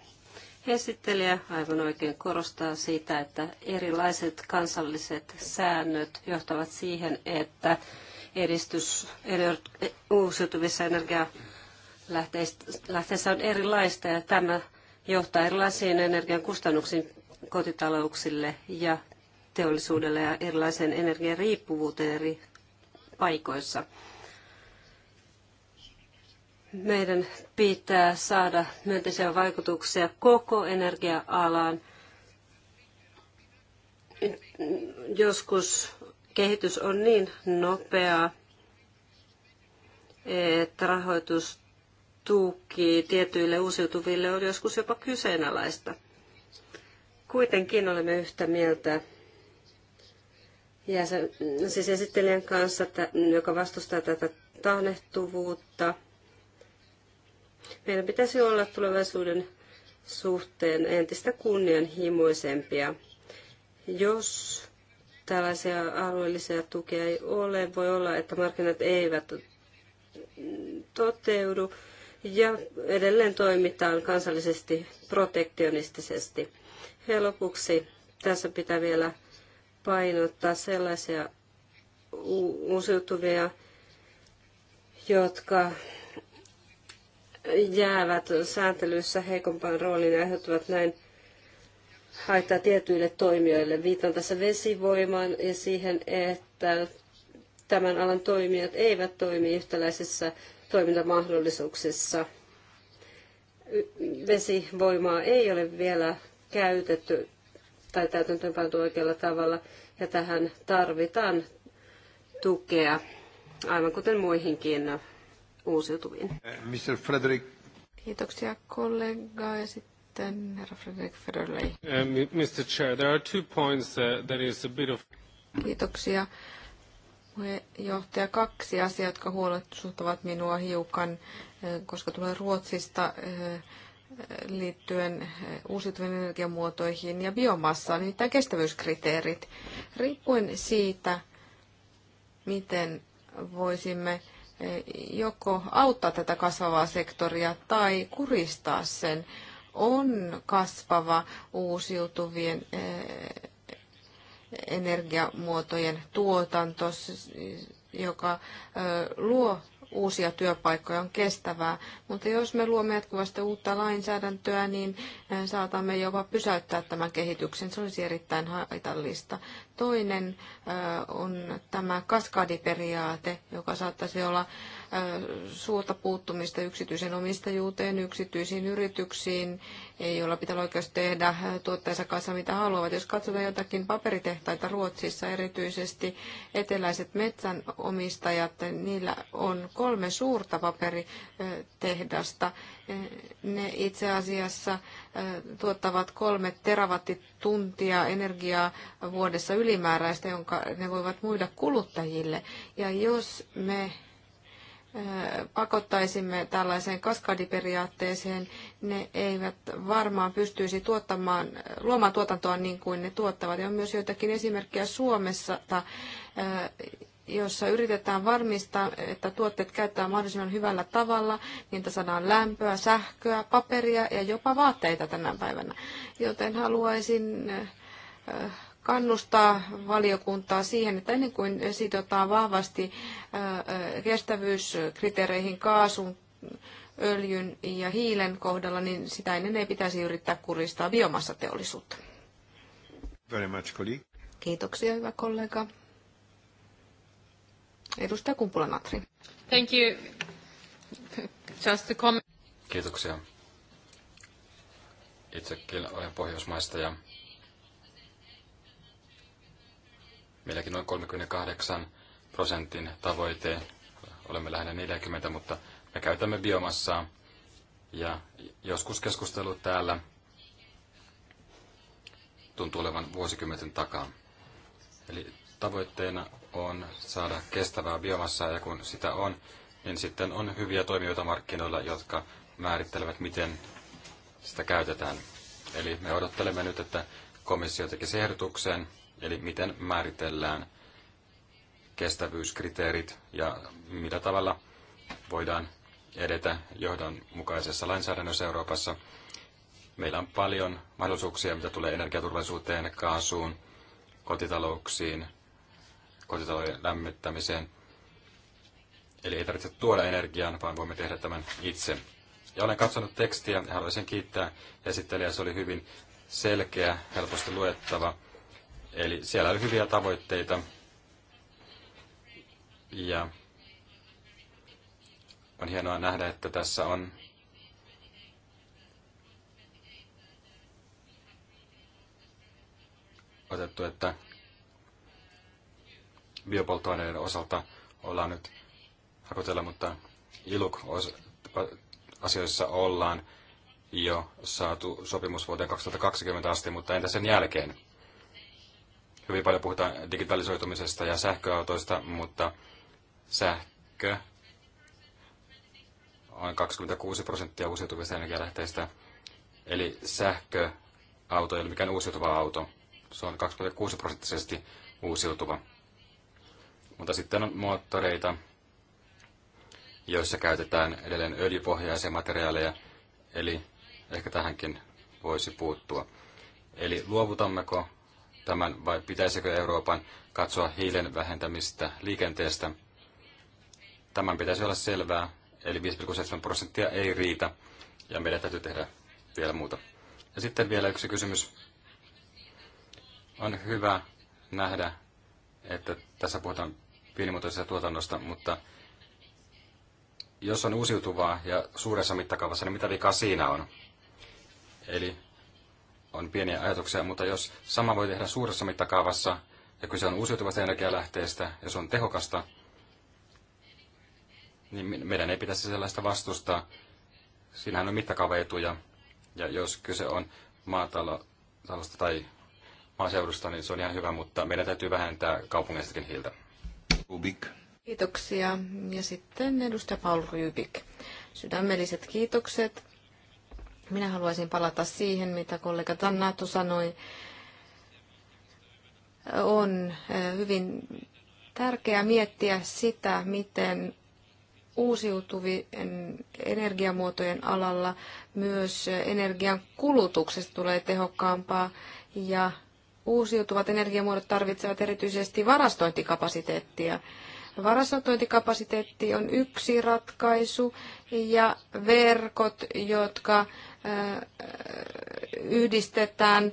Esittelijä aivan oikein korostaa sitä, että erilaiset kansalliset säännöt johtavat siihen, että edistys uusiutuvissa energialähteissä on erilaista ja tämä johtaa erilaisiin energian kustannuksiin kotitalouksille ja teollisuudelle ja erilaiseen energian riippuvuuteen eri paikoissa. Meidän pitää saada myönteisiä vaikutuksia koko energia-alaan. Joskus kehitys on niin nopeaa, että rahoitus tuki tietyille uusiutuville on joskus jopa kyseenalaista. Kuitenkin olemme yhtä mieltä jäsen, siis esittelijän kanssa, joka vastustaa tätä tahnehtuvuutta. Meidän pitäisi olla tulevaisuuden suhteen entistä kunnianhimoisempia. Jos tällaisia alueellisia tukia ei ole, voi olla, että markkinat eivät toteudu ja edelleen toimitaan kansallisesti protektionistisesti. Ja lopuksi tässä pitää vielä painottaa sellaisia uusiutuvia, jotka jäävät sääntelyssä heikompaan rooliin ja aiheuttavat näin haittaa tietyille toimijoille. Viitan tässä vesivoimaan ja siihen, että tämän alan toimijat eivät toimi yhtäläisessä toimintamahdollisuuksissa. Vesivoimaa ei ole vielä käytetty tai täytäntöönpantu oikealla tavalla, ja tähän tarvitaan tukea, aivan kuten muihinkin uusiutuviin. Mr. Frederick. Kiitoksia kollega ja sitten herra Frederick Federley. Uh, Mr. Chair, there are two points uh, that is a bit of... Kiitoksia Puheenjohtaja, kaksi asiaa, jotka huolestuttavat minua hiukan, eh, koska tulee Ruotsista eh, liittyen eh, uusiutuvien energiamuotoihin ja biomassaan, tämä kestävyyskriteerit. Riippuen siitä, miten voisimme joko auttaa tätä kasvavaa sektoria tai kuristaa sen, on kasvava uusiutuvien energiamuotojen tuotanto, siis, joka luo uusia työpaikkoja on kestävää. Mutta jos me luomme jatkuvasti uutta lainsäädäntöä, niin saatamme jopa pysäyttää tämän kehityksen. Se olisi erittäin haitallista. Toinen on tämä kaskadiperiaate, joka saattaisi olla Äh, suurta puuttumista yksityisen omistajuuteen, yksityisiin yrityksiin, joilla pitää olla oikeus tehdä äh, tuotteensa kanssa mitä haluavat. Jos katsotaan jotakin paperitehtaita Ruotsissa, erityisesti eteläiset metsänomistajat, niillä on kolme suurta paperitehdasta. Äh, ne itse asiassa tuottavat kolme terawattituntia energiaa vuodessa ylimääräistä, jonka ne voivat muida kuluttajille. Ja jos me pakottaisimme tällaiseen kaskadiperiaatteeseen, ne eivät varmaan pystyisi tuottamaan, luomaan tuotantoa niin kuin ne tuottavat. Ja on myös joitakin esimerkkejä Suomessa, eh, jossa yritetään varmistaa, että tuotteet käyttää mahdollisimman hyvällä tavalla, niin että saadaan lämpöä, sähköä, paperia ja jopa vaatteita tänä päivänä. Joten haluaisin eh, kannustaa valiokuntaa siihen, että ennen kuin sitotaan vahvasti kestävyyskriteereihin kaasun, öljyn ja hiilen kohdalla, niin sitä ennen ei pitäisi yrittää kuristaa biomassateollisuutta. Very much, Kiitoksia, hyvä kollega. Edustaja Kumpula-Natri. Thank you. Just to comment. Kiitoksia. Itsekin olen Pohjoismaista ja Meilläkin noin 38 prosentin tavoite, olemme lähinnä 40, mutta me käytämme biomassaa. Ja joskus keskustelu täällä tuntuu olevan vuosikymmenten takaa. Eli tavoitteena on saada kestävää biomassaa, ja kun sitä on, niin sitten on hyviä toimijoita markkinoilla, jotka määrittelevät, miten sitä käytetään. Eli me odottelemme nyt, että komissio tekisi ehdotuksen Eli miten määritellään kestävyyskriteerit ja millä tavalla voidaan edetä johdonmukaisessa lainsäädännössä Euroopassa. Meillä on paljon mahdollisuuksia, mitä tulee energiaturvallisuuteen, kaasuun, kotitalouksiin, kotitalojen lämmittämiseen. Eli ei tarvitse tuoda energiaan, vaan voimme tehdä tämän itse. Ja olen katsonut tekstiä ja haluaisin kiittää esittelijää. Se oli hyvin selkeä, helposti luettava Eli siellä oli hyviä tavoitteita. Ja on hienoa nähdä, että tässä on otettu, että biopolttoaineiden osalta ollaan nyt hakutella, mutta ILUK-asioissa ollaan jo saatu sopimus vuoteen 2020 asti, mutta entä sen jälkeen? Hyvin paljon puhutaan digitalisoitumisesta ja sähköautoista, mutta sähkö on 26 prosenttia uusiutuvista energialähteistä. Eli sähköauto ei ole mikään uusiutuva auto. Se on 26 prosenttisesti uusiutuva. Mutta sitten on moottoreita, joissa käytetään edelleen öljypohjaisia materiaaleja, eli ehkä tähänkin voisi puuttua. Eli luovutammeko tämän vai pitäisikö Euroopan katsoa hiilen vähentämistä liikenteestä? Tämän pitäisi olla selvää, eli 5,7 prosenttia ei riitä ja meidän täytyy tehdä vielä muuta. Ja sitten vielä yksi kysymys. On hyvä nähdä, että tässä puhutaan pienimuotoisesta tuotannosta, mutta jos on uusiutuvaa ja suuressa mittakaavassa, niin mitä vikaa siinä on? Eli on pieniä ajatuksia, mutta jos sama voi tehdä suuressa mittakaavassa, ja kyse on uusiutuvasta energialähteestä, ja se on tehokasta, niin meidän ei pitäisi sellaista vastustaa. Siinähän on mittakaavaetuja, ja jos kyse on maatalosta tai maaseudusta, niin se on ihan hyvä, mutta meidän täytyy vähentää kaupungistakin hiiltä. Rubik. Kiitoksia. Ja sitten edustaja Paul Rybik. Sydämelliset kiitokset minä haluaisin palata siihen, mitä kollega Tannatu sanoi. On hyvin tärkeää miettiä sitä, miten uusiutuvien energiamuotojen alalla myös energian kulutuksesta tulee tehokkaampaa ja uusiutuvat energiamuodot tarvitsevat erityisesti varastointikapasiteettia. Varastointikapasiteetti on yksi ratkaisu ja verkot, jotka yhdistetään,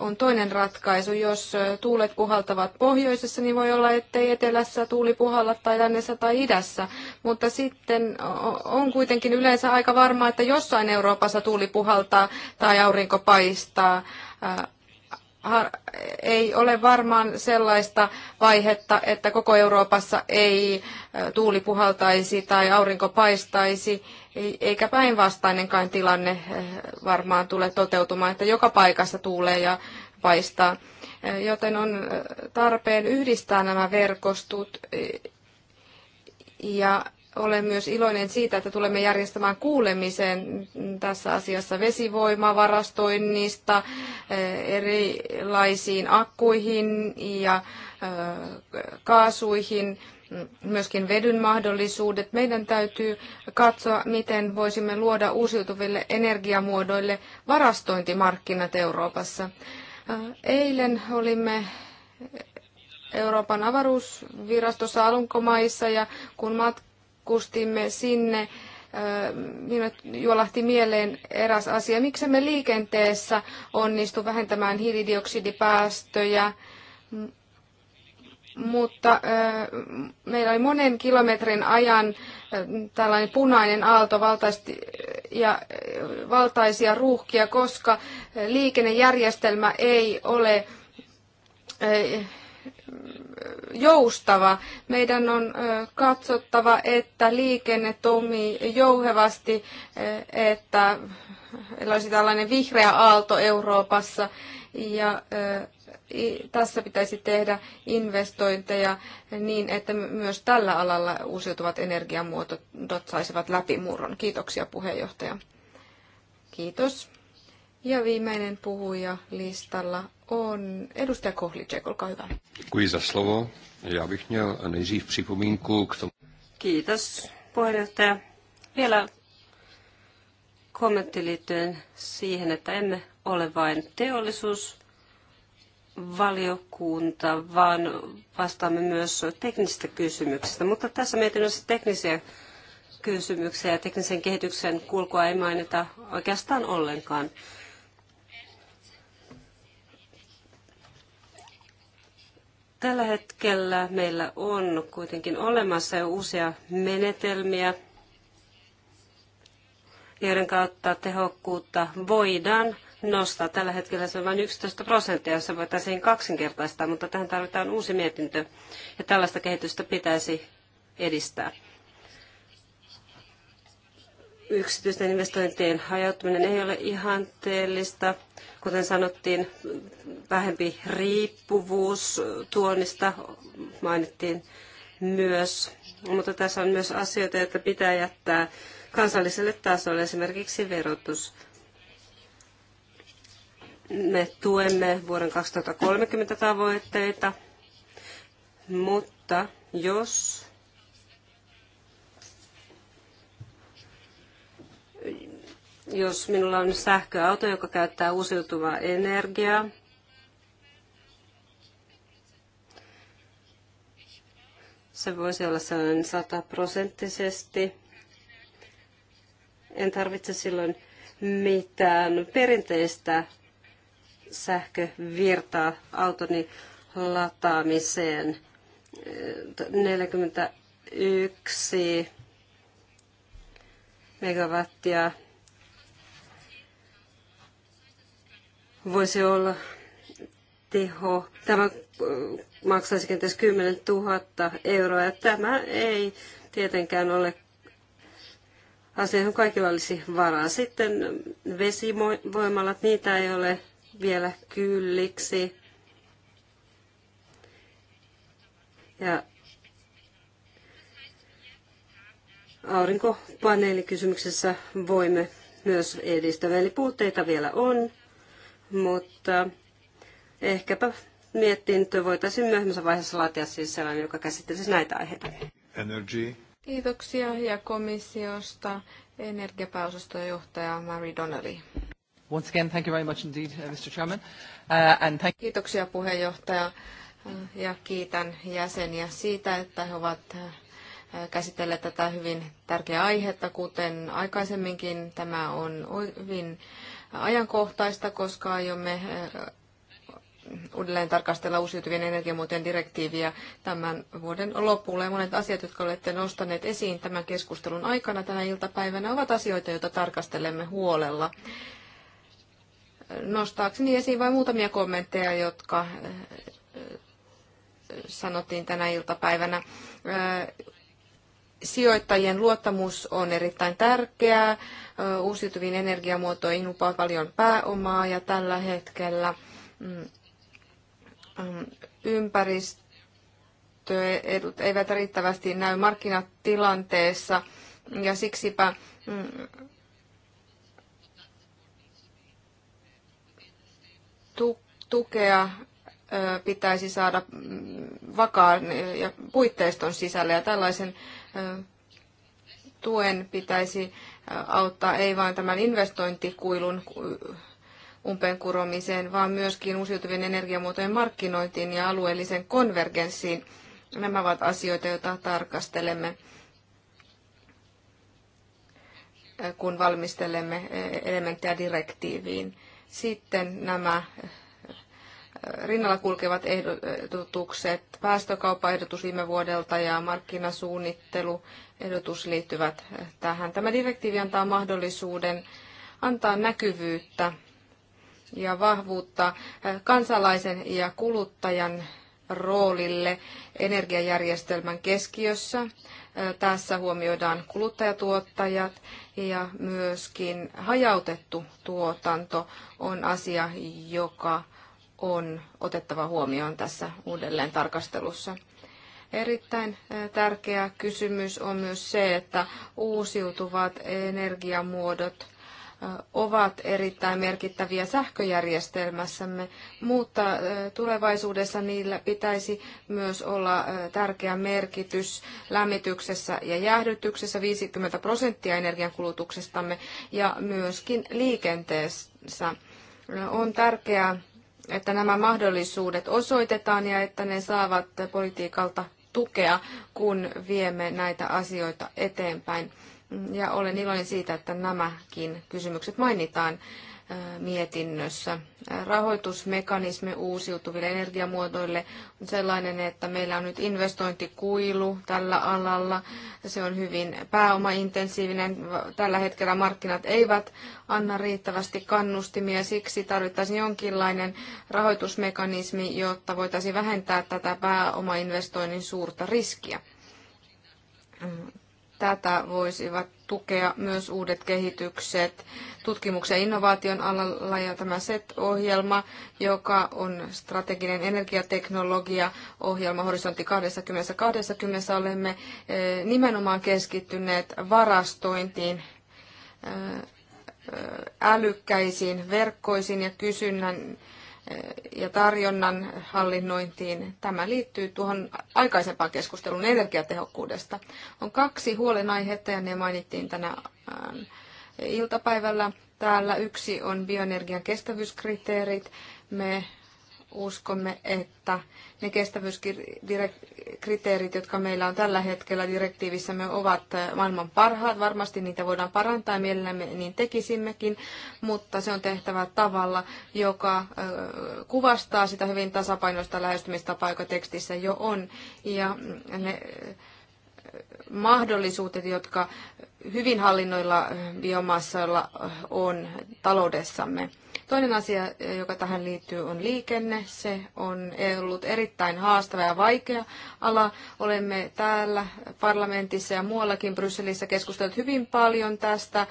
on toinen ratkaisu. Jos tuulet puhaltavat pohjoisessa, niin voi olla, ettei etelässä tuuli puhalla tai lännessä tai idässä. Mutta sitten on kuitenkin yleensä aika varmaa, että jossain Euroopassa tuuli puhaltaa tai aurinko paistaa ei ole varmaan sellaista vaihetta, että koko Euroopassa ei tuuli puhaltaisi tai aurinko paistaisi, e, eikä päinvastainenkaan tilanne varmaan tule toteutumaan, että joka paikassa tuulee ja paistaa. E, joten on tarpeen yhdistää nämä verkostot e, ja olen myös iloinen siitä, että tulemme järjestämään kuulemisen tässä asiassa vesivoimavarastoinnista, eh, erilaisiin akkuihin ja eh, kaasuihin, myöskin vedyn mahdollisuudet. Meidän täytyy katsoa, miten voisimme luoda uusiutuville energiamuodoille varastointimarkkinat Euroopassa. Eh, eilen olimme Euroopan avaruusvirastossa Alunkomaissa ja kun mat- matkustimme sinne, minulle juolahti mieleen eräs asia. Miksi me liikenteessä onnistu vähentämään hiilidioksidipäästöjä, mutta meillä oli monen kilometrin ajan tällainen punainen aalto ja valtaisia ruuhkia, koska liikennejärjestelmä ei ole joustava. Meidän on katsottava, että liikenne toimii jouhevasti, että olisi tällainen vihreä aalto Euroopassa ja tässä pitäisi tehdä investointeja niin, että myös tällä alalla uusiutuvat energiamuotot saisivat läpimurron. Kiitoksia puheenjohtaja. Kiitos. Ja viimeinen puhuja listalla on edustaja Kohlicek, olkaa hyvä. slovo. Já bych měl nejdřív připomínku k tomu. Kiitos puheenjohtaja. Vielä kommentti liittyen siihen, että emme ole vain teollisuusvaliokunta, vaan vastaamme myös teknisistä kysymyksistä. Mutta tässä mietinnössä teknisiä kysymyksiä ja teknisen kehityksen kulkua ei mainita oikeastaan ollenkaan. Tällä hetkellä meillä on kuitenkin olemassa jo uusia menetelmiä, joiden kautta tehokkuutta voidaan nostaa. Tällä hetkellä se on vain 11 prosenttia, jos se voitaisiin kaksinkertaistaa, mutta tähän tarvitaan uusi mietintö ja tällaista kehitystä pitäisi edistää. Yksityisten investointien hajauttaminen ei ole ihanteellista. Kuten sanottiin, vähempi riippuvuus tuonnista mainittiin myös, mutta tässä on myös asioita, joita pitää jättää kansalliselle tasolle, esimerkiksi verotus. Me tuemme vuoden 2030 tavoitteita, mutta jos Jos minulla on sähköauto, joka käyttää uusiutuvaa energiaa, se voisi olla sellainen sataprosenttisesti. En tarvitse silloin mitään perinteistä sähkövirtaa autoni lataamiseen. 41 megawattia voisi olla teho. Tämä äh, maksaisi kenties 10 000 euroa ja tämä ei tietenkään ole asia, johon kaikilla olisi varaa. Sitten vesivoimalat, niitä ei ole vielä kylliksi. Ja aurinkopaneelikysymyksessä voimme myös edistää. Eli puutteita vielä on mutta ehkäpä että voitaisiin myöhemmässä vaiheessa laatia siis sellainen, joka käsittelisi näitä aiheita. Energy. Kiitoksia ja komissiosta energiapäosaston johtaja Mary Donnelly. Once again, thank you very much indeed, uh, Mr. Chairman. Uh, and thank Kiitoksia puheenjohtaja uh, ja kiitän jäseniä siitä, että he ovat uh, käsitelleet tätä hyvin tärkeää aihetta, kuten aikaisemminkin tämä on hyvin ajankohtaista, koska aiomme eh, uudelleen tarkastella uusiutuvien energiamuotojen direktiiviä tämän vuoden lopulla. Ja monet asiat, jotka olette nostaneet esiin tämän keskustelun aikana tänä iltapäivänä, ovat asioita, joita tarkastelemme huolella. Nostaakseni esiin vain muutamia kommentteja, jotka eh, sanottiin tänä iltapäivänä. Eh, sijoittajien luottamus on erittäin tärkeää uusiutuviin energiamuotoihin lupaa paljon pääomaa ja tällä hetkellä mm, mm, ympäristöedut eivät riittävästi näy markkinatilanteessa ja siksipä mm, tukea pitäisi saada vakaan ja puitteiston sisälle ja tällaisen tuen pitäisi auttaa ei vain tämän investointikuilun umpeen kuromiseen, vaan myöskin uusiutuvien energiamuotojen markkinointiin ja alueellisen konvergenssiin. Nämä ovat asioita, joita tarkastelemme, kun valmistelemme elementtejä direktiiviin. Sitten nämä rinnalla kulkevat ehdotukset, päästökauppaehdotus viime vuodelta ja markkinasuunnittelu liittyvät tähän. Tämä direktiivi antaa mahdollisuuden antaa näkyvyyttä ja vahvuutta kansalaisen ja kuluttajan roolille energiajärjestelmän keskiössä. Tässä huomioidaan kuluttajatuottajat ja myöskin hajautettu tuotanto on asia, joka on otettava huomioon tässä uudelleen tarkastelussa. Erittäin tärkeä kysymys on myös se, että uusiutuvat energiamuodot ovat erittäin merkittäviä sähköjärjestelmässämme, mutta tulevaisuudessa niillä pitäisi myös olla tärkeä merkitys lämmityksessä ja jäähdytyksessä 50 prosenttia energiankulutuksestamme ja myöskin liikenteessä. On tärkeää että nämä mahdollisuudet osoitetaan ja että ne saavat politiikalta tukea, kun viemme näitä asioita eteenpäin. Ja olen iloinen siitä, että nämäkin kysymykset mainitaan mietinnössä. Rahoitusmekanismi uusiutuville energiamuodoille on sellainen, että meillä on nyt investointikuilu tällä alalla. Se on hyvin pääomaintensiivinen. Tällä hetkellä markkinat eivät anna riittävästi kannustimia, siksi tarvittaisiin jonkinlainen rahoitusmekanismi, jotta voitaisiin vähentää tätä pääomainvestoinnin suurta riskiä. Tätä voisivat tukea myös uudet kehitykset tutkimuksen ja innovaation alalla ja tämä SET-ohjelma, joka on strateginen energiateknologia-ohjelma Horisontti 2020. Olemme eh, nimenomaan keskittyneet varastointiin eh, eh, älykkäisiin verkkoisiin ja kysynnän ja tarjonnan hallinnointiin. Tämä liittyy tuohon aikaisempaan keskusteluun energiatehokkuudesta. On kaksi huolenaihetta ja ne mainittiin tänä äh, iltapäivällä. Täällä yksi on bioenergian kestävyyskriteerit. Me uskomme, että ne kestävyyskriteerit, jotka meillä on tällä hetkellä direktiivissämme, ovat maailman parhaat. Varmasti niitä voidaan parantaa ja mielellämme niin tekisimmekin, mutta se on tehtävä tavalla, joka kuvastaa sitä hyvin tasapainoista lähestymistapaa, joka tekstissä jo on. Ja ne, mahdollisuudet, jotka hyvin hallinnoilla biomassalla on taloudessamme. Toinen asia, eh, joka tähän liittyy, on liikenne. Se on ollut erittäin haastava ja vaikea ala. Olemme täällä parlamentissa ja muuallakin Brysselissä keskustelleet hyvin paljon tästä eh,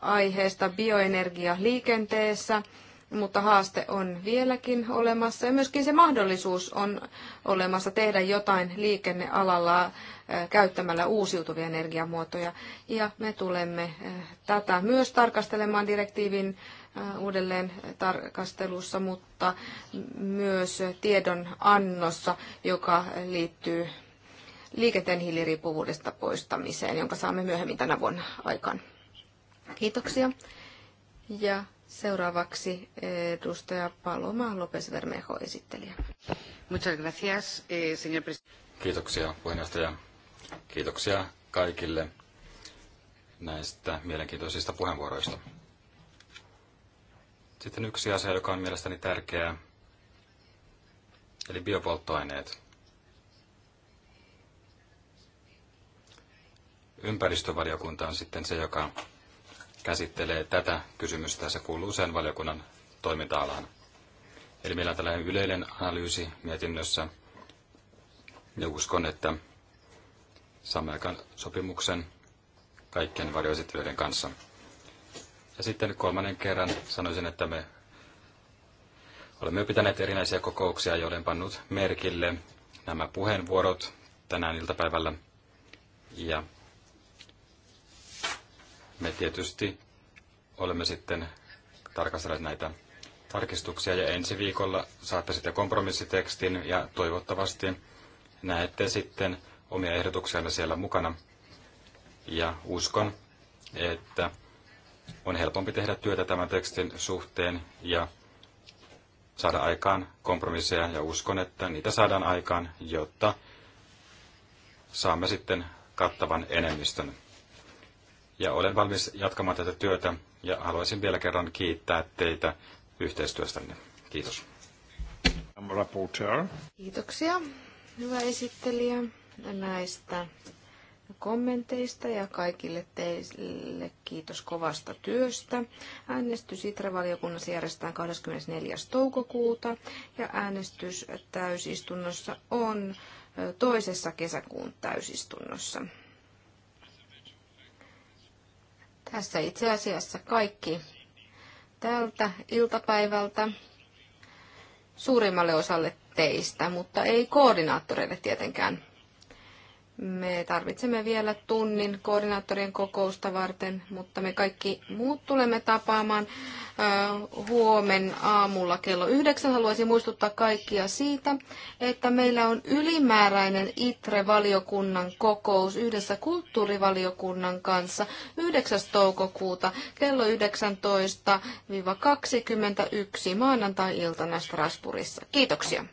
aiheesta bioenergia liikenteessä mutta haaste on vieläkin olemassa ja myöskin se mahdollisuus on olemassa tehdä jotain liikennealalla eh, käyttämällä uusiutuvia energiamuotoja. Ja me tulemme tätä myös tarkastelemaan direktiivin Äh, uudelleen tarkastelussa, mutta myös tiedon annossa, joka liittyy liikenteen hiiliriippuvuudesta poistamiseen, jonka saamme myöhemmin tänä vuonna aikaan. Kiitoksia. Ja seuraavaksi edustaja Paloma López Bermejo esittelijä. Muchas gracias, eh, señor Kiitoksia puheenjohtaja. Kiitoksia kaikille näistä mielenkiintoisista puheenvuoroista. Sitten yksi asia, joka on mielestäni tärkeää, eli biopolttoaineet. Ympäristövaliokunta on sitten se, joka käsittelee tätä kysymystä. Se kuuluu sen valiokunnan toiminta-alaan. Eli meillä on tällainen yleinen analyysi mietinnössä. Ja uskon, että saamme aikaan sopimuksen kaikkien varjoesittelyiden kanssa. Ja sitten kolmannen kerran sanoisin, että me olemme pitäneet erinäisiä kokouksia, joiden pannut merkille nämä puheenvuorot tänään iltapäivällä. Ja me tietysti olemme sitten tarkastelleet näitä tarkistuksia ja ensi viikolla saatte sitten kompromissitekstin ja toivottavasti näette sitten omia ehdotuksianne siellä mukana. Ja uskon, että on helpompi tehdä työtä tämän tekstin suhteen ja saada aikaan kompromisseja ja uskon, että niitä saadaan aikaan, jotta saamme sitten kattavan enemmistön. Ja olen valmis jatkamaan tätä työtä ja haluaisin vielä kerran kiittää teitä yhteistyöstänne. Kiitos. Kiitoksia, hyvä esittelijä, näistä kommenteista ja kaikille teille kiitos kovasta työstä. Äänestys Itravaliokunnassa järjestetään 24. toukokuuta ja äänestys täysistunnossa on toisessa kesäkuun täysistunnossa. Tässä itse asiassa kaikki tältä iltapäivältä suurimmalle osalle teistä, mutta ei koordinaattoreille tietenkään. Me tarvitsemme vielä tunnin koordinaattorien kokousta varten, mutta me kaikki muut tulemme tapaamaan huomen aamulla kello yhdeksän. Haluaisin muistuttaa kaikkia siitä, että meillä on ylimääräinen ITRE-valiokunnan kokous yhdessä kulttuurivaliokunnan kanssa 9. toukokuuta kello 19-21 maanantai-iltana Strasbourgissa. Kiitoksia.